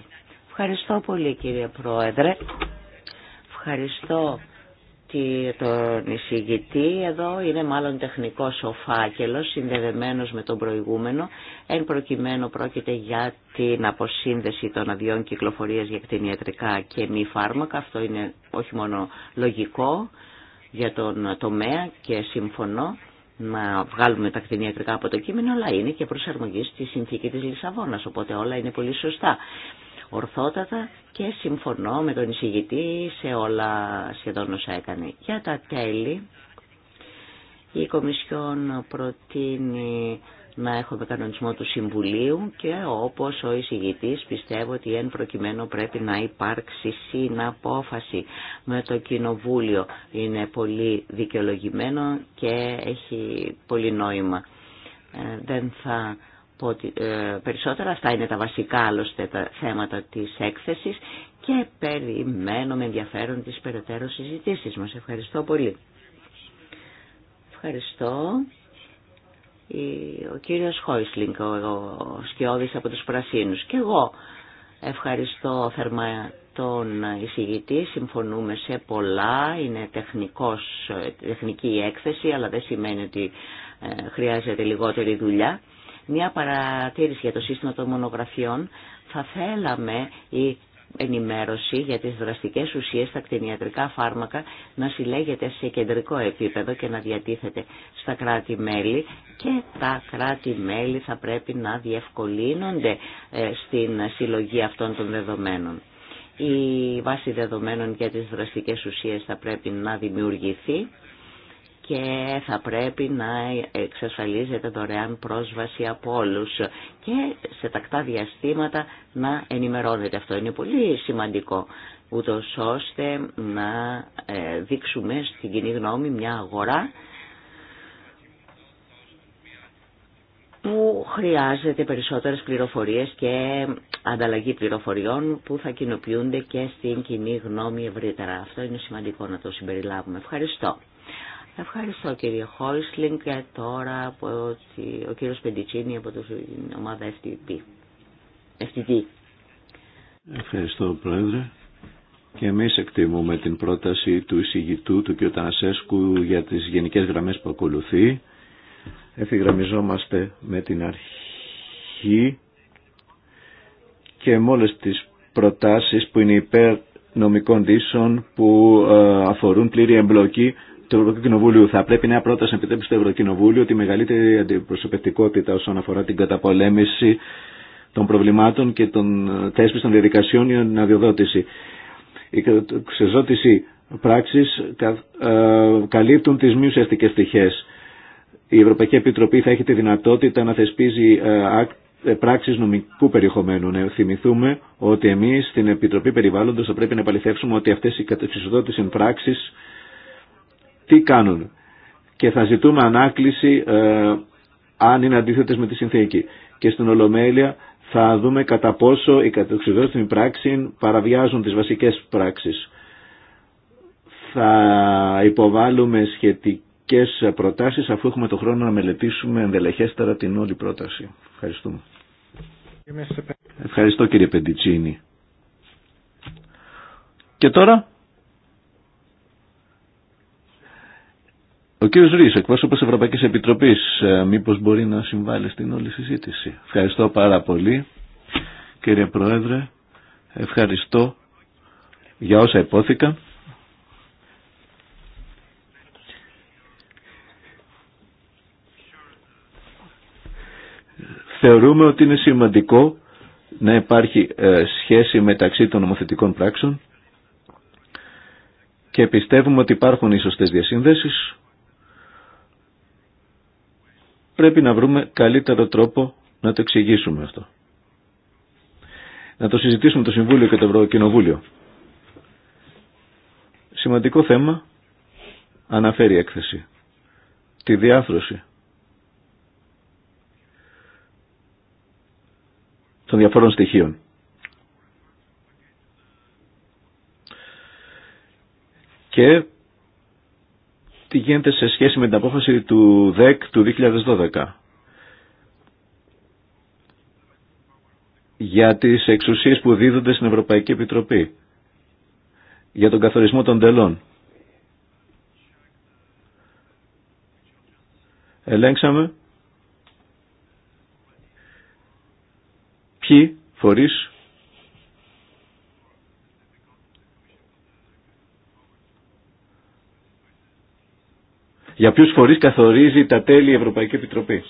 Ευχαριστώ πολύ κύριε Πρόεδρε. Ευχαριστώ τον εισηγητή εδώ είναι μάλλον τεχνικός ο φάκελος συνδεδεμένος με τον προηγούμενο εν προκειμένου πρόκειται για την αποσύνδεση των αδειών κυκλοφορίας για κτηνιατρικά και μη φάρμακα αυτό είναι όχι μόνο λογικό για τον τομέα και συμφωνώ να βγάλουμε τα κτηνιατρικά από το κείμενο, αλλά είναι και προσαρμογή στη συνθήκη της Λισαβόνας, οπότε όλα είναι πολύ σωστά. Ορθότατα και συμφωνώ με τον εισηγητή σε όλα σχεδόν όσα έκανε. Για τα τέλη, η Κομισιόν προτείνει να έχουμε κανονισμό του Συμβουλίου και όπως ο εισηγητής πιστεύω ότι εν προκειμένου πρέπει να υπάρξει συναπόφαση με το Κοινοβούλιο. Είναι πολύ δικαιολογημένο και έχει πολύ νόημα. Ε, δεν θα πω ε, περισσότερα, αυτά είναι τα βασικά άλλωστε τα θέματα της έκθεσης και περιμένω με ενδιαφέρον τις περαιτέρω συζητήσεις μας. Ευχαριστώ πολύ. Ευχαριστώ ο κύριος Χόισλινγκ, ο Σκιώδης από τους Πρασίνους. Και εγώ ευχαριστώ θερμά τον εισηγητή, συμφωνούμε σε πολλά, είναι τεχνικός, τεχνική έκθεση, αλλά δεν σημαίνει ότι ε, χρειάζεται λιγότερη δουλειά. Μια παρατήρηση για το σύστημα των μονογραφιών. Θα θέλαμε ενημέρωση για τις δραστικές ουσίες στα κτηνιατρικά φάρμακα να συλλέγεται σε κεντρικό επίπεδο και να διατίθεται στα κράτη-μέλη και τα κράτη-μέλη θα πρέπει να διευκολύνονται ε, στην συλλογή αυτών των δεδομένων. Η βάση δεδομένων για τις δραστικές ουσίες θα πρέπει να δημιουργηθεί και θα πρέπει να εξασφαλίζεται δωρεάν πρόσβαση από όλου και σε τακτά διαστήματα να ενημερώνεται. Αυτό είναι πολύ σημαντικό, ούτω ώστε να ε, δείξουμε στην κοινή γνώμη μια αγορά που χρειάζεται περισσότερες πληροφορίες και ανταλλαγή πληροφοριών που θα κοινοποιούνται και στην κοινή γνώμη ευρύτερα. Αυτό είναι σημαντικό να το συμπεριλάβουμε. Ευχαριστώ. Ευχαριστώ κύριε Χόισλινγκ και τώρα από ο κύριος Πεντιτσίνη από την ομάδα FTP. FTD. Ευχαριστώ Πρόεδρε. Και εμείς εκτιμούμε την πρόταση του εισηγητού του κ. Τανασέσκου για τις γενικές γραμμές που ακολουθεί. Εφηγραμμιζόμαστε με την αρχή και με όλες τις προτάσεις που είναι υπέρ νομικών δίσων που ε, αφορούν πλήρη εμπλοκή το Ευρωκοινοβούλιο θα πρέπει να πρόταση να επιτρέψει στο Ευρωκοινοβούλιο τη μεγαλύτερη αντιπροσωπευτικότητα όσον αφορά την καταπολέμηση των προβλημάτων και των θέσπιση των διαδικασιών για την αδειοδότηση. Η ξεζώτηση πράξης ε, καλύπτουν τι μη ουσιαστικέ πτυχέ. Η Ευρωπαϊκή Επιτροπή θα έχει τη δυνατότητα να θεσπίζει ε, ε, πράξεις νομικού περιεχομένου. Να θυμηθούμε ότι εμείς στην Επιτροπή Περιβάλλοντος θα πρέπει να επαληθεύσουμε ότι αυτές οι εν πράξεις τι κάνουν. Και θα ζητούμε ανάκληση ε, αν είναι αντίθετε με τη συνθήκη. Και στην Ολομέλεια θα δούμε κατά πόσο οι κατοξιδότητες στην πράξη παραβιάζουν τις βασικές πράξεις. Θα υποβάλουμε σχετικές προτάσεις αφού έχουμε το χρόνο να μελετήσουμε ενδελεχέστερα την όλη πρόταση. Ευχαριστούμε. Ευχαριστώ κύριε Πεντιτσίνη. Και τώρα Ο κύριος Ρης, εκπρόσωπος Ευρωπαϊκής Επιτροπής, ε, μήπως μπορεί να συμβάλλει στην όλη συζήτηση. Ευχαριστώ πάρα πολύ, κύριε Πρόεδρε. Ευχαριστώ για όσα υπόθηκαν. Θεωρούμε ότι είναι σημαντικό να υπάρχει ε, σχέση μεταξύ των νομοθετικών πράξεων και πιστεύουμε ότι υπάρχουν οι σωστές διασύνδεσεις Πρέπει να βρούμε καλύτερο τρόπο να το εξηγήσουμε αυτό. Να το συζητήσουμε το Συμβούλιο και το Ευρωκοινοβούλιο. Σημαντικό θέμα αναφέρει η έκθεση. Τη διάθρωση των διαφόρων στοιχείων. Και τι γίνεται σε σχέση με την απόφαση του ΔΕΚ του 2012 για τις εξουσίες που δίδονται στην Ευρωπαϊκή Επιτροπή για τον καθορισμό των τελών. Ελέγξαμε ποιοι φορείς για ποιους φορείς καθορίζει τα τέλη η Ευρωπαϊκή Επιτροπή.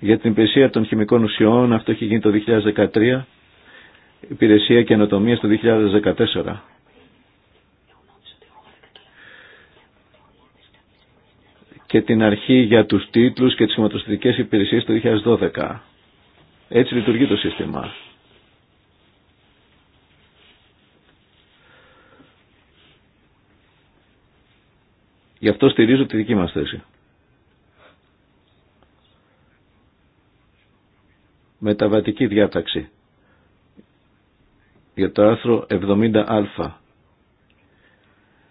Για την υπηρεσία των χημικών ουσιών, αυτό έχει γίνει το 2013, υπηρεσία ανοτομία το 2014. και την αρχή για τους τίτλους και τις χρηματοστατικές υπηρεσίες το 2012. Έτσι λειτουργεί το σύστημα. Γι' αυτό στηρίζω τη δική μας θέση. Μεταβατική διάταξη για το άρθρο 70α.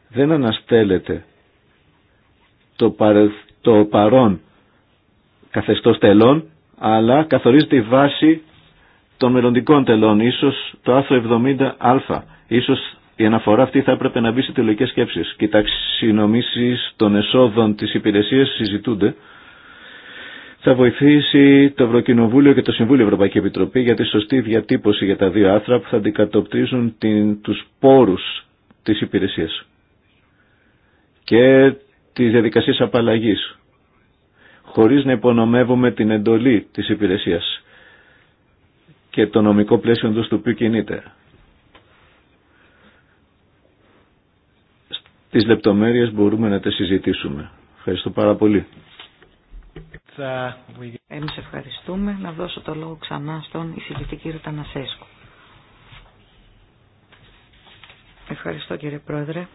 Δεν αναστέλλεται το, το παρόν καθεστώς τελών, αλλά καθορίζεται η βάση των μελλοντικών τελών, ίσως το άρθρο 70α. Ίσως η αναφορά αυτή θα έπρεπε να μπει σε τελικέ σκέψει. και οι ταξινομήσεις των εσόδων τη υπηρεσία συζητούνται. Θα βοηθήσει το Ευρωκοινοβούλιο και το Συμβούλιο Ευρωπαϊκή Επιτροπή για τη σωστή διατύπωση για τα δύο άθρα που θα αντικατοπτρίζουν του πόρου τη υπηρεσία και τη διαδικασίες απαλλαγή, χωρί να υπονομεύουμε την εντολή τη υπηρεσία και το νομικό πλαίσιο εντό του οποίου κινείται. Τις λεπτομέρειες μπορούμε να τις συζητήσουμε. Ευχαριστώ πάρα πολύ. Εμείς ευχαριστούμε. Να δώσω το λόγο ξανά στον εισηγητή κύριο Τανασέσκο. Ευχαριστώ κύριε Πρόεδρε.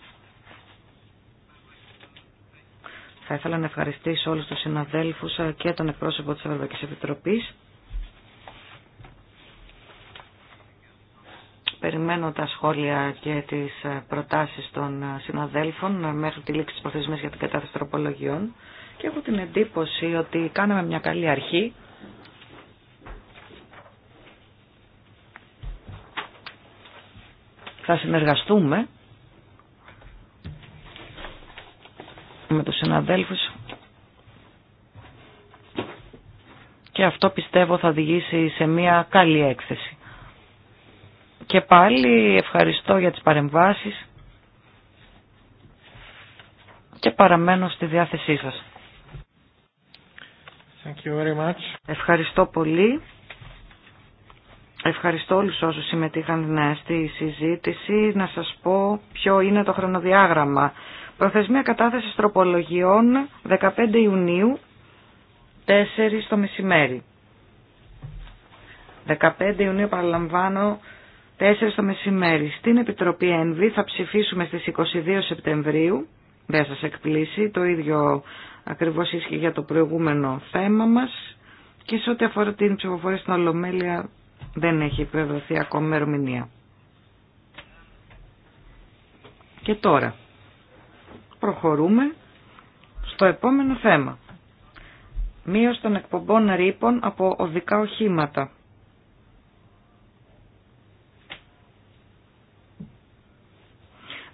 Θα ήθελα να ευχαριστήσω όλους τους συναδέλφους και τον εκπρόσωπο της Ευρωπαϊκής Επιτροπής Περιμένω τα σχόλια και τις προτάσεις των συναδέλφων μέχρι τη λήξη της προθεσμής για την κατάθεση τροπολογιών και έχω την εντύπωση ότι κάναμε μια καλή αρχή θα συνεργαστούμε με τους συναδέλφους και αυτό πιστεύω θα οδηγήσει σε μια καλή έκθεση. Και πάλι ευχαριστώ για τις παρεμβάσεις και παραμένω στη διάθεσή σας. Thank you very much. Ευχαριστώ πολύ. Ευχαριστώ όλους όσους συμμετείχαν ναι, στη συζήτηση. Να σας πω ποιο είναι το χρονοδιάγραμμα. Προθεσμία κατάθεσης τροπολογιών 15 Ιουνίου 4 το μεσημέρι. 15 Ιουνίου παραλαμβάνω 4 το μεσημέρι. Στην Επιτροπή ΕΝΒΗ θα ψηφίσουμε στις 22 Σεπτεμβρίου. Δεν σας εκπλήσει. Το ίδιο ακριβώς ίσχυε για το προηγούμενο θέμα μας. Και σε ό,τι αφορά την ψηφοφορία στην Ολομέλεια δεν έχει επιβεβαιωθεί ακόμα ημερομηνία. Και τώρα προχωρούμε στο επόμενο θέμα. Μείωση των εκπομπών ρήπων από οδικά οχήματα.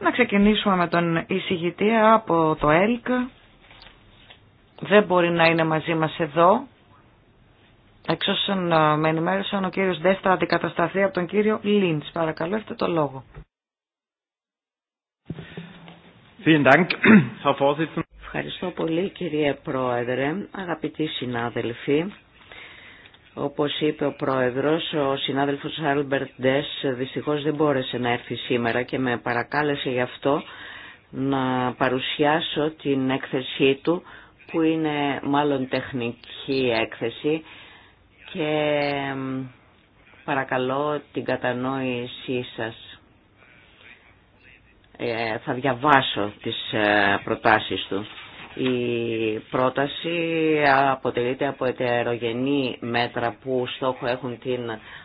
Να ξεκινήσουμε με τον εισηγητή από το ΕΛΚ. Δεν μπορεί να είναι μαζί μας εδώ. Εξ όσων ε, με ενημέρωσαν, ο κύριος Δέστα, αντικατασταθεί από τον κύριο Λίντς. Παρακαλώ, έχετε το λόγο. Ευχαριστώ πολύ κύριε Πρόεδρε, αγαπητοί συνάδελφοι. Όπως είπε ο πρόεδρος, ο συνάδελφος Άλμπερτ Ντες δυστυχώς δεν μπόρεσε να έρθει σήμερα και με παρακάλεσε γι' αυτό να παρουσιάσω την έκθεσή του που είναι μάλλον τεχνική έκθεση και παρακαλώ την κατανόησή σας. Ε, θα διαβάσω τις ε, προτάσεις του. Η πρόταση αποτελείται από ετερογενή μέτρα που στόχο έχουν την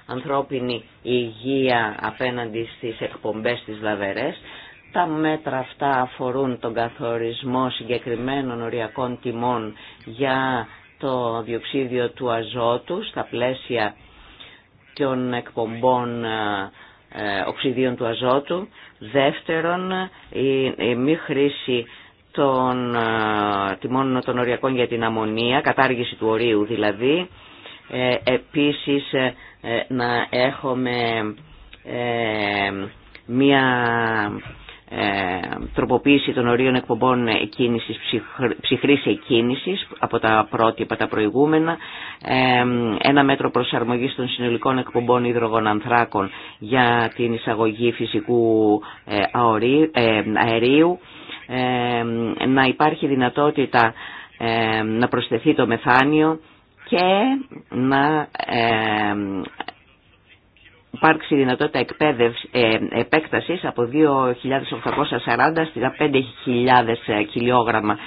ανθρώπινη υγεία απέναντι στις εκπομπές της λαβερές. Τα μέτρα αυτά αφορούν τον καθορισμό συγκεκριμένων οριακών τιμών για το διοξίδιο του αζότου στα πλαίσια των εκπομπών ε, οξυδίων του αζότου. Δεύτερον, η μη χρήση των ε, τιμών των οριακών για την αμμονία, κατάργηση του ορίου δηλαδή, ε, επίσης ε, ε, να έχουμε μία τροποποίηση των ορίων εκπομπών κίνησης, ψυχρής εκκίνησης από τα πρότυπα τα προηγούμενα, ένα μέτρο προσαρμογής των συνολικών εκπομπών υδρογων ανθράκων για την εισαγωγή φυσικού αερίου, να υπάρχει δυνατότητα να προσθεθεί το μεθάνιο και να υπάρξει δυνατότητα εκπαίδευση, ε, επέκτασης από 2.840 στις 5.000 χιλιόγραμμα.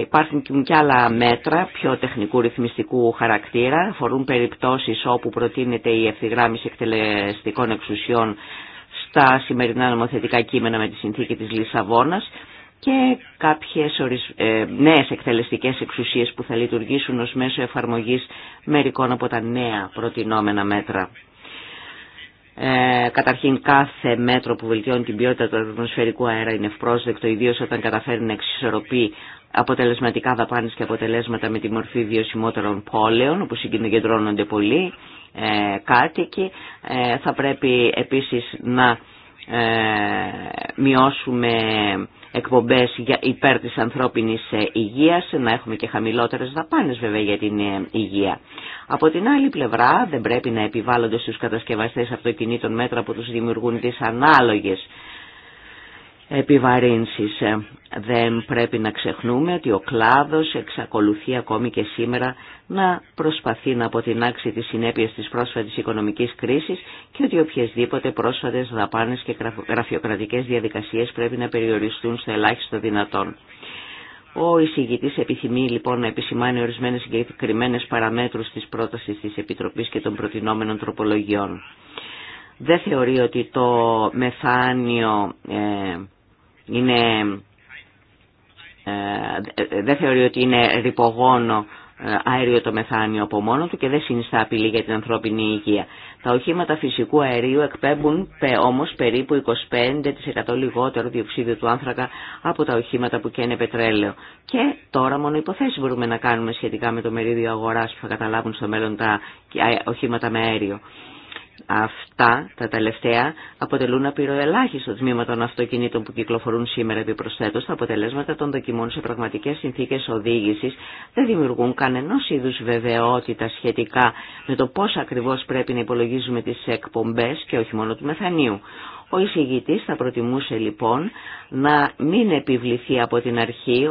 υπάρχουν και άλλα μέτρα πιο τεχνικού ρυθμιστικού χαρακτήρα, αφορούν περιπτώσεις όπου προτείνεται η ευθυγράμμιση εκτελεστικών εξουσιών τα σημερινά νομοθετικά κείμενα με τη συνθήκη της Λισαβόνας και κάποιες ε, νέες εκτελεστικές εξουσίες που θα λειτουργήσουν ως μέσο εφαρμογής μερικών από τα νέα προτινόμενα μέτρα. Ε, καταρχήν κάθε μέτρο που βελτιώνει την ποιότητα του ατμοσφαιρικού αέρα είναι ευπρόσδεκτο, ιδίω όταν καταφέρει να εξισορροπεί αποτελεσματικά δαπάνες και αποτελέσματα με τη μορφή βιωσιμότερων πόλεων, όπου συγκεντρώνονται πολλοί. Ε, κάτοικοι. Ε, θα πρέπει επίσης να ε, μειώσουμε εκπομπές υπέρ της ανθρώπινης υγείας, να έχουμε και χαμηλότερες δαπάνες βέβαια για την υγεία. Από την άλλη πλευρά δεν πρέπει να επιβάλλονται στους κατασκευαστές αυτοκινήτων μέτρα που τους δημιουργούν τις ανάλογες επιβαρύνσεις. Ε, δεν πρέπει να ξεχνούμε ότι ο κλάδος εξακολουθεί ακόμη και σήμερα να προσπαθεί να αποτινάξει τις συνέπειες της πρόσφατης οικονομικής κρίσης και ότι οποιασδήποτε πρόσφατες δαπάνες και γραφειοκρατικές διαδικασίες πρέπει να περιοριστούν στο ελάχιστο δυνατόν. Ο εισηγητή επιθυμεί λοιπόν να επισημάνει ορισμένε συγκεκριμένε παραμέτρου τη πρόταση τη Επιτροπή και των προτινόμενων τροπολογιών. Δεν θεωρεί ότι το μεθάνιο ε, ε, δεν θεωρεί ότι είναι ρηπογόνο ε, αέριο το μεθάνιο από μόνο του και δεν συνιστά απειλή για την ανθρώπινη υγεία. Τα οχήματα φυσικού αερίου εκπέμπουν όμως περίπου 25% λιγότερο διοξίδιο του άνθρακα από τα οχήματα που καίνε πετρέλαιο. Και τώρα μόνο υποθέσεις μπορούμε να κάνουμε σχετικά με το μερίδιο αγοράς που θα καταλάβουν στο μέλλον τα ε, οχήματα με αέριο. Αυτά τα τελευταία αποτελούν απειροελάχιστο τμήμα των αυτοκινήτων που κυκλοφορούν σήμερα επιπροσθέτως. Τα αποτελέσματα των δοκιμών σε πραγματικές συνθήκες οδήγησης δεν δημιουργούν κανένα είδους βεβαιότητα σχετικά με το πώς ακριβώς πρέπει να υπολογίζουμε τις εκπομπές και όχι μόνο του μεθανίου. Ο εισηγητής θα προτιμούσε λοιπόν να μην επιβληθεί από την αρχή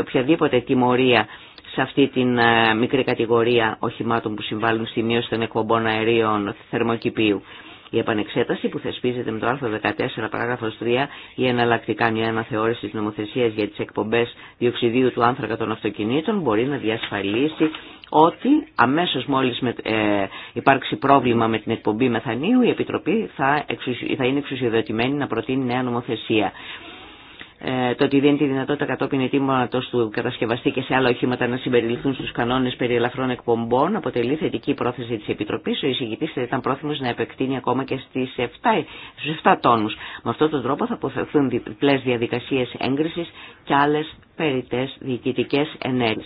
οποιαδήποτε τιμωρία σε αυτή την ε, μικρή κατηγορία οχημάτων που συμβάλλουν στη μείωση των εκπομπών αερίων θερμοκηπίου. Η επανεξέταση που θεσπίζεται με το άρθρο 14 παράγραφος 3 η εναλλακτικά μια αναθεώρηση της νομοθεσίας για τις εκπομπές διοξιδίου του άνθρακα των αυτοκινήτων μπορεί να διασφαλίσει ότι αμέσως μόλις με, ε, υπάρξει πρόβλημα με την εκπομπή μεθανίου η Επιτροπή θα, θα είναι εξουσιοδοτημένη να προτείνει νέα νομοθεσία. Ε, το ότι δίνει τη δυνατότητα κατόπιν ετοίματο του κατασκευαστή και σε άλλα οχήματα να συμπεριληφθούν στου κανόνε περί ελαφρών εκπομπών αποτελεί θετική πρόθεση τη Επιτροπή. Ο εισηγητή ήταν πρόθυμο να επεκτείνει ακόμα και στι 7, 7 τόνου. Με αυτόν τον τρόπο θα αποφευθούν διπλέ διαδικασίε έγκριση και άλλε περιττέ διοικητικέ ενέργειε.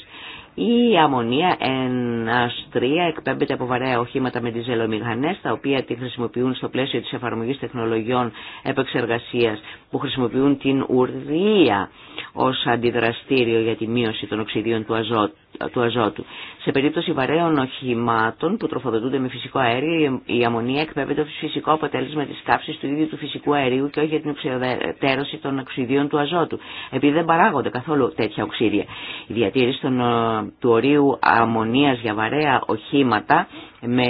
Η αμμονία NH3 εκπέμπεται από βαρέα οχήματα με διζελομηχανές, τα οποία τη χρησιμοποιούν στο πλαίσιο της εφαρμογής τεχνολογιών επεξεργασίας, που χρησιμοποιούν την ουρδία ως αντιδραστήριο για τη μείωση των οξυδίων του αζότου του Σε περίπτωση βαρέων οχημάτων που τροφοδοτούνται με φυσικό αέριο, η αμμονία εκπέμπεται ως φυσικό αποτέλεσμα της κάψη του ίδιου του φυσικού αερίου και όχι για την εξαιρετέρωση των οξυδίων του αζότου, επειδή δεν παράγονται καθόλου τέτοια οξύδια. Η διατήρηση των, ε, του ορίου αμμονίας για βαρέα οχήματα με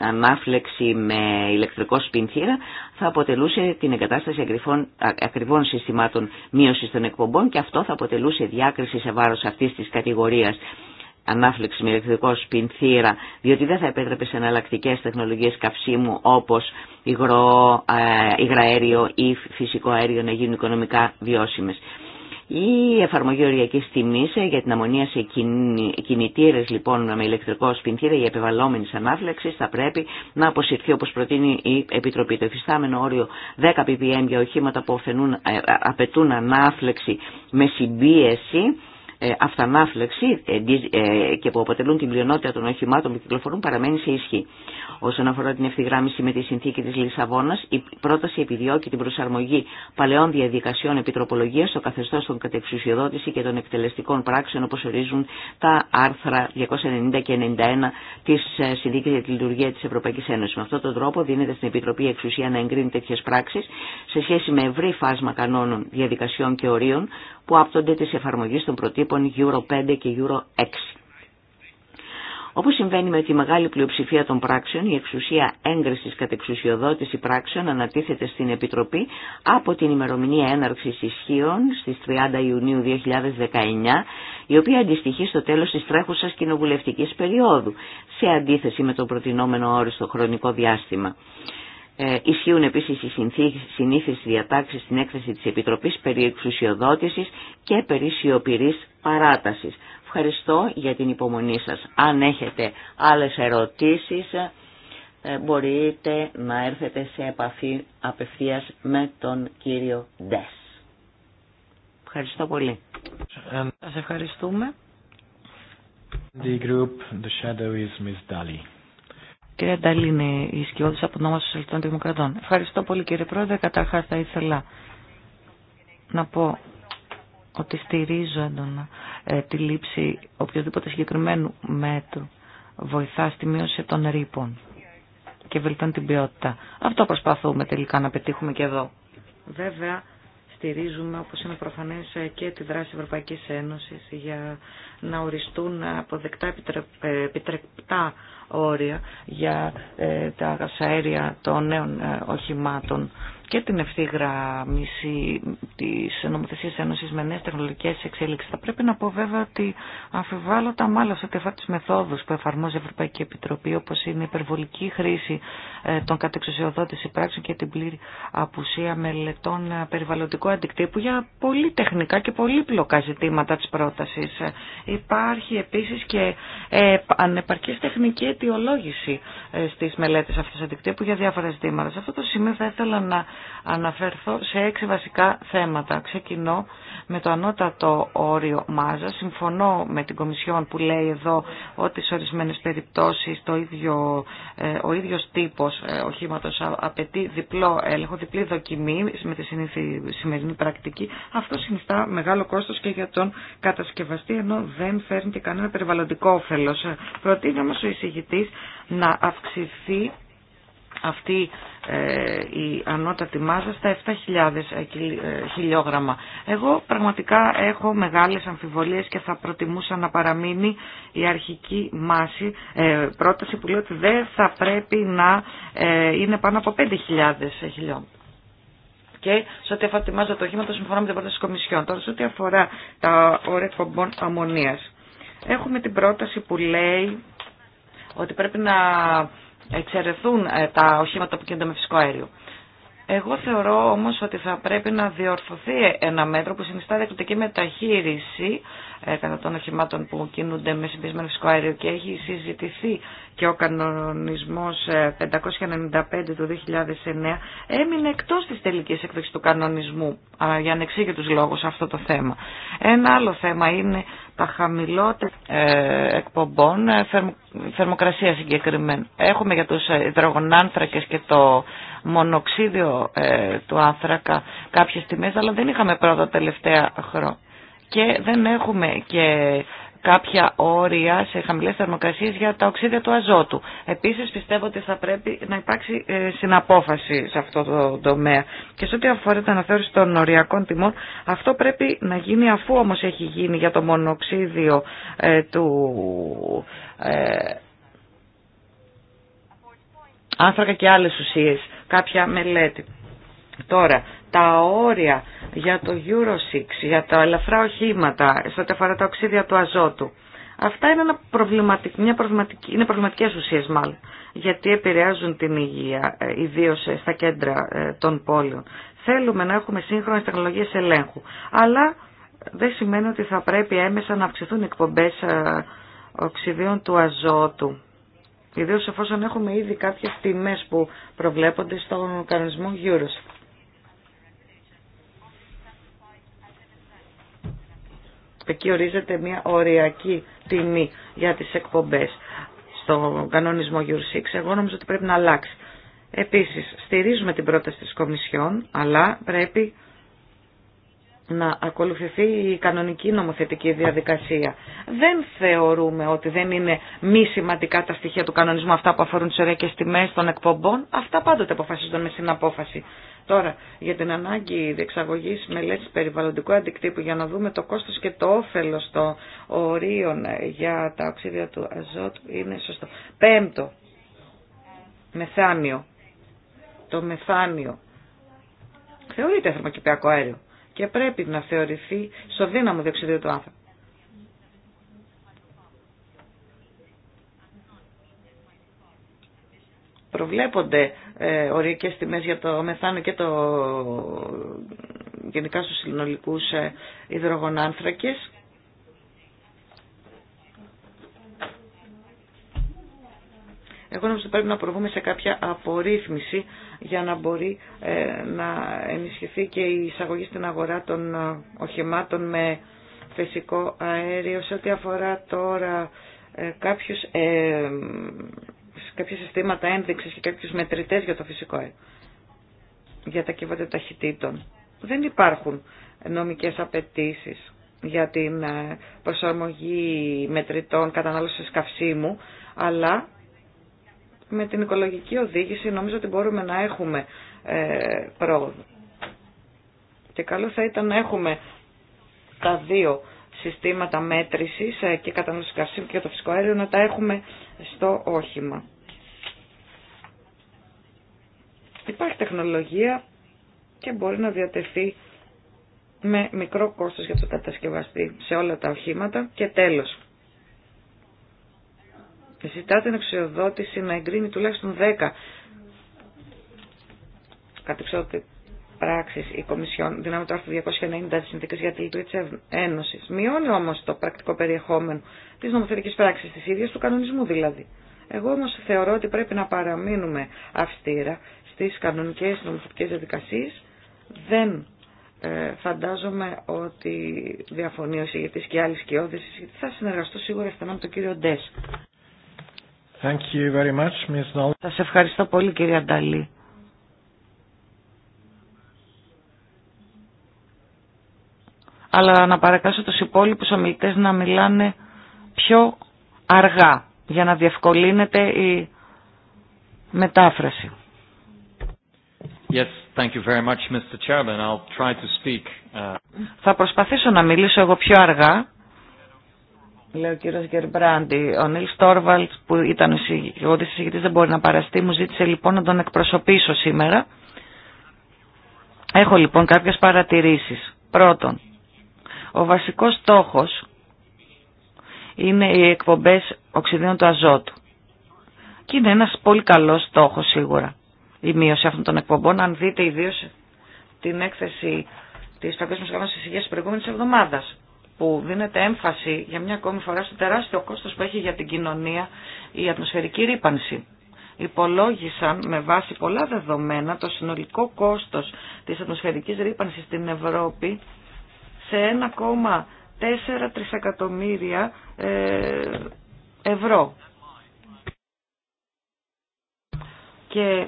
ανάφλεξη με ηλεκτρικό σπινθήρα θα αποτελούσε την εγκατάσταση ακριβών, ακριβών συστημάτων μείωσης των εκπομπών και αυτό θα αποτελούσε διάκριση σε βάρος αυτής της κατηγορίας ανάφλεξη με ηλεκτρικό σπινθήρα, διότι δεν θα επέτρεπε σε εναλλακτικέ τεχνολογίε καυσίμου όπω υγρό, ε, υγραέριο ή φυσικό αέριο να γίνουν οικονομικά βιώσιμε. Η εφαρμογή οριακή τιμή για την αμμονία σε κινητήρε λοιπόν με ηλεκτρικό σπινθήρα για επιβαλλόμενη ανάφλεξη θα πρέπει να αποσυρθεί όπω προτείνει η Επιτροπή. Το εφιστάμενο όριο 10 ppm για οχήματα που ε, απαιτούν ανάφλεξη με συμπίεση ε, αυτανάφλεξη ε, ε, και που αποτελούν την πλειονότητα των οχημάτων που κυκλοφορούν παραμένει σε ισχύ. Όσον αφορά την ευθυγράμμιση με τη συνθήκη τη Λισαβόνα. η πρόταση επιδιώκει την προσαρμογή παλαιών διαδικασιών επιτροπολογία στο καθεστώ των κατεξουσιοδότηση και των εκτελεστικών πράξεων όπω ορίζουν τα άρθρα 290 και 91 τη συνθήκη για τη Λειτουργία τη Ευρωπαϊκή Ένωση. Με αυτόν τον τρόπο δίνεται στην Επιτροπή εξουσία να εγκρίνει τέτοιε πράξει σε σχέση με ευρύ φάσμα κανόνων, διαδικασιών και ορίων που άπτονται τις εφαρμογές των προτύπων Euro 5 και Euro 6. Όπως συμβαίνει με τη μεγάλη πλειοψηφία των πράξεων, η εξουσία έγκρισης κατ' εξουσιοδότηση πράξεων ανατίθεται στην Επιτροπή από την ημερομηνία έναρξης ισχύων στις 30 Ιουνίου 2019, η οποία αντιστοιχεί στο τέλος της τρέχουσας κοινοβουλευτικής περίοδου, σε αντίθεση με το προτινόμενο όριστο χρονικό διάστημα. Ε, ισχύουν επίσης οι συνήθεις διατάξεις στην έκθεση της Επιτροπής περί εξουσιοδότηση και περί σιωπηρής παράτασης. Ευχαριστώ για την υπομονή σας. Αν έχετε άλλες ερωτήσεις ε, μπορείτε να έρθετε σε επαφή απευθεία με τον κύριο Ντες. Ευχαριστώ πολύ. Σα ευχαριστούμε. The group, the Κυρία Νταλή η σκιώδης από το νόμο Δημοκρατών. Ευχαριστώ πολύ κύριε Πρόεδρε. Κατάρχα θα ήθελα να πω ότι στηρίζω έντονα ε, τη λήψη οποιοδήποτε συγκεκριμένου μέτρου βοηθά στη μείωση των ρήπων και βελτιώνει την ποιότητα. Αυτό προσπαθούμε τελικά να πετύχουμε και εδώ. Βέβαια, στηρίζουμε όπως είναι προφανές ε, και τη δράση Ευρωπαϊκής Ένωσης για να οριστούν αποδεκτά ε, επιτρεπτά όρια για ε, τα αέρια των νέων οχημάτων και την ευθύγραμμιση της νομοθεσίας Ένωσης με νέες τεχνολογικές εξέλιξεις. Θα πρέπει να πω βέβαια ότι αμφιβάλλω τα μάλλον σε τεφά τις μεθόδους που εφαρμόζει η Ευρωπαϊκή Επιτροπή όπως είναι η υπερβολική χρήση ε, των κατεξουσιοδότηση πράξεων και την πλήρη απουσία μελετών ε, περιβαλλοντικού αντικτύπου για πολύ τεχνικά και πολύπλοκα ζητήματα της πρότασης. Ε, υπάρχει επίσης και ανεπαρκής τεχνική αιτιολόγηση στις μελέτες αυτές αντικτύπου για διάφορα ζητήματα. αυτό το σημείο θα ήθελα να αναφερθώ σε έξι βασικά θέματα. Ξεκινώ με το ανώτατο όριο μάζα. Συμφωνώ με την Κομισιόν που λέει εδώ ότι σε ορισμένες περιπτώσεις το ίδιο, ε, ο ίδιος τύπος ε, οχήματος απαιτεί διπλό έλεγχο, διπλή δοκιμή με τη σημερινή πρακτική. Αυτό συνιστά μεγάλο κόστος και για τον κατασκευαστή ενώ δεν φέρνει και κανένα περιβαλλοντικό όφελος. Ε, προτείνει όμως ο εισηγητής να αυξηθεί αυτή ε, η ανώτατη μάζα στα 7.000 ε, ε, χιλιόγραμμα. Εγώ πραγματικά έχω μεγάλες αμφιβολίες και θα προτιμούσα να παραμείνει η αρχική μάση πρόταση που λέει ότι δεν θα πρέπει να είναι πάνω από 5.000 χιλιόγραμμα. Και σε ό,τι αφορά τη μάζα του οχήματο, συμφωνώ με την πρόταση τη Κομισιόν. Τώρα, σε ό,τι αφορά τα όρια κομπών αμμονίας, έχουμε την πρόταση που λέει ότι πρέπει να εξαιρεθούν ε, τα οχήματα που κινούνται με φυσικό αέριο. Εγώ θεωρώ όμως ότι θα πρέπει να διορθωθεί ένα μέτρο που συνιστά διακριτική μεταχείριση ε, κατά των οχημάτων που κινούνται με συμπισμένο φυσικό αέριο και έχει συζητηθεί και ο κανονισμός 595 ε, του 2009 έμεινε εκτός της τελικής έκδοξης του κανονισμού για ανεξήγητους λόγους αυτό το θέμα. Ένα άλλο θέμα είναι τα χαμηλότερα ε, εκπομπών ε, θερμοκρασία συγκεκριμένα. Έχουμε για τους ε, υδρογονάνθρακες και το μονοξίδιο του άνθρακα κάποιες τιμές, αλλά δεν είχαμε πρώτα τελευταία χρόνια. Και δεν έχουμε και κάποια όρια σε χαμηλές θερμοκρασίες για τα οξύδια του αζότου. Επίσης πιστεύω ότι θα πρέπει να υπάρξει ε, συναπόφαση σε αυτό το τομέα. Και σε ό,τι αφορά την αναθεώρηση των οριακών τιμών, αυτό πρέπει να γίνει αφού όμως έχει γίνει για το μονοξίδιο ε, του... Ε, άνθρακα και άλλες ουσίες, κάποια μελέτη. Τώρα, τα όρια για το Euro 6, για τα ελαφρά οχήματα, σε ό,τι αφορά τα οξύδια του αζότου, αυτά είναι, ένα προβληματικ, μια προβληματική, είναι προβληματικές ουσίες μάλλον, γιατί επηρεάζουν την υγεία, ε, ιδίως ε, στα κέντρα ε, των πόλεων. Θέλουμε να έχουμε σύγχρονες τεχνολογίες ελέγχου, αλλά δεν σημαίνει ότι θα πρέπει έμεσα να αυξηθούν οι εκπομπές οξυδίων του αζότου. ιδίως εφόσον έχουμε ήδη κάποιες τιμές που προβλέπονται στον κανονισμό Euro. Εκεί ορίζεται μια οριακή τιμή για τις εκπομπές στο κανονισμό Γιουρσίξ. Εγώ νομίζω ότι πρέπει να αλλάξει. Επίσης, στηρίζουμε την πρόταση της Κομισιόν, αλλά πρέπει να ακολουθηθεί η κανονική νομοθετική διαδικασία. Δεν θεωρούμε ότι δεν είναι μη σημαντικά τα στοιχεία του κανονισμού αυτά που αφορούν τις ωραίες τιμές των εκπομπών. Αυτά πάντοτε αποφασίζονται με συναπόφαση. Τώρα, για την ανάγκη διεξαγωγή μελέτη περιβαλλοντικού αντικτύπου για να δούμε το κόστο και το όφελο των ορίων για τα οξύδια του αζώτου είναι σωστό. Πέμπτο, μεθάνιο. Το μεθάνιο θεωρείται θερμοκηπιακό αέριο και πρέπει να θεωρηθεί στο δύναμο διοξιδίου του άνθρωπου. Προβλέπονται ε, οριακές τιμές για το μεθάνο και το γενικά στους συνολικούς ε, υδρογονάνθρακες. Εγώ νομίζω ότι πρέπει να προβούμε σε κάποια απορρίθμιση για να μπορεί ε, να ενισχυθεί και η εισαγωγή στην αγορά των ε, οχημάτων με φυσικό αέριο. Σε ό,τι αφορά τώρα ε, κάποιους κάποια συστήματα ένδειξη και κάποιους μετρητές για το φυσικό αέριο, για τα κύβατα ταχυτήτων. Δεν υπάρχουν νομικές απαιτήσει για την ε, προσαρμογή μετρητών κατανάλωσης καυσίμου, αλλά με την οικολογική οδήγηση νομίζω ότι μπορούμε να έχουμε ε, πρόοδο. Και καλό θα ήταν να έχουμε τα δύο συστήματα μέτρησης ε, και κατανάλωση καυσίμου και για το φυσικό αέριο να τα έχουμε στο όχημα. Υπάρχει τεχνολογία και μπορεί να διατεθεί με μικρό κόστος για το κατασκευαστή σε όλα τα οχήματα και τέλος. Ζητά την εξοδότηση να εγκρίνει τουλάχιστον 10 κατεξότητες πράξεις η Κομισιόν δυνάμει το άρθρο 290 της Συνθήκης για τη Λειτουργία της Ένωσης. Μειώνει όμως το πρακτικό περιεχόμενο της νομοθετικής πράξης της ίδιας του κανονισμού δηλαδή. Εγώ όμως θεωρώ ότι πρέπει να παραμείνουμε αυστήρα στις κανονικές νομοθετικές διαδικασίες. Δεν ε, φαντάζομαι ότι διαφωνεί ο συγγετής και άλλοι σκιώδες θα συνεργαστώ σίγουρα στενά με τον κύριο Ντές. Thank Θα σε ευχαριστώ πολύ κύριε Ανταλή. αλλά να παρακάσω τους υπόλοιπους ομιλητές να μιλάνε πιο αργά για να διευκολύνεται η μετάφραση. Θα προσπαθήσω να μιλήσω εγώ πιο αργά. Λέω ο κύριο Γερμπράντη. Ο Νίλ Στόρβαλτ που ήταν ο συζητητής δεν μπορεί να παραστεί. Μου ζήτησε λοιπόν να τον εκπροσωπήσω σήμερα. Έχω λοιπόν κάποιε παρατηρήσει. Πρώτον, ο βασικό στόχο είναι οι εκπομπέ οξυδίων του αζότου. Και είναι ένα πολύ καλό στόχο σίγουρα η μείωση αυτών των εκπομπών. Αν δείτε ιδίω την έκθεση τη Παγκόσμια Οργάνωση Υγεία τη προηγούμενη εβδομάδα, που δίνεται έμφαση για μια ακόμη φορά στο τεράστιο κόστο που έχει για την κοινωνία η ατμοσφαιρική ρήπανση. Υπολόγισαν με βάση πολλά δεδομένα το συνολικό κόστο τη ατμοσφαιρικής ρήπανση στην Ευρώπη σε 1,4 τρισεκατομμύρια ε, ευρώ. Και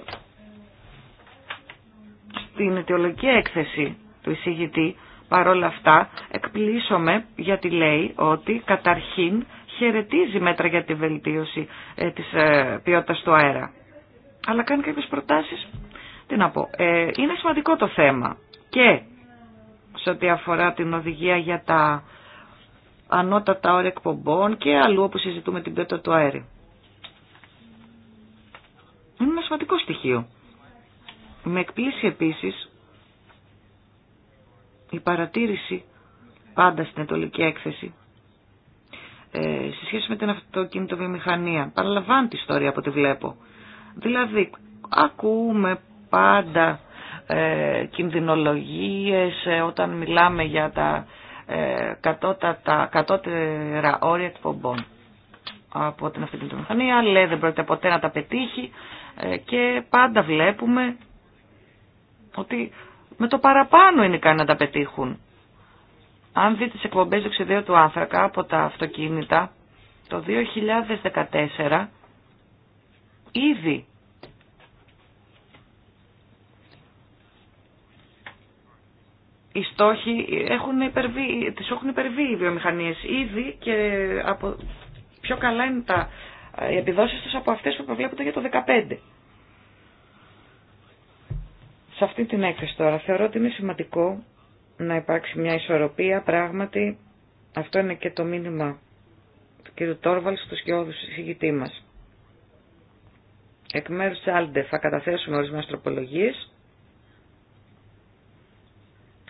στην αιτιολογική έκθεση του εισηγητή, παρόλα αυτά, εκπλήσωμε γιατί λέει ότι καταρχήν χαιρετίζει μέτρα για τη βελτίωση ε, της ε, ποιότητας του αέρα. Αλλά κάνει κάποιες προτάσεις, τι να πω, ε, είναι σημαντικό το θέμα και σε ό,τι αφορά την οδηγία για τα ανώτατα όρια εκπομπών και αλλού όπου συζητούμε την ποιότητα του αέρα. Είναι ένα σημαντικό στοιχείο. Με εκπλήσει επίσης η παρατήρηση πάντα στην ετολική έκθεση ε, σε σχέση με την αυτοκίνητο βιομηχανία. Παραλαμβάνει τη ιστορία από ό,τι βλέπω. Δηλαδή, ακούμε πάντα ε, κινδυνολογίες ε, όταν μιλάμε για τα ε, κατώτατα, κατώτερα όρια εκπομπών από την αυτοκινητοβιομηχανία. λέει δεν πρόκειται ποτέ να τα πετύχει ε, και πάντα βλέπουμε ότι με το παραπάνω είναι ικανοί να τα πετύχουν. Αν δείτε τις εκπομπές του άνθρακα από τα αυτοκίνητα, το 2014 ήδη οι στόχοι έχουν υπερβεί, τις έχουν υπερβεί οι βιομηχανίες ήδη και από, πιο καλά είναι τα, ε, οι επιδόσεις τους από αυτές που προβλέπονται για το 2015. Σε αυτή την έκθεση τώρα θεωρώ ότι είναι σημαντικό να υπάρξει μια ισορροπία πράγματι. Αυτό είναι και το μήνυμα του κ. Τόρβαλ του σκιώδου εισηγητή μας. Εκ μέρους της Άλντε θα καταθέσουμε ορισμένε τροπολογίες.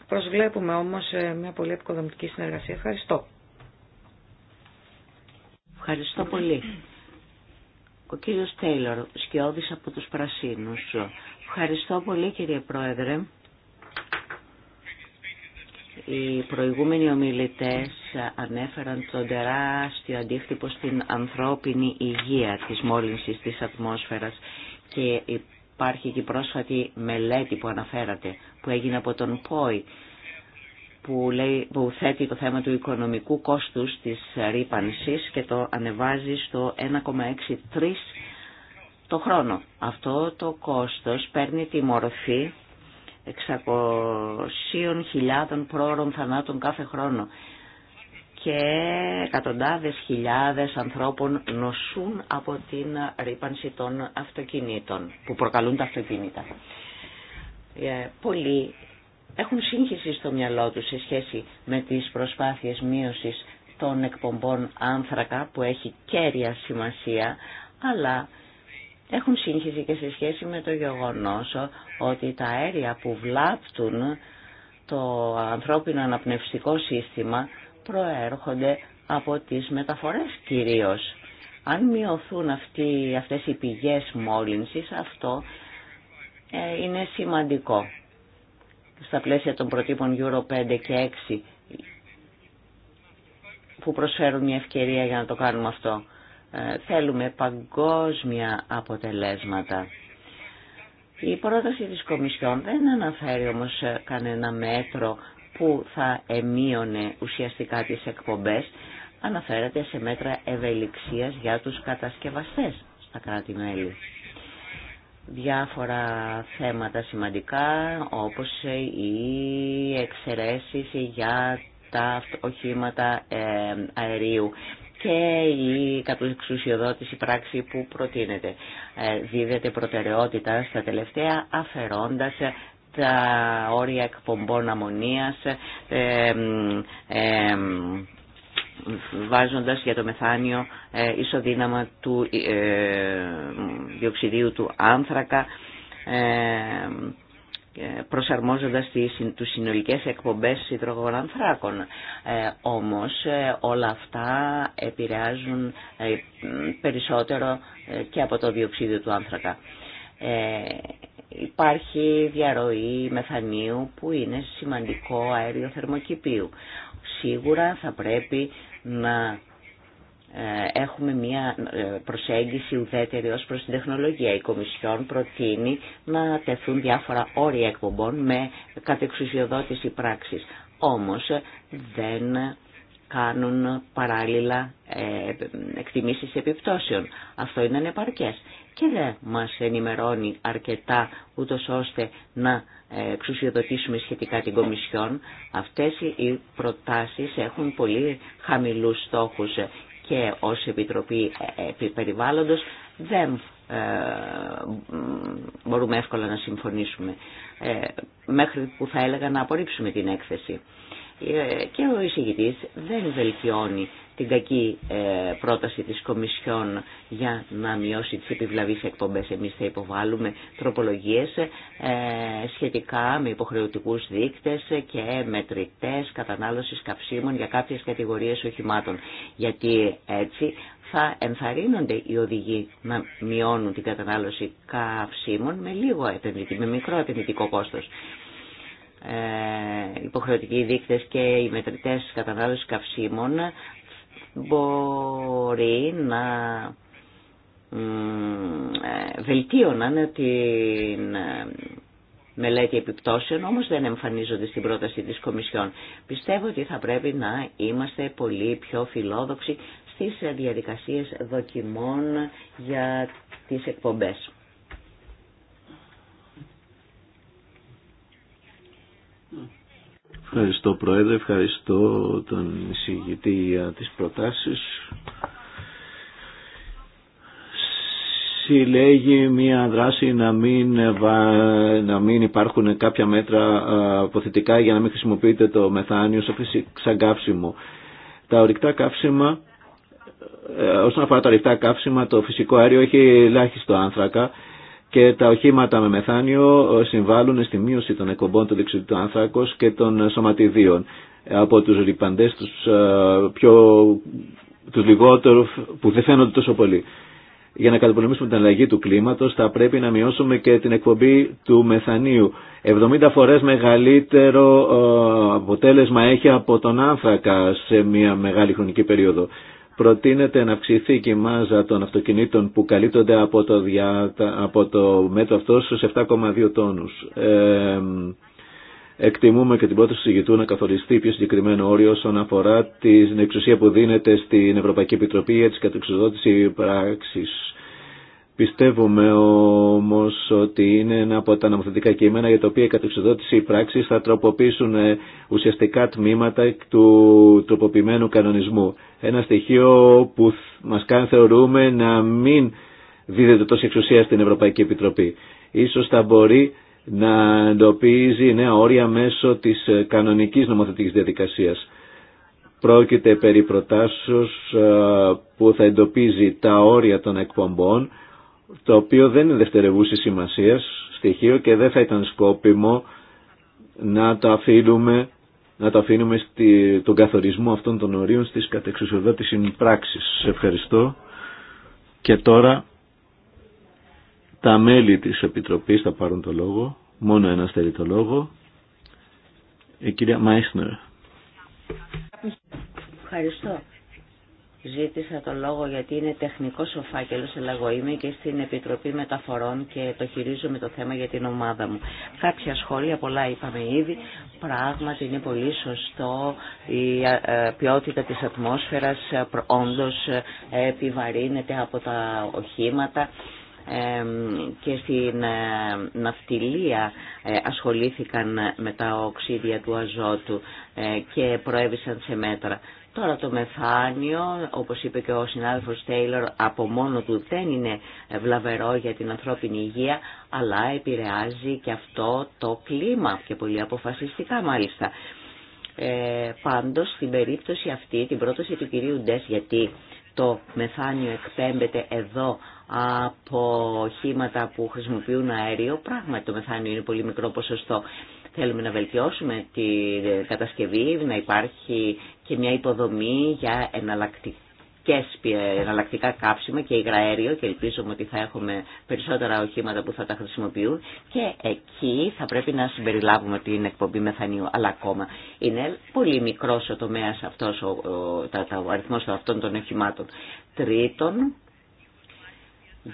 Προσβλέπουμε όμως μια πολύ επικοδομητική συνεργασία. Ευχαριστώ. Ευχαριστώ πολύ. Ο κύριος Τέιλορ, σκιώδης από τους Πρασίνους. Ευχαριστώ πολύ κύριε Πρόεδρε. Οι προηγούμενοι ομιλητές ανέφεραν τον τεράστιο αντίκτυπο στην ανθρώπινη υγεία της μόλυνσης της ατμόσφαιρας και υπάρχει και η πρόσφατη μελέτη που αναφέρατε που έγινε από τον ΠΟΗ που, λέει, θέτει το θέμα του οικονομικού κόστους της ρήπανσης και το ανεβάζει στο 1,63 το χρόνο. Αυτό το κόστος παίρνει τη μορφή 600.000 πρόωρων θανάτων κάθε χρόνο και εκατοντάδες χιλιάδες ανθρώπων νοσούν από την ρήπανση των αυτοκινήτων που προκαλούν τα αυτοκίνητα. Ε, πολλοί έχουν σύγχυση στο μυαλό τους σε σχέση με τις προσπάθειες μείωσης των εκπομπών άνθρακα που έχει κέρια σημασία αλλά έχουν σύγχυση και σε σχέση με το γεγονός ότι τα αέρια που βλάπτουν το ανθρώπινο αναπνευστικό σύστημα προέρχονται από τις μεταφορές κυρίως. Αν μειωθούν αυτοί, αυτές οι πηγές μόλυνσης, αυτό ε, είναι σημαντικό. Στα πλαίσια των προτύπων Euro 5 και 6 που προσφέρουν μια ευκαιρία για να το κάνουμε αυτό. Ε, θέλουμε παγκόσμια αποτελέσματα. Η πρόταση της Κομισιόν δεν αναφέρει όμως ε, κανένα μέτρο που θα εμείωνε ουσιαστικά τις εκπομπές, αναφέρεται σε μέτρα ευελιξίας για τους κατασκευαστές στα κράτη-μέλη. Διάφορα θέματα σημαντικά όπως η ε, εξαιρέσεις για τα οχήματα αερίου και η ουσιοδότηση πράξη που προτείνεται. Ε, δίδεται προτεραιότητα στα τελευταία αφαιρώντας ε, τα όρια εκπομπών αμμονίας, ε, βάζοντας για το μεθάνιο ε, ισοδύναμα του ε, διοξιδίου του άνθρακα, ε, προσαρμόζοντας τις, τους συνολικές εκπομπές υδρογονανθράκων. Ε, όμως ε, όλα αυτά επηρεάζουν ε, περισσότερο και από το διοξίδιο του άνθρακα. υπάρχει διαρροή μεθανίου που είναι σημαντικό αέριο θερμοκηπίου. Σίγουρα θα πρέπει να ε, έχουμε μια ε, προσέγγιση ουδέτερη ως προς την τεχνολογία. Η Κομισιόν προτείνει να τεθούν διάφορα όρια εκπομπών με κατεξουσιοδότηση πράξης. Όμως ε, δεν κάνουν παράλληλα εκτιμήσεις επιπτώσεων. Αυτό είναι ανεπαρκές και δεν μας ενημερώνει αρκετά ούτως ώστε να εξουσιοδοτήσουμε σχετικά την Κομισιόν. Αυτές οι προτάσεις έχουν πολύ χαμηλούς στόχους και ως Επιτροπή ε, ε, Περιβάλλοντος δεν ε, μπορούμε εύκολα να συμφωνήσουμε μέχρι που θα έλεγα να απορρίψουμε την έκθεση. Και ο εισηγητής δεν βελτιώνει την κακή ε, πρόταση της Κομισιόν για να μειώσει τις επιβλαβείς εκπομπές. Εμείς θα υποβάλουμε τροπολογίες ε, σχετικά με υποχρεωτικούς δείκτες και μετρητές κατανάλωσης καψίμων για κάποιες κατηγορίες οχημάτων. Γιατί έτσι θα ενθαρρύνονται οι οδηγοί να μειώνουν την κατανάλωση καυσίμων με, λίγο με μικρό επενδυτικό κόστος ε, υποχρεωτικοί δείκτες και οι μετρητές κατανάλωσης καυσίμων μπορεί να ε, βελτίωναν την ε, μελέτη επιπτώσεων, όμως δεν εμφανίζονται στην πρόταση της Κομισιόν. Πιστεύω ότι θα πρέπει να είμαστε πολύ πιο φιλόδοξοι στις διαδικασίες δοκιμών για τις εκπομπές. Ευχαριστώ Πρόεδρε, ευχαριστώ τον εισηγητή για τις προτάσεις. Συλλέγει μια δράση να μην, να μην υπάρχουν κάποια μέτρα αποθετικά για να μην χρησιμοποιείται το μεθάνιο σαν καύσιμο. Τα ορυκτά καύσιμα, ε, όσον αφορά τα ορυκτά καύσιμα, το φυσικό αέριο έχει ελάχιστο άνθρακα και τα οχήματα με μεθάνιο ε, συμβάλλουν στη μείωση των εκπομπών του δεξιού του άνθρακος και των σωματιδίων από τους ρηπαντές τους, ε, πιο, τους λιγότερους που δεν φαίνονται τόσο πολύ. Για να καταπολεμήσουμε την αλλαγή του κλίματος θα πρέπει να μειώσουμε και την εκπομπή του μεθανίου. 70 φορές μεγαλύτερο ε, αποτέλεσμα έχει από τον άνθρακα σε μια μεγάλη χρονική περίοδο προτείνεται να αυξηθεί και η μάζα των αυτοκινήτων που καλύπτονται από το, διά, από το μέτρο αυτό στους 7,2 τόνους. Ε, εκτιμούμε και την πρόταση του συγητού να καθοριστεί πιο συγκεκριμένο όριο όσον αφορά την εξουσία που δίνεται στην Ευρωπαϊκή Επιτροπή για τις κατεξοδότηση πράξης. Πιστεύουμε όμως ότι είναι ένα από τα νομοθετικά κείμενα για τα οποία η κατεξοδότηση πράξη θα τροποποιήσουν ε, ουσιαστικά τμήματα του τροποποιημένου κανονισμού. Ένα στοιχείο που μας κάνει θεωρούμε να μην δίδεται τόση εξουσία στην Ευρωπαϊκή Επιτροπή. Ίσως θα μπορεί να εντοπίζει νέα όρια μέσω της ε, κανονικής νομοθετικής διαδικασίας. Πρόκειται περί προτάσεως ε, που θα εντοπίζει τα όρια των εκπομπών το οποίο δεν είναι δευτερεύουσης σημασίας στοιχείο και δεν θα ήταν σκόπιμο να το αφήνουμε, να το αφήνουμε στη, τον καθορισμό αυτών των ορίων στις πράξη. Σε ευχαριστώ. Και τώρα τα μέλη της Επιτροπής θα πάρουν το λόγο. Μόνο ένα θέλει το λόγο. Η κυρία Μάισνερ. Ευχαριστώ. Ζήτησα τον λόγο γιατί είναι τεχνικός ο φάκελος, αλλά εγώ είμαι και στην Επιτροπή Μεταφορών και το χειρίζομαι το θέμα για την ομάδα μου. Κάποια σχόλια, πολλά είπαμε ήδη, πράγματι είναι πολύ σωστό η ε, ποιότητα της ατμόσφαιρας ε, όντως ε, επιβαρύνεται από τα οχήματα και στην ναυτιλία ασχολήθηκαν με τα οξύδια του αζότου και προέβησαν σε μέτρα. Τώρα το μεθάνιο, όπως είπε και ο συνάδελφος Τέιλορ, από μόνο του δεν είναι βλαβερό για την ανθρώπινη υγεία, αλλά επηρεάζει και αυτό το κλίμα και πολύ αποφασιστικά μάλιστα. Ε, πάντως στην περίπτωση αυτή, την πρόταση του κυρίου Ντες, γιατί το μεθάνιο εκπέμπεται εδώ από χήματα που χρησιμοποιούν αέριο, πράγματι το μεθάνιο είναι πολύ μικρό ποσοστό. Θέλουμε να βελτιώσουμε τη κατασκευή, να υπάρχει και μια υποδομή για εναλλακτική και εναλλακτικά κάψιμα και υγραέριο και ελπίζουμε ότι θα έχουμε περισσότερα οχήματα που θα τα χρησιμοποιούν και εκεί θα πρέπει να συμπεριλάβουμε την εκπομπή μεθανίου αλλά ακόμα είναι πολύ μικρός ο τομέας αυτός ο, τα, ο αριθμός αυτών των οχημάτων τρίτον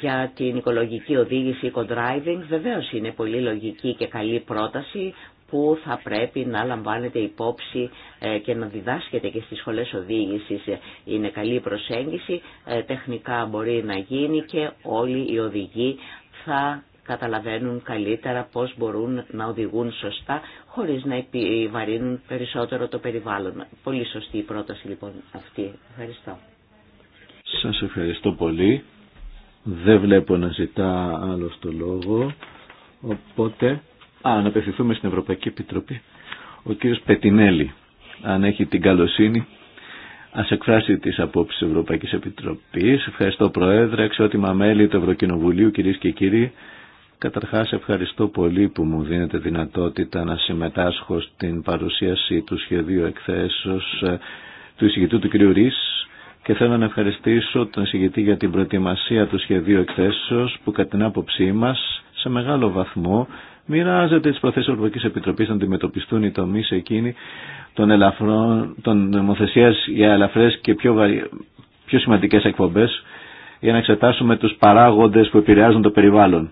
για την οικολογική οδήγηση, eco-driving, βεβαίως είναι πολύ λογική και καλή πρόταση που θα πρέπει να λαμβάνετε υπόψη ε, και να διδάσκεται και στις σχολές οδήγησης. Είναι καλή προσέγγιση, ε, τεχνικά μπορεί να γίνει και όλοι οι οδηγοί θα καταλαβαίνουν καλύτερα πώς μπορούν να οδηγούν σωστά χωρίς να επιβαρύνουν περισσότερο το περιβάλλον. Πολύ σωστή η πρόταση λοιπόν αυτή. Ευχαριστώ. Σας ευχαριστώ πολύ. Δεν βλέπω να ζητά άλλο το λόγο. Οπότε Α, να απευθυνθούμε στην Ευρωπαϊκή Επιτροπή. Ο κύριος Πετινέλη, αν έχει την καλοσύνη, ας εκφράσει τις απόψεις της Ευρωπαϊκής Επιτροπής. Ευχαριστώ Προέδρε, αξιότιμα μέλη του Ευρωκοινοβουλίου, κυρίε και κύριοι. Καταρχάς ευχαριστώ πολύ που μου δίνετε δυνατότητα να συμμετάσχω στην παρουσίαση του σχεδίου εκθέσεως ε, του εισηγητού του κ. Ρης και θέλω να ευχαριστήσω τον εισηγητή για την προετοιμασία του σχεδίου εκθέσεως που κατά την άποψή μας σε μεγάλο βαθμό μοιράζεται τις προθέσει της Ευρωπαϊκή Επιτροπής να αντιμετωπιστούν οι τομεί εκείνη των, ελαφρών, των νομοθεσία για ελαφρέ και πιο, βαρι... πιο σημαντικές εκπομπές για να εξετάσουμε τους παράγοντες που επηρεάζουν το περιβάλλον.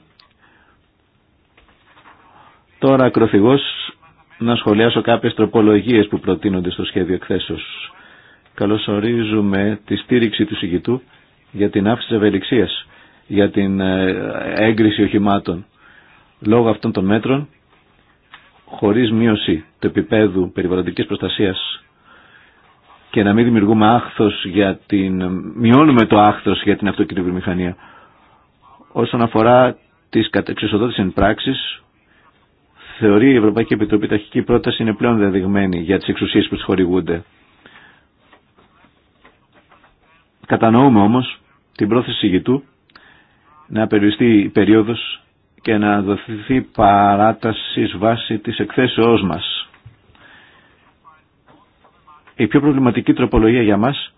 Τώρα ακροθυγώς να σχολιάσω κάποιες τροπολογίες που προτείνονται στο σχέδιο εκθέσεως. Καλωσορίζουμε τη στήριξη του συγκητού για την αύξηση της για την ε, έγκριση οχημάτων λόγω αυτών των μέτρων χωρίς μείωση του επίπεδου περιβαλλοντικής προστασίας και να μην δημιουργούμε άχθος για την... μειώνουμε το άχθος για την αυτοκινητοβιομηχανία. Όσον αφορά τις κατεξουσοδότησης εν πράξεις, θεωρεί η Ευρωπαϊκή Επιτροπή ταχική πρόταση είναι πλέον δεδειγμένη για τις εξουσίες που τις χορηγούνται. Κατανοούμε όμως την πρόθεση ηγητού να περιοριστεί η περίοδος και να δοθεί παράταση βάση της εκθέσεώς μας. Η πιο προβληματική τροπολογία για μας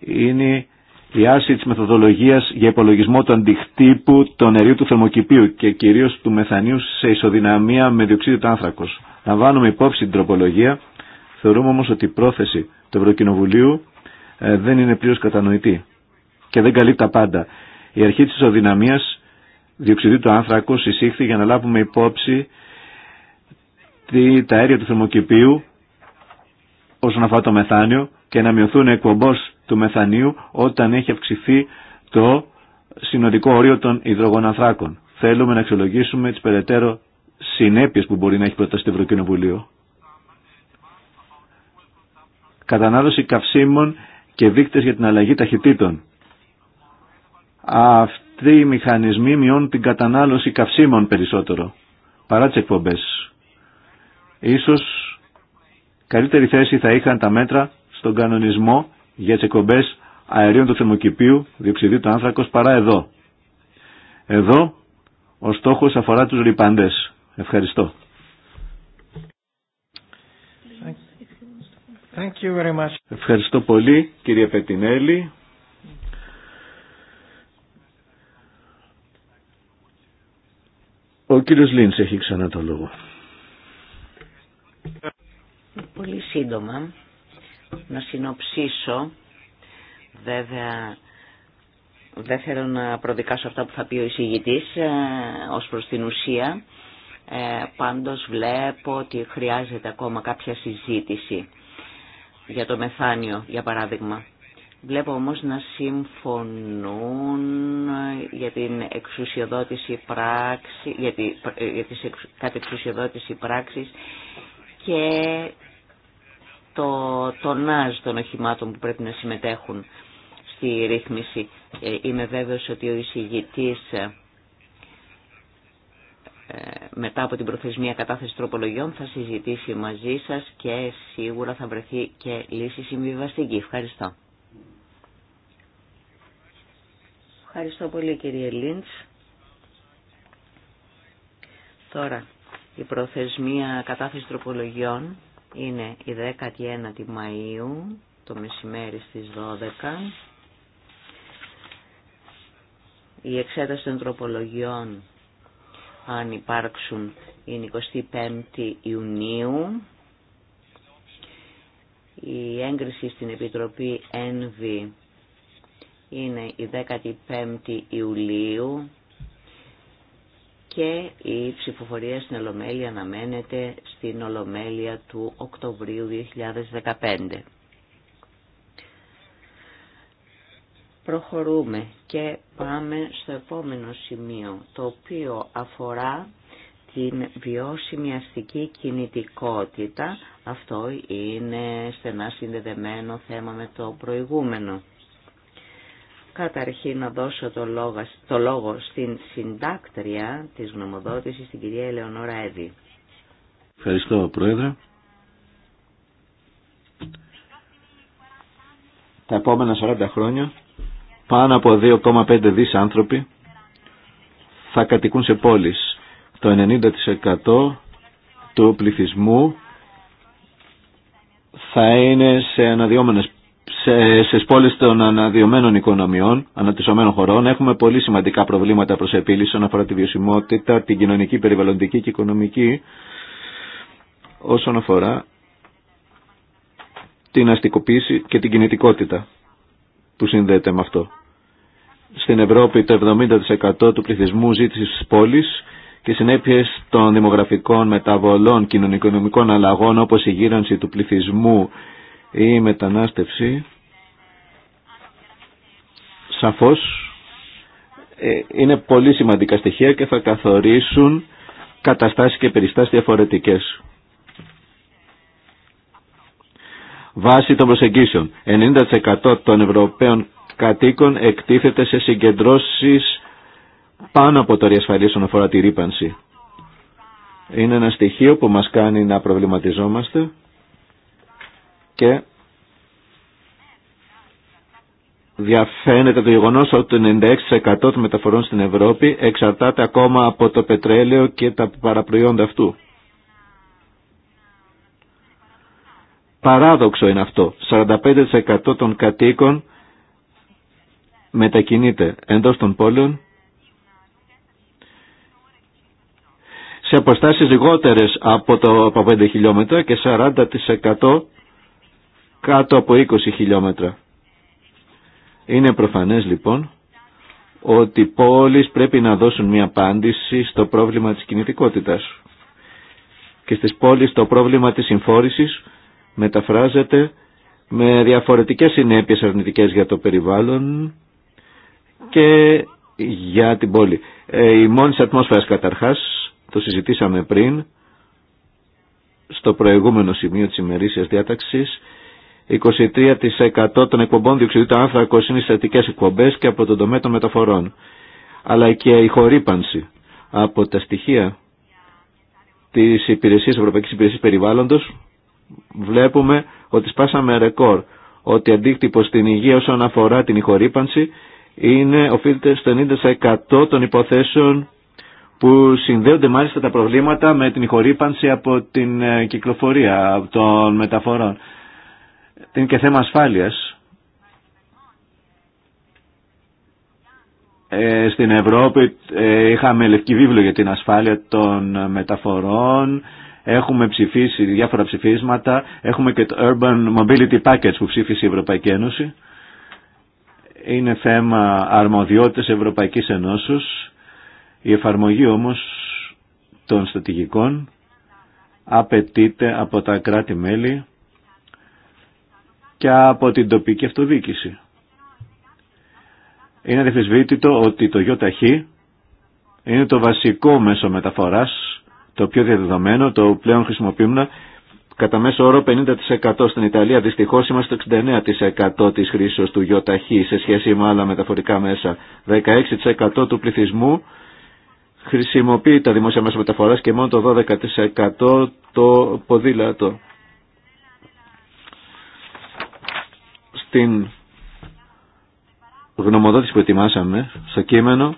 είναι η άρση της μεθοδολογίας για υπολογισμό του αντιχτύπου των νερίου του θερμοκηπίου και κυρίως του μεθανίου σε ισοδυναμία με διοξείδιο του άνθρακος. Λαμβάνουμε υπόψη την τροπολογία, θεωρούμε όμως ότι η πρόθεση του Ευρωκοινοβουλίου ε, δεν είναι πλήρως κατανοητή και δεν καλύπτει τα πάντα. Η αρχή της ισοδυναμίας διοξιδίου του άνθρακος εισήχθη για να λάβουμε υπόψη τα αέρια του θερμοκηπίου όσον αφορά το μεθάνιο και να μειωθούν εκπομπός του μεθανίου όταν έχει αυξηθεί το συνοδικό όριο των υδρογοναθράκων. Θέλουμε να αξιολογήσουμε τις περαιτέρω συνέπειες που μπορεί να έχει προτάσει το Ευρωκοινοβουλίο. Κατανάλωση καυσίμων και δείκτες για την αλλαγή ταχυτήτων αυτοί οι μηχανισμοί μειώνουν την κατανάλωση καυσίμων περισσότερο, παρά τις εκπομπές. Ίσως καλύτερη θέση θα είχαν τα μέτρα στον κανονισμό για τις εκπομπές αερίων του θερμοκηπίου, διοξιδίου του άνθρακος, παρά εδώ. Εδώ ο στόχος αφορά τους ρηπαντέ. Ευχαριστώ. Ευχαριστώ πολύ κύριε Πετινέλη. Ο κύριος Λίντς έχει ξανά το λόγο. Πολύ σύντομα να συνοψίσω βέβαια δεν θέλω να προδικάσω αυτά που θα πει ο εισηγητής ε, ως προς την ουσία ε, πάντως βλέπω ότι χρειάζεται ακόμα κάποια συζήτηση για το μεθάνιο για παράδειγμα Βλέπω όμως να συμφωνούν για την εξουσιοδότηση πράξη, για, τη, για και το, το νάζ των οχημάτων που πρέπει να συμμετέχουν στη ρύθμιση. Ε, είμαι βέβαιος ότι ο εισηγητής ε, μετά από την προθεσμία κατάθεση τροπολογιών θα συζητήσει μαζί σας και σίγουρα θα βρεθεί και λύση συμβιβαστική. Ευχαριστώ. Ευχαριστώ πολύ κύριε Λίντς. Τώρα, η προθεσμία κατάθεση τροπολογιών είναι η 19η Μαΐου, το μεσημέρι στις 12. Η εξέταση των τροπολογιών, αν υπάρξουν, είναι 25η Ιουνίου. Η έγκριση στην Επιτροπή ΕΝΒΗ είναι η 15η Ιουλίου και η ψηφοφορία στην Ολομέλεια αναμένεται στην Ολομέλεια του Οκτωβρίου 2015. Προχωρούμε και πάμε στο επόμενο σημείο, το οποίο αφορά την βιώσιμη αστική κινητικότητα. Αυτό είναι στενά συνδεδεμένο θέμα με το προηγούμενο. Καταρχήν να δώσω το λόγο, το λόγο στην συντάκτρια της γνωμοδότησης, την κυρία Ελεονόρα Εύη. Ευχαριστώ, Πρόεδρε. Τα επόμενα 40 χρόνια πάνω από 2,5 δις άνθρωποι θα κατοικούν σε πόλεις. Το 90% του πληθυσμού θα είναι σε αναδυόμενες σε, στις πόλεις των αναδειωμένων οικονομιών, αναπτυσσομένων χωρών, έχουμε πολύ σημαντικά προβλήματα προς επίλυση όσον αφορά τη βιωσιμότητα, την κοινωνική, περιβαλλοντική και οικονομική, όσον αφορά την αστικοποίηση και την κινητικότητα που συνδέεται με αυτό. Στην Ευρώπη το 70% του πληθυσμού ζήτησης της πόλης και συνέπειε των δημογραφικών μεταβολών κοινωνικονομικών αλλαγών όπως η γύρανση του πληθυσμού η μετανάστευση σαφώς ε, είναι πολύ σημαντικά στοιχεία και θα καθορίσουν καταστάσεις και περιστάσεις διαφορετικές. Βάση των προσεγγίσεων, 90% των Ευρωπαίων κατοίκων εκτίθεται σε συγκεντρώσεις πάνω από το ασφαλή όσον αφορά τη ρήπανση. Είναι ένα στοιχείο που μας κάνει να προβληματιζόμαστε και διαφαίνεται το γεγονό ότι το 96% των μεταφορών στην Ευρώπη εξαρτάται ακόμα από το πετρέλαιο και τα παραπροϊόντα αυτού. Παράδοξο είναι αυτό. 45% των κατοίκων μετακινείται εντός των πόλεων σε αποστάσεις λιγότερες από, το, 5 χιλιόμετρα και 40% κάτω από 20 χιλιόμετρα. Είναι προφανές λοιπόν ότι οι πόλεις πρέπει να δώσουν μια απάντηση στο πρόβλημα της κινητικότητας. Και στις πόλεις το πρόβλημα της συμφόρησης μεταφράζεται με διαφορετικές συνέπειες αρνητικές για το περιβάλλον και για την πόλη. Ε, η μόνη ατμόσφαιρα καταρχάς, το συζητήσαμε πριν, στο προηγούμενο σημείο της ημερήσιας διάταξης, 23% των εκπομπών διοξιδίου του άνθρακο είναι στατικέ εκπομπέ και από τον τομέα των μεταφορών. Αλλά και η χορύπανση από τα στοιχεία τη Ευρωπαϊκή Υπηρεσία Περιβάλλοντο βλέπουμε ότι σπάσαμε ρεκόρ. Ότι αντίκτυπο στην υγεία όσον αφορά την χορύπανση είναι οφείλεται στο 90% των υποθέσεων που συνδέονται μάλιστα τα προβλήματα με την χορύπανση από την ε, κυκλοφορία των μεταφορών είναι και θέμα ασφάλειας. Ε, στην Ευρώπη ε, είχαμε λευκή βίβλο για την ασφάλεια των μεταφορών, έχουμε ψηφίσει διάφορα ψηφίσματα, έχουμε και το Urban Mobility Package που ψήφισε η Ευρωπαϊκή Ένωση. Είναι θέμα αρμοδιότητας Ευρωπαϊκής Ενώσης. Η εφαρμογή όμως των στρατηγικών απαιτείται από τα κράτη-μέλη και από την τοπική αυτοδιοίκηση. Είναι αδεφισβήτητο ότι το ΙΟΤΑΧΗ είναι το βασικό μέσο μεταφοράς, το πιο διαδεδομένο, το πλέον χρησιμοποιούμε κατά μέσο όρο 50% στην Ιταλία. Δυστυχώς είμαστε 69% της χρήσης του ΙΟΤΑΧΗ σε σχέση με άλλα μεταφορικά μέσα. 16% του πληθυσμού χρησιμοποιεί τα δημόσια μέσα μεταφοράς και μόνο το 12% το ποδήλατο. στην γνωμοδότηση που ετοιμάσαμε, στο κείμενο,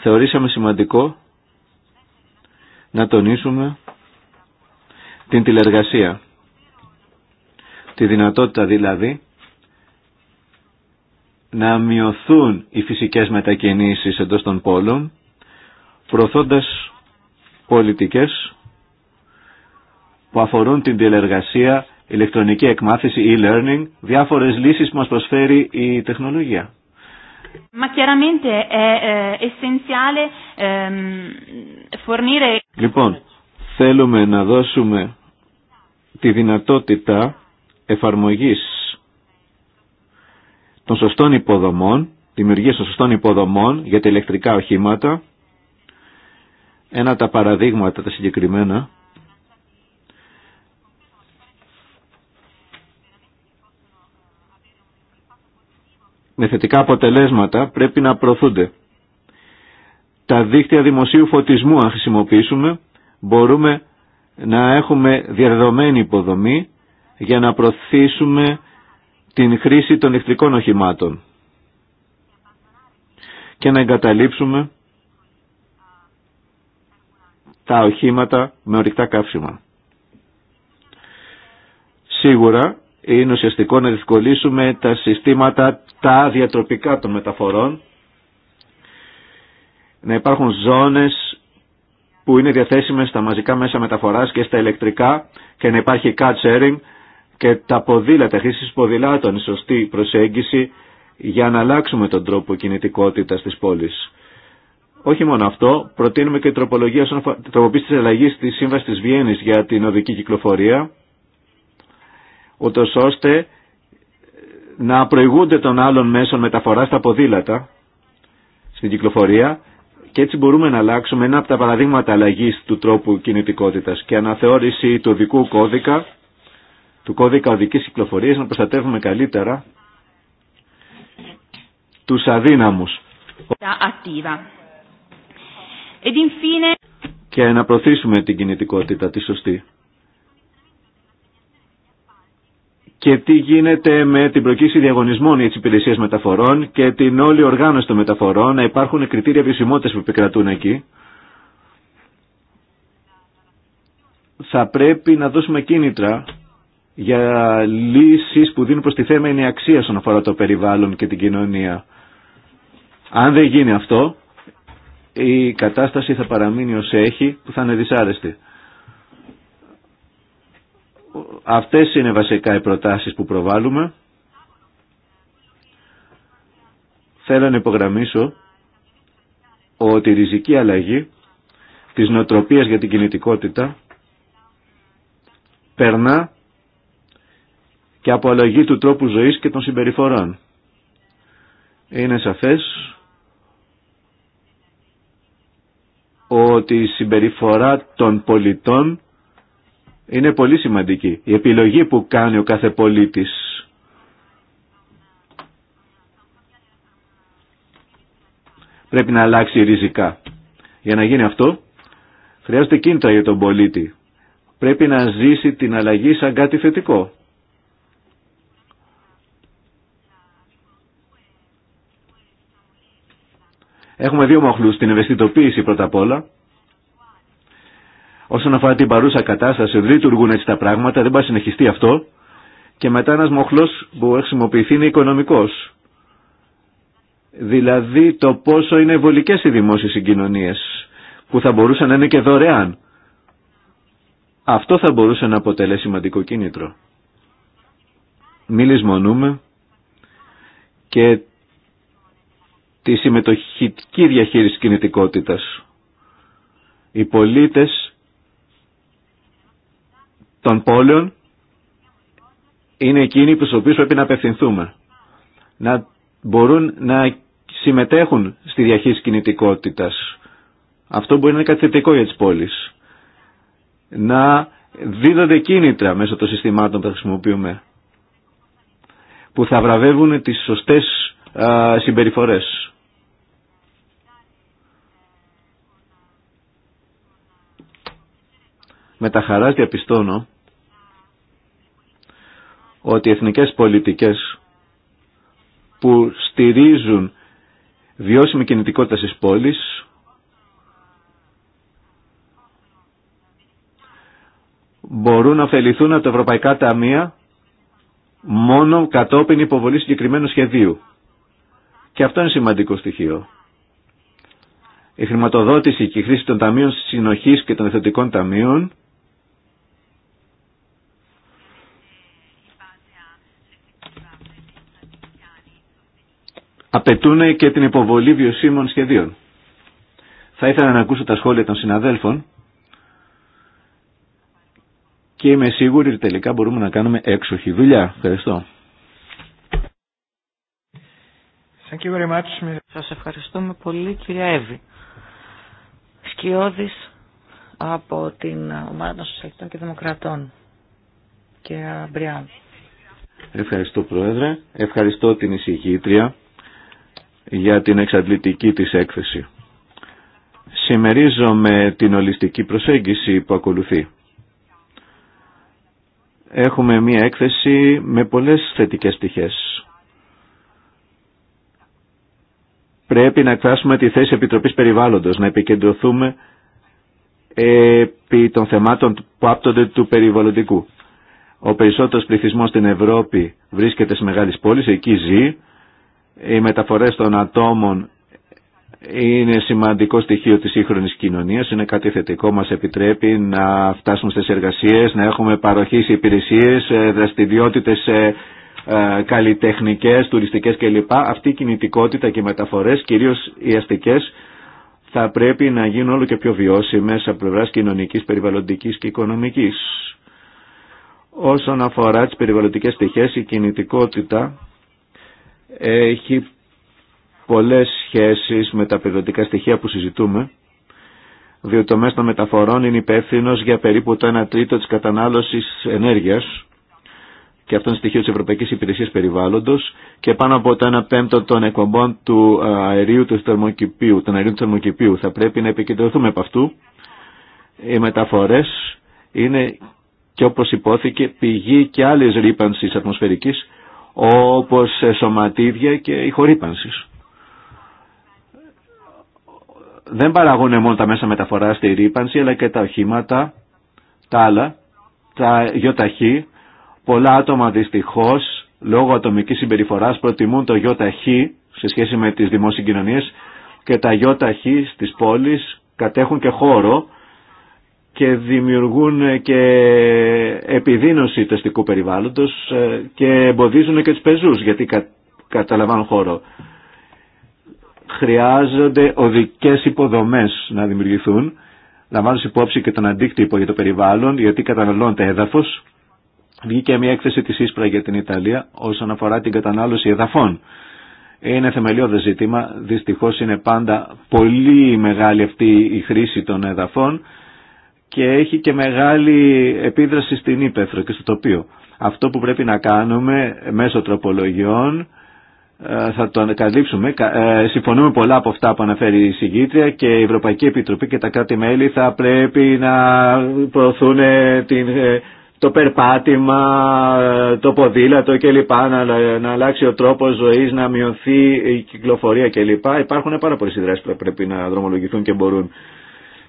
θεωρήσαμε σημαντικό να τονίσουμε την τηλεργασία. Τη δυνατότητα δηλαδή να μειωθούν οι φυσικές μετακινήσεις εντός των πόλων, προωθώντας πολιτικές που αφορούν την τηλεργασία ηλεκτρονική εκμάθηση, e-learning, διάφορες λύσεις που μας προσφέρει η τεχνολογία. Eh, ehm, λοιπόν, θέλουμε να δώσουμε τη δυνατότητα εφαρμογής των σωστών υποδομών, δημιουργίας των σωστών υποδομών για τα ηλεκτρικά οχήματα. Ένα τα παραδείγματα τα συγκεκριμένα με θετικά αποτελέσματα πρέπει να προωθούνται. Τα δίκτυα δημοσίου φωτισμού αν χρησιμοποιήσουμε μπορούμε να έχουμε διαδεδομένη υποδομή για να προωθήσουμε την χρήση των ηλεκτρικών οχημάτων και να εγκαταλείψουμε τα οχήματα με ορυκτά καύσιμα. Σίγουρα είναι ουσιαστικό να δυσκολίσουμε τα συστήματα τα διατροπικά των μεταφορών, να υπάρχουν ζώνες που είναι διαθέσιμες στα μαζικά μέσα μεταφοράς και στα ηλεκτρικά και να υπάρχει car sharing και τα ποδήλατα, χρήση ποδηλάτων, η σωστή προσέγγιση για να αλλάξουμε τον τρόπο κινητικότητας της πόλης. Όχι μόνο αυτό, προτείνουμε και τροπολογία τροποποίηση τη αλλαγή τη Σύμβαση τη Βιέννη για την οδική κυκλοφορία ούτως ώστε να προηγούνται των άλλων μέσων μεταφοράς τα ποδήλατα στην κυκλοφορία και έτσι μπορούμε να αλλάξουμε ένα από τα παραδείγματα αλλαγή του τρόπου κινητικότητας και αναθεώρηση του οδικού κώδικα, του κώδικα οδικής κυκλοφορίας, να προστατεύουμε καλύτερα τους αδύναμους. Και να προωθήσουμε την κινητικότητα τη σωστή. και τι γίνεται με την προκήρυξη διαγωνισμών για τι υπηρεσίε μεταφορών και την όλη οργάνωση των μεταφορών, να υπάρχουν κριτήρια βιωσιμότητα που επικρατούν εκεί. Θα πρέπει να δώσουμε κίνητρα για λύσεις που δίνουν τη η αξία στον αφορά το περιβάλλον και την κοινωνία. Αν δεν γίνει αυτό, η κατάσταση θα παραμείνει ως έχει που θα είναι δυσάρεστη. Αυτές είναι βασικά οι προτάσεις που προβάλλουμε. Θέλω να υπογραμμίσω ότι η ριζική αλλαγή της νοοτροπίας για την κινητικότητα περνά και από αλλαγή του τρόπου ζωής και των συμπεριφορών. Είναι σαφές ότι η συμπεριφορά των πολιτών είναι πολύ σημαντική. Η επιλογή που κάνει ο κάθε πολίτης. Πρέπει να αλλάξει ριζικά. Για να γίνει αυτό, χρειάζεται κίνητρα για τον πολίτη. Πρέπει να ζήσει την αλλαγή σαν κάτι θετικό. Έχουμε δύο μοχλούς, την ευαισθητοποίηση πρώτα απ' όλα, Όσον αφορά την παρούσα κατάσταση, δεν λειτουργούν έτσι τα πράγματα, δεν πάει συνεχιστεί αυτό. Και μετά ένα μοχλό που χρησιμοποιηθεί είναι οικονομικό. Δηλαδή το πόσο είναι βολικές οι δημόσιε συγκοινωνίε, που θα μπορούσαν να είναι και δωρεάν. Αυτό θα μπορούσε να αποτελέσει σημαντικό κίνητρο. Μη λησμονούμε και τη συμμετοχική διαχείριση κινητικότητας. Οι πολίτες των πόλεων είναι εκείνοι προς οποίους πρέπει να απευθυνθούμε. Να μπορούν να συμμετέχουν στη διαχείριση κινητικότητας. Αυτό μπορεί να είναι κάτι θετικό για τις πόλεις. Να δίδονται κίνητρα μέσω των συστημάτων που θα χρησιμοποιούμε που θα βραβεύουν τις σωστές α, συμπεριφορές. Με τα χαρά διαπιστώνω ότι οι εθνικές πολιτικές που στηρίζουν βιώσιμη κινητικότητα στις πόλεις μπορούν να ωφεληθούν από τα ευρωπαϊκά ταμεία μόνο κατόπιν υποβολή συγκεκριμένου σχεδίου. Και αυτό είναι σημαντικό στοιχείο. Η χρηματοδότηση και η χρήση των ταμείων συνοχής και των εθνικών ταμείων απαιτούν και την υποβολή βιωσίμων σχεδίων. Θα ήθελα να ακούσω τα σχόλια των συναδέλφων και είμαι σίγουρη ότι τελικά μπορούμε να κάνουμε έξοχη δουλειά. Ευχαριστώ. Thank Σας ευχαριστούμε πολύ κυρία Εύη. Σκιώδης από την ομάδα των Σοσιαλιστών και Δημοκρατών. και Μπριάν. Ευχαριστώ Πρόεδρε. Ευχαριστώ την εισηγήτρια για την εξαντλητική της έκθεση. Συμμερίζομαι την ολιστική προσέγγιση που ακολουθεί. Έχουμε μία έκθεση με πολλές θετικές πτυχές. Πρέπει να εκφράσουμε τη θέση Επιτροπής Περιβάλλοντος, να επικεντρωθούμε επί των θεμάτων που άπτονται του περιβαλλοντικού. Ο περισσότερος πληθυσμός στην Ευρώπη βρίσκεται σε μεγάλες πόλεις, εκεί ζει, οι μεταφορές των ατόμων είναι σημαντικό στοιχείο της σύγχρονης κοινωνίας, είναι κάτι θετικό, μας επιτρέπει να φτάσουμε στις εργασίες, να έχουμε παροχή σε υπηρεσίες, ε, δραστηριότητες ε, ε, καλλιτεχνικές, τουριστικές κλπ. Αυτή η κινητικότητα και οι μεταφορές, κυρίως οι αστικές, θα πρέπει να γίνουν όλο και πιο βιώσιμες από πλευρά κοινωνικής, περιβαλλοντικής και οικονομικής. Όσον αφορά τις περιβαλλοντικές στοιχές, η κινητικότητα έχει πολλές σχέσεις με τα περιοδικά στοιχεία που συζητούμε, διότι το μέσο των μεταφορών είναι υπεύθυνο για περίπου το 1 τρίτο της κατανάλωσης ενέργειας και αυτό είναι στοιχείο της Ευρωπαϊκής Υπηρεσίας Περιβάλλοντος και πάνω από το 1 πέμπτο των εκπομπών του αερίου του θερμοκηπίου, των αερίων του θερμοκηπίου. Θα πρέπει να επικεντρωθούμε από αυτού. Οι μεταφορές είναι και όπως υπόθηκε πηγή και άλλης ρήπανσης ατμοσφαιρικής όπως σωματίδια και η Δεν παραγούν μόνο τα μέσα μεταφοράς στη ρήπανση, αλλά και τα οχήματα, τα άλλα, τα γιοταχή. Πολλά άτομα δυστυχώς, λόγω ατομικής συμπεριφοράς, προτιμούν το γιοταχή σε σχέση με τις δημόσιες κοινωνίες και τα γιοταχή στις πόλεις κατέχουν και χώρο και δημιουργούν και επιδείνωση τεστικού περιβάλλοντος ε, και εμποδίζουν και τους πεζούς γιατί καταλαμβάνουν χώρο. Χρειάζονται οδικές υποδομές να δημιουργηθούν, λαμβάνοντας υπόψη και τον αντίκτυπο για το περιβάλλον γιατί καταναλώνεται έδαφος. Βγήκε μια έκθεση της Ίσπρα για την Ιταλία όσον αφορά την κατανάλωση εδαφών. Είναι θεμελιώδε ζήτημα, δυστυχώς είναι πάντα πολύ μεγάλη αυτή η χρήση των εδαφών και έχει και μεγάλη επίδραση στην ύπεθρο και στο τοπίο. Αυτό που πρέπει να κάνουμε μέσω τροπολογιών ε, θα το ανακαλύψουμε. Ε, συμφωνούμε πολλά από αυτά που αναφέρει η συγκήτρια και η Ευρωπαϊκή Επιτροπή και τα κράτη-μέλη θα πρέπει να προωθούν ε, το περπάτημα, το ποδήλατο κλπ. Να, να αλλάξει ο τρόπος ζωής, να μειωθεί η κυκλοφορία κλπ. Υπάρχουν πάρα πολλές ιδέες που πρέπει να δρομολογηθούν και μπορούν.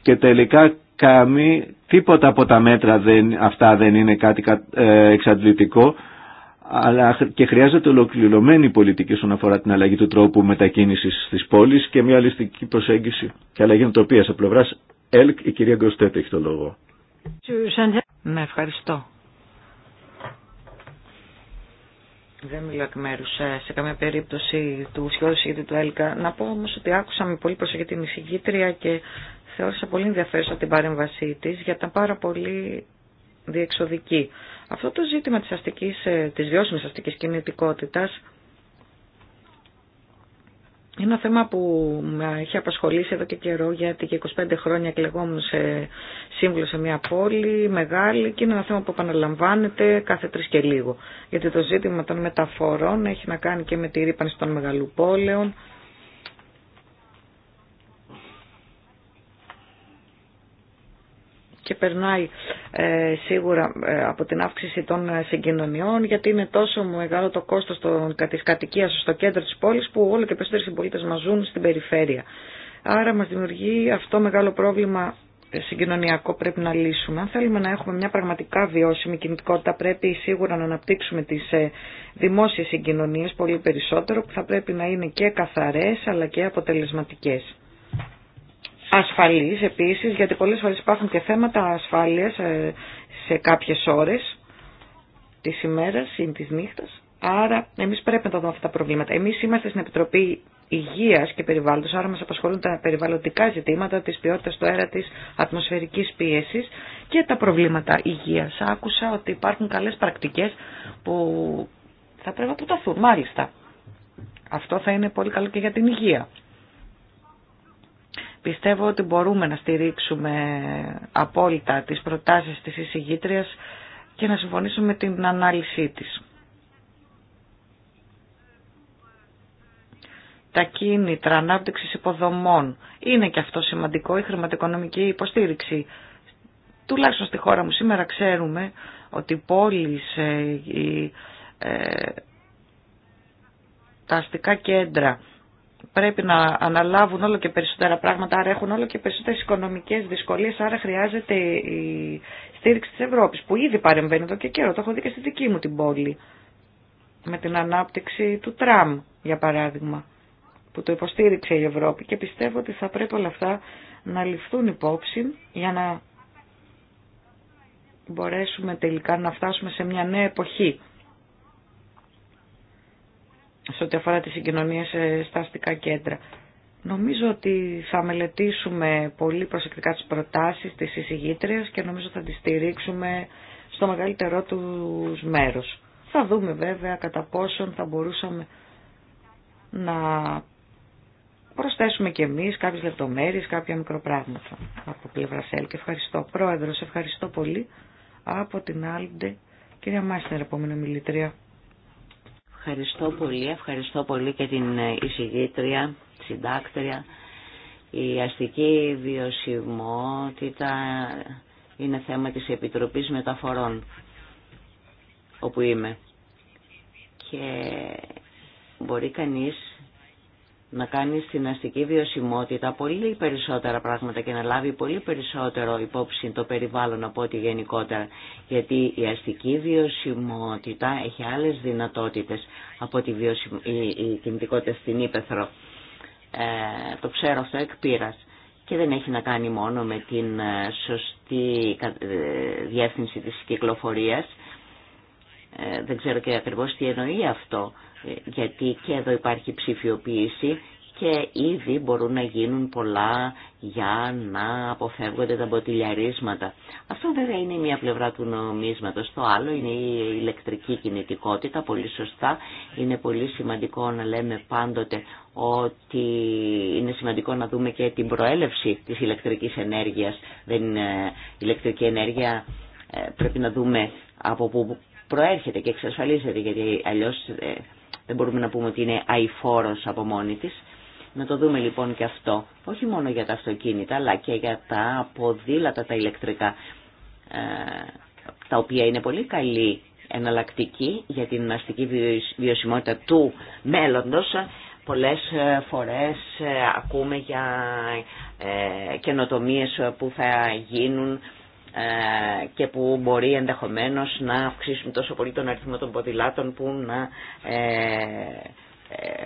Και τελικά καμή, τίποτα από τα μέτρα δεν, αυτά δεν είναι κάτι ε, εξαντλητικό αλλά και χρειάζεται ολοκληρωμένη πολιτική όσον αφορά την αλλαγή του τρόπου μετακίνησης της πόλης και μια ληστική προσέγγιση και αλλαγή νοτοπίας. από πλευράς ΕΛΚ η κυρία Γκροστέτ έχει το λόγο. Ναι, ευχαριστώ. Δεν μιλώ εκ μέρου ε, σε καμία περίπτωση του ουσιώδου του ΕΛΚΑ. Να πω όμω ότι άκουσα με πολύ προσοχή την εισηγήτρια και θεώρησα πολύ ενδιαφέρουσα την παρέμβασή της, γιατί ήταν πάρα πολύ διεξοδική. Αυτό το ζήτημα της, αστικής, ε, της βιώσιμης αστικής κινητικότητας είναι ένα θέμα που με έχει απασχολήσει εδώ και καιρό γιατί και 25 χρόνια εκλεγόμουν σε σύμβουλο σε μια πόλη μεγάλη και είναι ένα θέμα που επαναλαμβάνεται κάθε τρεις και λίγο. Γιατί το ζήτημα των μεταφορών έχει να κάνει και με τη ρήπανση των μεγαλού πόλεων και περνάει ε, σίγουρα ε, από την αύξηση των ε, συγκοινωνιών γιατί είναι τόσο μεγάλο το κόστος της κατοικίας στο κέντρο της πόλης που όλο και περισσότεροι συμπολίτε μας ζουν στην περιφέρεια. Άρα μας δημιουργεί αυτό μεγάλο πρόβλημα συγκοινωνιακό πρέπει να λύσουμε. Αν θέλουμε να έχουμε μια πραγματικά βιώσιμη κινητικότητα πρέπει σίγουρα να αναπτύξουμε τις δημόσιες συγκοινωνίες πολύ περισσότερο που θα πρέπει να είναι και καθαρές αλλά και αποτελεσματικές ασφαλής επίσης, γιατί πολλές φορές υπάρχουν και θέματα ασφάλειας ε, σε κάποιες ώρες της ημέρας ή της νύχτας. Άρα εμείς πρέπει να τα δούμε αυτά τα προβλήματα. Εμείς είμαστε στην Επιτροπή Υγείας και Περιβάλλοντος, άρα μας απασχολούν τα περιβαλλοντικά ζητήματα της ποιότητας του αέρα, της ατμοσφαιρικής πίεσης και τα προβλήματα υγείας. Άκουσα ότι υπάρχουν καλές πρακτικές που θα πρέπει να προταθούν, μάλιστα. Αυτό θα είναι πολύ καλό και για την υγεία Πιστεύω ότι μπορούμε να στηρίξουμε απόλυτα τις προτάσεις της εισηγήτριας και να συμφωνήσουμε με την ανάλυση της. Τα κίνητρα ανάπτυξη υποδομών είναι και αυτό σημαντικό, η χρηματοοικονομική υποστήριξη. Τουλάχιστον στη χώρα μου σήμερα ξέρουμε ότι ε, οι πόλεις, τα αστικά κέντρα πρέπει να αναλάβουν όλο και περισσότερα πράγματα, άρα έχουν όλο και περισσότερες οικονομικές δυσκολίες, άρα χρειάζεται η στήριξη της Ευρώπης, που ήδη παρεμβαίνει εδώ και καιρό, το έχω δει και στη δική μου την πόλη, με την ανάπτυξη του τραμ, για παράδειγμα, που το υποστήριξε η Ευρώπη και πιστεύω ότι θα πρέπει όλα αυτά να ληφθούν υπόψη για να μπορέσουμε τελικά να φτάσουμε σε μια νέα εποχή σε ό,τι αφορά τη συγκοινωνία στα αστικά κέντρα. Νομίζω ότι θα μελετήσουμε πολύ προσεκτικά τις προτάσεις της εισηγήτριας και νομίζω θα τις στηρίξουμε στο μεγαλύτερό τους μέρος. Θα δούμε βέβαια κατά πόσον θα μπορούσαμε να προσθέσουμε και εμείς κάποιες λεπτομέρειες, κάποια μικροπράγματα από πλευρά ΣΕΛ. ευχαριστώ πρόεδρος, ευχαριστώ πολύ από την Άλντε. Κυρία Μάστερ, επόμενη μιλητρία. Ευχαριστώ πολύ, ευχαριστώ πολύ και την εισηγήτρια, συντάκτρια. Η αστική βιωσιμότητα είναι θέμα της Επιτροπής Μεταφορών, όπου είμαι. Και μπορεί κανείς να κάνει στην αστική βιωσιμότητα πολύ περισσότερα πράγματα και να λάβει πολύ περισσότερο υπόψη το περιβάλλον από ό,τι γενικότερα. Γιατί η αστική βιωσιμότητα έχει άλλες δυνατότητες από τη βιωσιμ... η... κινητικότητα στην ύπεθρο. Ε, το ξέρω αυτό εκ Και δεν έχει να κάνει μόνο με την ε, σωστή ε, διεύθυνση της κυκλοφορίας. δεν ξέρω και ακριβώς τι εννοεί αυτό γιατί και εδώ υπάρχει ψηφιοποίηση και ήδη μπορούν να γίνουν πολλά για να αποφεύγονται τα μποτιλιαρίσματα. Αυτό βέβαια είναι μια πλευρά του νομίσματος. Το άλλο είναι η ηλεκτρική κινητικότητα, πολύ σωστά. Είναι πολύ σημαντικό να λέμε πάντοτε ότι είναι σημαντικό να δούμε και την προέλευση της ηλεκτρικής ενέργειας. Δεν είναι ηλεκτρική ενέργεια, ε, πρέπει να δούμε από πού προέρχεται και εξασφαλίζεται, γιατί αλλιώς ε, δεν μπορούμε να πούμε ότι είναι αηφόρος από μόνη της. Να το δούμε λοιπόν και αυτό, όχι μόνο για τα αυτοκίνητα, αλλά και για τα ποδήλατα τα ηλεκτρικά, ε, τα οποία είναι πολύ καλή εναλλακτική για την αστική βιωσιμότητα του μέλλοντος. Πολλές ε, φορές ε, ακούμε για καινοτομίες που θα γίνουν ε, και που μπορεί ενδεχομένως να αυξήσουν τόσο πολύ τον αριθμό των ποδηλάτων που να ε, ε,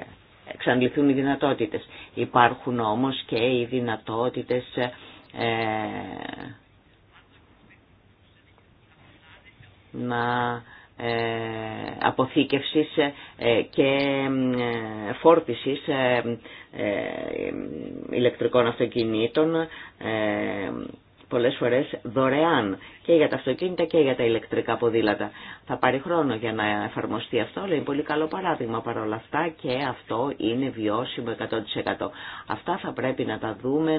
εξαντληθούν οι δυνατότητες. Υπάρχουν όμως και οι δυνατότητες να αποθήκευσης και φόρτισης ηλεκτρικών αυτοκινήτων πολλές φορές δωρεάν και για τα αυτοκίνητα και για τα ηλεκτρικά ποδήλατα. Θα πάρει χρόνο για να εφαρμοστεί αυτό, αλλά είναι πολύ καλό παράδειγμα παρόλα αυτά και αυτό είναι βιώσιμο 100%. Αυτά θα πρέπει να τα δούμε,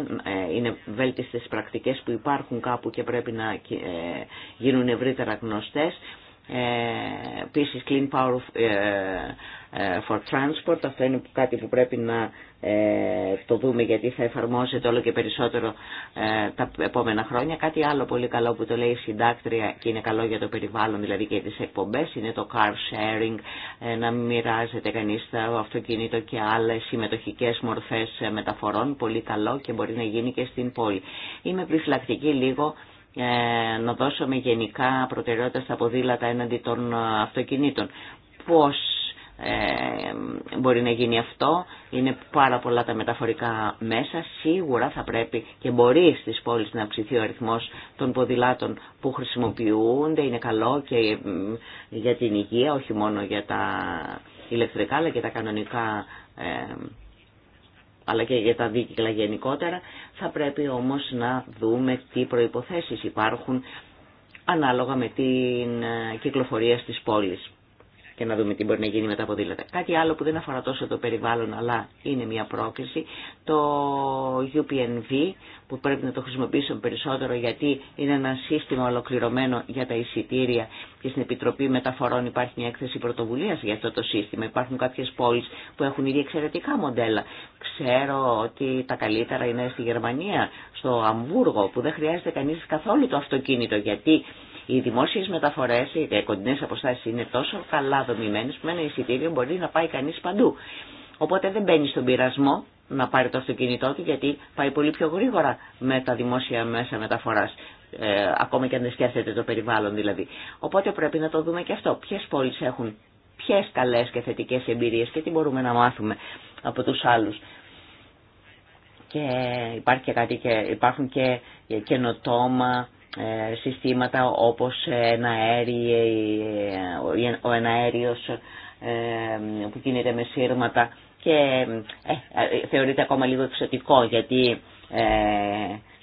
ε, είναι βέλτιστες πρακτικές που υπάρχουν κάπου και πρέπει να ε, γίνουν ευρύτερα γνωστές. Ε, επίσης Clean Power ε, ε, for Transport, αυτό είναι κάτι που πρέπει να το δούμε γιατί θα εφαρμόζεται όλο και περισσότερο τα επόμενα χρόνια. Κάτι άλλο πολύ καλό που το λέει η συντάκτρια και είναι καλό για το περιβάλλον, δηλαδή και τις εκπομπές, είναι το car sharing, να μοιράζεται κανείς το αυτοκίνητο και άλλες συμμετοχικές μορφές μεταφορών, πολύ καλό και μπορεί να γίνει και στην πόλη. Είμαι επιφυλακτική λίγο ε, να δώσουμε γενικά προτεραιότητα στα ποδήλατα έναντι των ε, αυτοκινήτων. Πώς ε, μπορεί να γίνει αυτό, είναι πάρα πολλά τα μεταφορικά μέσα, σίγουρα θα πρέπει και μπορεί στις πόλεις να αυξηθεί ο αριθμός των ποδηλάτων που χρησιμοποιούνται, είναι καλό και για την υγεία, όχι μόνο για τα ηλεκτρικά αλλά και τα κανονικά αλλά και για τα δίκυκλα γενικότερα, θα πρέπει όμως να δούμε τι προϋποθέσεις υπάρχουν ανάλογα με την ε, κυκλοφορία στις πόλεις και να δούμε τι μπορεί να γίνει με τα ποδήλατα. Κάτι άλλο που δεν αφορά τόσο το περιβάλλον αλλά είναι μια πρόκληση, το UPNV που πρέπει να το χρησιμοποιήσουμε περισσότερο γιατί είναι ένα σύστημα ολοκληρωμένο για τα εισιτήρια και στην Επιτροπή Μεταφορών υπάρχει μια έκθεση πρωτοβουλία για αυτό το σύστημα. Υπάρχουν κάποιε πόλει που έχουν ήδη εξαιρετικά μοντέλα. Ξέρω ότι τα καλύτερα είναι στη Γερμανία, στο Αμβούργο, που δεν χρειάζεται κανεί καθόλου το αυτοκίνητο γιατί οι δημόσιε μεταφορέ, οι κοντινέ αποστάσεις είναι τόσο καλά δομημένες που με ένα εισιτήριο μπορεί να πάει κανεί παντού. Οπότε δεν μπαίνει στον πειρασμό να πάρει το αυτοκίνητό του γιατί πάει πολύ πιο γρήγορα με τα δημόσια μέσα μεταφορά, ε, ακόμα και αν δεν σκέφτεται το περιβάλλον δηλαδή. Οπότε πρέπει να το δούμε και αυτό. Ποιε πόλει έχουν ποιε καλέ και θετικέ εμπειρίες και τι μπορούμε να μάθουμε από του άλλου. Και, υπάρχει κάτι και υπάρχουν και καινοτόμα ε, συστήματα όπως ένα ε, ο εναέριος ε, που κινείται με σύρματα και ε, θεωρείται ακόμα λίγο εξωτικό γιατί ε,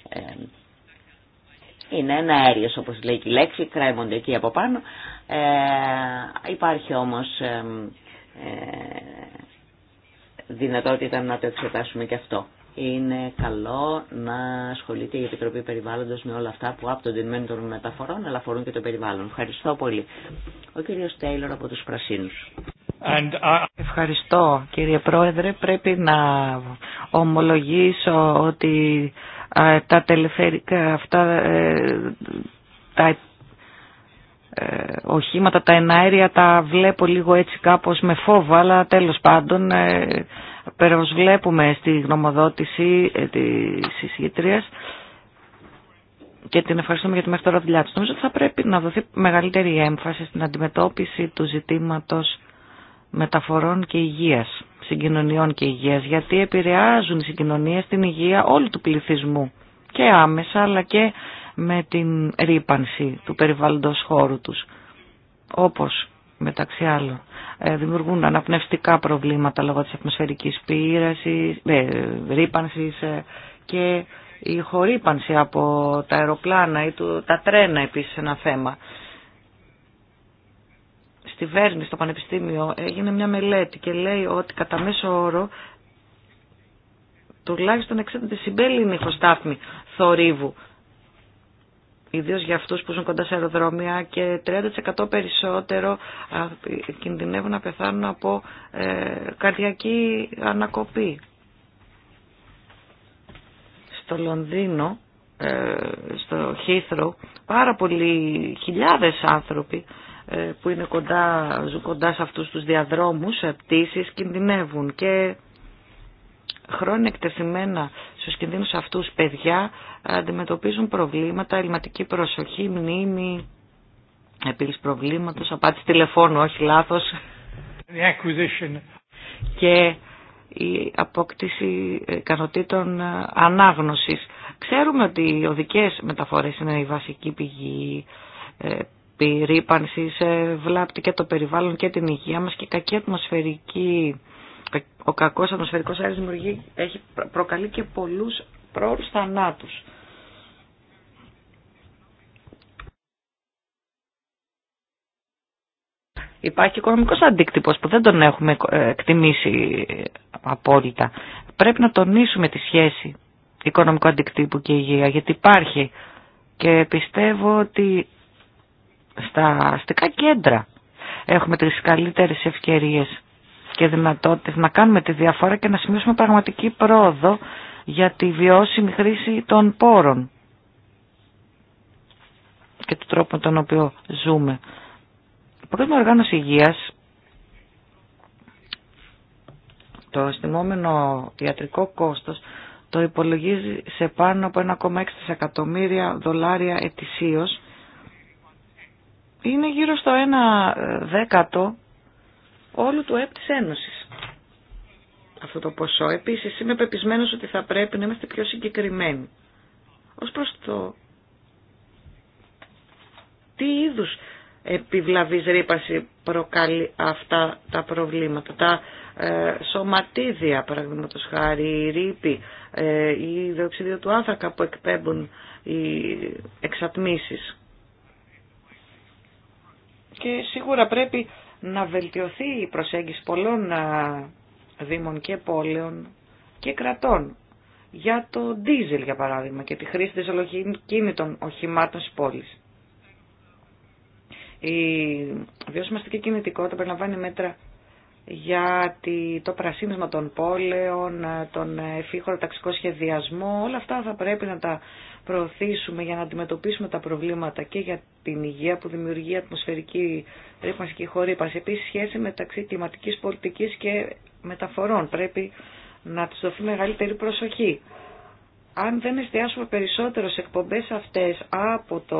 ε, είναι ένα αέριος όπως λέει και η λέξη, κρέμονται εκεί από πάνω. υπάρχει όμως δυνατότητα να το εξετάσουμε και αυτό είναι καλό να ασχολείται η Επιτροπή Περιβάλλοντος με όλα αυτά που άπτονται μεν των μεταφορών αλλά αφορούν και το περιβάλλον. Ευχαριστώ πολύ. Ο κύριος Τέιλορ από τους Πρασίνους. Ευχαριστώ κύριε Πρόεδρε. Πρέπει να ομολογήσω ότι ε, τα τελευταία, αυτά ε, τα ε, οχήματα, τα εναέρια τα βλέπω λίγο έτσι κάπως με φόβο αλλά τέλος πάντων Προσβλέπουμε στη γνωμοδότηση ε, της εισηγητρίας και την ευχαριστούμε για τη μέχρι τώρα δουλειά της. Νομίζω ότι θα πρέπει να δοθεί μεγαλύτερη έμφαση στην αντιμετώπιση του ζητήματος μεταφορών και υγείας, συγκοινωνιών και υγείας, γιατί επηρεάζουν οι συγκοινωνίες την υγεία όλου του πληθυσμού και άμεσα αλλά και με την ρήπανση του περιβαλλοντος χώρου τους, όπως μεταξύ άλλων ε, δημιουργούν αναπνευστικά προβλήματα λόγω της ατμοσφαιρικής πύρασης, ε, ρήπανσης ε, και η χορύπανση από τα αεροπλάνα ή τα τρένα επίσης ένα θέμα. Στη Βέρνη, στο Πανεπιστήμιο, έγινε μια μελέτη και λέει ότι κατά μέσο όρο τουλάχιστον 60 δεσιμπέλ είναι η χωστάθμη λεει οτι κατα μεσο ορο τουλαχιστον 60 συμπέλη ειναι η θορυβου ιδίως για αυτούς που ζουν κοντά σε αεροδρόμια και 30% περισσότερο κινδυνεύουν να πεθάνουν από ε, καρδιακή ανακοπή. Στο Λονδίνο, ε, στο Χίθρο, πάρα πολλοί χιλιάδες άνθρωποι ε, που είναι κοντά, ζουν κοντά σε αυτούς τους διαδρόμους, πτήσεις, κινδυνεύουν και χρόνια εκτεθειμένα στους κινδύνους αυτούς παιδιά αντιμετωπίζουν προβλήματα, ελληματική προσοχή, μνήμη, επίλυση προβλήματος, απάτη τηλεφώνου, όχι λάθος. και η απόκτηση ικανοτήτων ε, ανάγνωσης. Ξέρουμε ότι οι οδικές μεταφορές είναι η βασική πηγή ε, πυρήπανσης, ε, βλάπτει και το περιβάλλον και την υγεία μας και κακή ατμοσφαιρική ο κακός ατμοσφαιρικός αέρας δημιουργεί, έχει προκαλεί και πολλούς πρόωρους θανάτους. Υπάρχει οικονομικός αντίκτυπος που δεν τον έχουμε ε, εκτιμήσει απόλυτα. Πρέπει να τονίσουμε τη σχέση οικονομικού αντικτύπου και υγεία, γιατί υπάρχει και πιστεύω ότι στα αστικά κέντρα έχουμε τις καλύτερες ευκαιρίες και δυνατότητες να κάνουμε τη διαφορά και να σημειώσουμε πραγματική πρόοδο για τη βιώσιμη χρήση των πόρων και του τρόπου με τον οποίο ζούμε. Η Παγκόσμια Οργάνωση Υγείας, το αισθημόμενο ιατρικό κόστος, το υπολογίζει σε πάνω από 1,6 δισεκατομμύρια δολάρια ετησίως. Είναι γύρω στο 1 δέκατο όλου του ΕΠ της Ένωσης. Αυτό το ποσό. Επίσης είμαι πεπισμένος ότι θα πρέπει να είμαστε πιο συγκεκριμένοι. Ως προς το τι είδους επιβλαβής ρήπαση προκαλεί αυτά τα προβλήματα. Τα ε, σωματίδια, παραδείγματο χάρη, η ρήπη, ε, η διοξυδία του άνθρακα που εκπέμπουν οι εξατμίσεις. Και σίγουρα πρέπει να βελτιωθεί η προσέγγιση πολλών δήμων και πόλεων και κρατών για το ντίζελ για παράδειγμα και τη χρήση της ολοκίνητων οχημάτων στις πόλεις. Η βιωσιμαστική κινητικότητα περιλαμβάνει μέτρα για το πρασίνισμα των πόλεων, τον εφήχορο ταξικό σχεδιασμό, όλα αυτά θα πρέπει να τα προωθήσουμε για να αντιμετωπίσουμε τα προβλήματα και για την υγεία που δημιουργεί η ατμοσφαιρική ρήπανση και η χορύπανση. Επίσης, σχέση μεταξύ κλιματικής πολιτικής και μεταφορών. Πρέπει να τους δοθεί μεγαλύτερη προσοχή. Αν δεν εστιάσουμε περισσότερο σε εκπομπές αυτές από το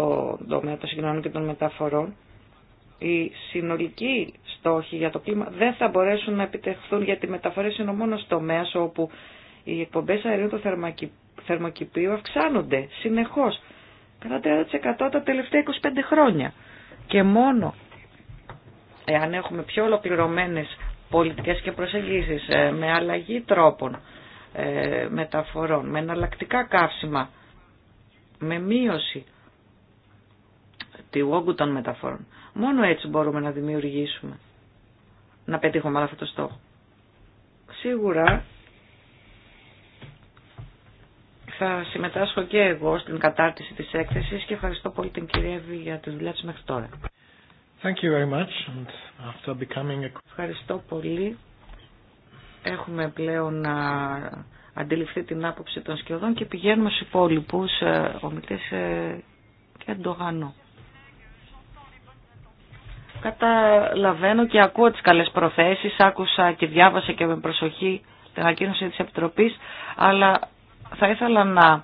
τομέα των συγκοινωνών και των μεταφορών, οι συνολικοί στόχοι για το κλίμα δεν θα μπορέσουν να επιτευχθούν γιατί οι μεταφορές είναι ο μόνος τομέας όπου οι εκπομπές αερίου των θερμοκηπίου αυξάνονται συνεχώς κατά 30% τα τελευταία 25 χρόνια. Και μόνο εάν έχουμε πιο ολοκληρωμένες πολιτικές και προσεγγίσεις ε, με αλλαγή τρόπων ε, μεταφορών, με εναλλακτικά καύσιμα, με μείωση του όγκου των μεταφορών. Μόνο έτσι μπορούμε να δημιουργήσουμε, να πετύχουμε αυτό το στόχο. Σίγουρα θα συμμετάσχω και εγώ στην κατάρτιση της έκθεσης και ευχαριστώ πολύ την κυρία Εύη για τη δουλειά της μέχρι τώρα. Thank you very much. And after becoming a... Ευχαριστώ πολύ. Έχουμε πλέον να αντιληφθεί την άποψη των σκιωδών και πηγαίνουμε στους υπόλοιπους ε, ομιλητές ε, και αντογανώ. Καταλαβαίνω και ακούω τις καλές προθέσεις, άκουσα και διάβασα και με προσοχή την ανακοίνωση της Επιτροπής, αλλά θα ήθελα να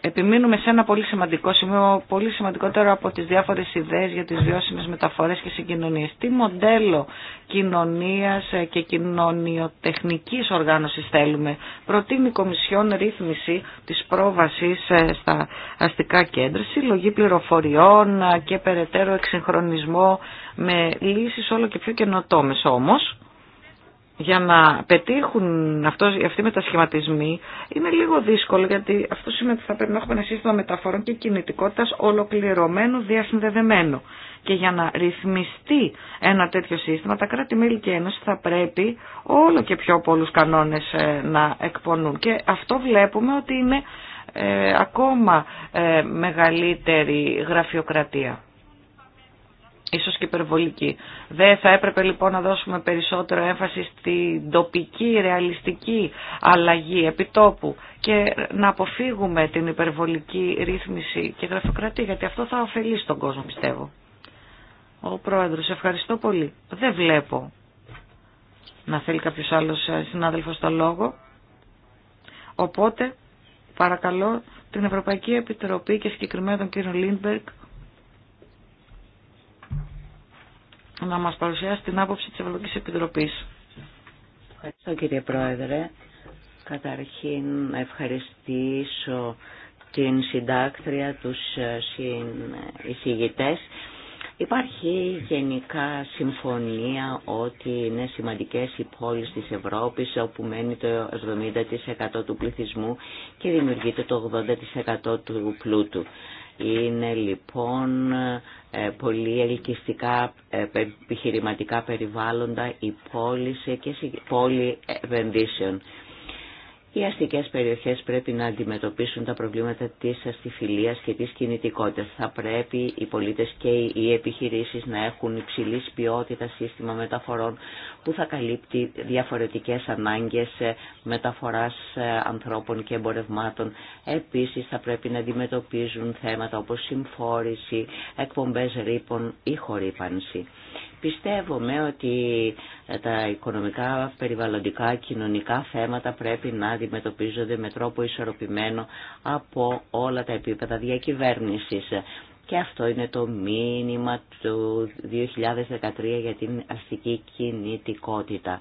επιμείνουμε σε ένα πολύ σημαντικό σημείο, πολύ σημαντικότερο από τις διάφορες ιδέες για τις βιώσιμε μεταφορές και συγκοινωνίες. Τι μοντέλο κοινωνίας και κοινωνιοτεχνικής οργάνωσης θέλουμε. Προτείνει η Κομισιόν ρύθμιση της πρόβασης ε, στα αστικά κέντρα, συλλογή πληροφοριών ε, και περαιτέρω εξυγχρονισμό με λύσεις όλο και πιο καινοτόμες όμως για να πετύχουν αυτοί οι μετασχηματισμοί είναι λίγο δύσκολο γιατί αυτό σημαίνει ότι θα πρέπει να έχουμε ένα σύστημα μεταφορών και κινητικότητας ολοκληρωμένο, διασυνδεδεμένο. Και για να ρυθμιστεί ένα τέτοιο σύστημα, τα κράτη-μέλη και ένωση θα πρέπει όλο και πιο πολλούς κανόνες ε, να εκπονούν. Και αυτό βλέπουμε ότι είναι ε, ακόμα ε, μεγαλύτερη γραφειοκρατία ίσως και υπερβολική. Δεν θα έπρεπε λοιπόν να δώσουμε περισσότερο έμφαση στην τοπική, ρεαλιστική αλλαγή επιτόπου και να αποφύγουμε την υπερβολική ρύθμιση και γραφειοκρατή γιατί αυτό θα ωφελεί τον κόσμο πιστεύω. Ο Πρόεδρος, ευχαριστώ πολύ. Δεν βλέπω να θέλει κάποιος άλλος ε, συνάδελφο το λόγο. Οπότε, παρακαλώ την Ευρωπαϊκή Επιτροπή και συγκεκριμένα τον κύριο Λίντμπεργκ να μας παρουσιάσει την άποψη της Ευρωπαϊκής Επιτροπής. Ευχαριστώ κύριε Πρόεδρε. Καταρχήν ευχαριστήσω την συντάκτρια, τους ε, εισηγητές. Υπάρχει γενικά συμφωνία ότι είναι σημαντικές οι πόλεις της Ευρώπης όπου μένει το 70% του πληθυσμού και δημιουργείται το 80% του πλούτου. Είναι λοιπόν ε, πολύ ελκυστικά ε, επιχειρηματικά περιβάλλοντα η πώληση και η πόλη επενδύσεων. Οι αστικές περιοχές πρέπει να αντιμετωπίσουν τα προβλήματα της αστιφιλίας και της κινητικότητας. Θα πρέπει οι πολίτες και οι επιχειρήσεις να έχουν υψηλή ποιότητα σύστημα μεταφορών που θα καλύπτει διαφορετικές ανάγκες μεταφοράς ε, ανθρώπων και εμπορευμάτων. Επίσης θα πρέπει να αντιμετωπίζουν θέματα όπως συμφόρηση, εκπομπές ρήπων ή χορύπανση. Πιστεύουμε ότι ε, τα οικονομικά, περιβαλλοντικά, κοινωνικά θέματα πρέπει να αντιμετωπίζονται με τρόπο ισορροπημένο από όλα τα επίπεδα διακυβέρνησης. Και αυτό είναι το μήνυμα του 2013 για την αστική κινητικότητα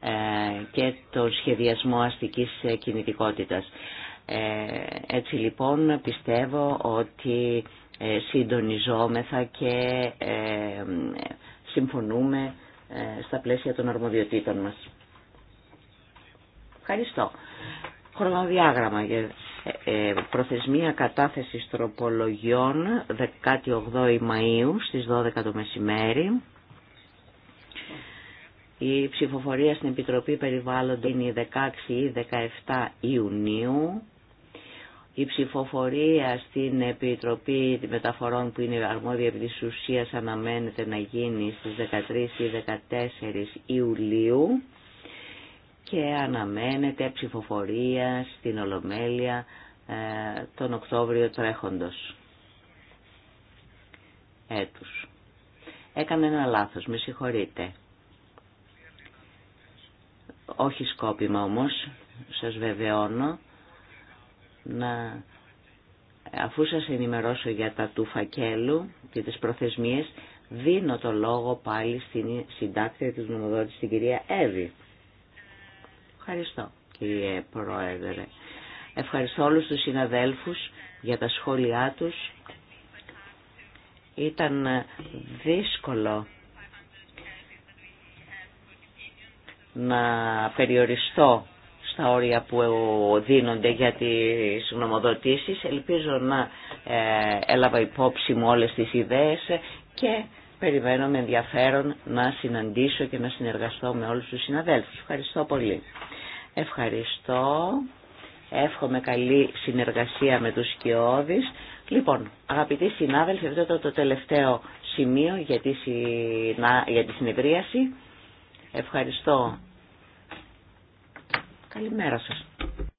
ε, και το σχεδιασμό αστικής κινητικότητας. Ε, έτσι λοιπόν πιστεύω ότι ε, συντονιζόμεθα και συμφωνούμε στα πλαίσια των αρμοδιοτήτων μας. Ευχαριστώ. Χρονοδιάγραμμα για ε, ε, προθεσμία κατάθεσης τροπολογιών 18 Μαΐου στις 12 το μεσημέρι. Η ψηφοφορία στην Επιτροπή Περιβάλλοντο είναι 16 ή 17 Ιουνίου. Η ψηφοφορία στην Επιτροπή Μεταφορών που είναι αρμόδια επί της ουσίας αναμένεται να γίνει στις 13 ή 14 Ιουλίου και αναμένεται ψηφοφορία στην Ολομέλεια ε, τον Οκτώβριο τρέχοντος έτους. Έκανα ένα λάθος, με συγχωρείτε. Όχι σκόπιμα όμως, σας βεβαιώνω, να, αφού σας ενημερώσω για τα του φακέλου και τις προθεσμίες, δίνω το λόγο πάλι στην συντάκτρια της νομοδότης, την κυρία Εύη. Ευχαριστώ κύριε Πρόεδρε. Ευχαριστώ όλους τους συναδέλφους για τα σχόλιά τους. Ήταν δύσκολο να περιοριστώ στα όρια που δίνονται για τις γνωμοδοτήσεις. Ελπίζω να ε, έλαβα υπόψη μου όλες τις ιδέες και περιμένω με ενδιαφέρον να συναντήσω και να συνεργαστώ με όλους τους συναδέλφους. Ευχαριστώ πολύ. Ευχαριστώ. Εύχομαι καλή συνεργασία με τους σκιώδεις. Λοιπόν, αγαπητοί συνάδελφοι, αυτό το, το τελευταίο σημείο για τη, συνα... για τη συνεδρίαση. Ευχαριστώ. Καλημέρα σας.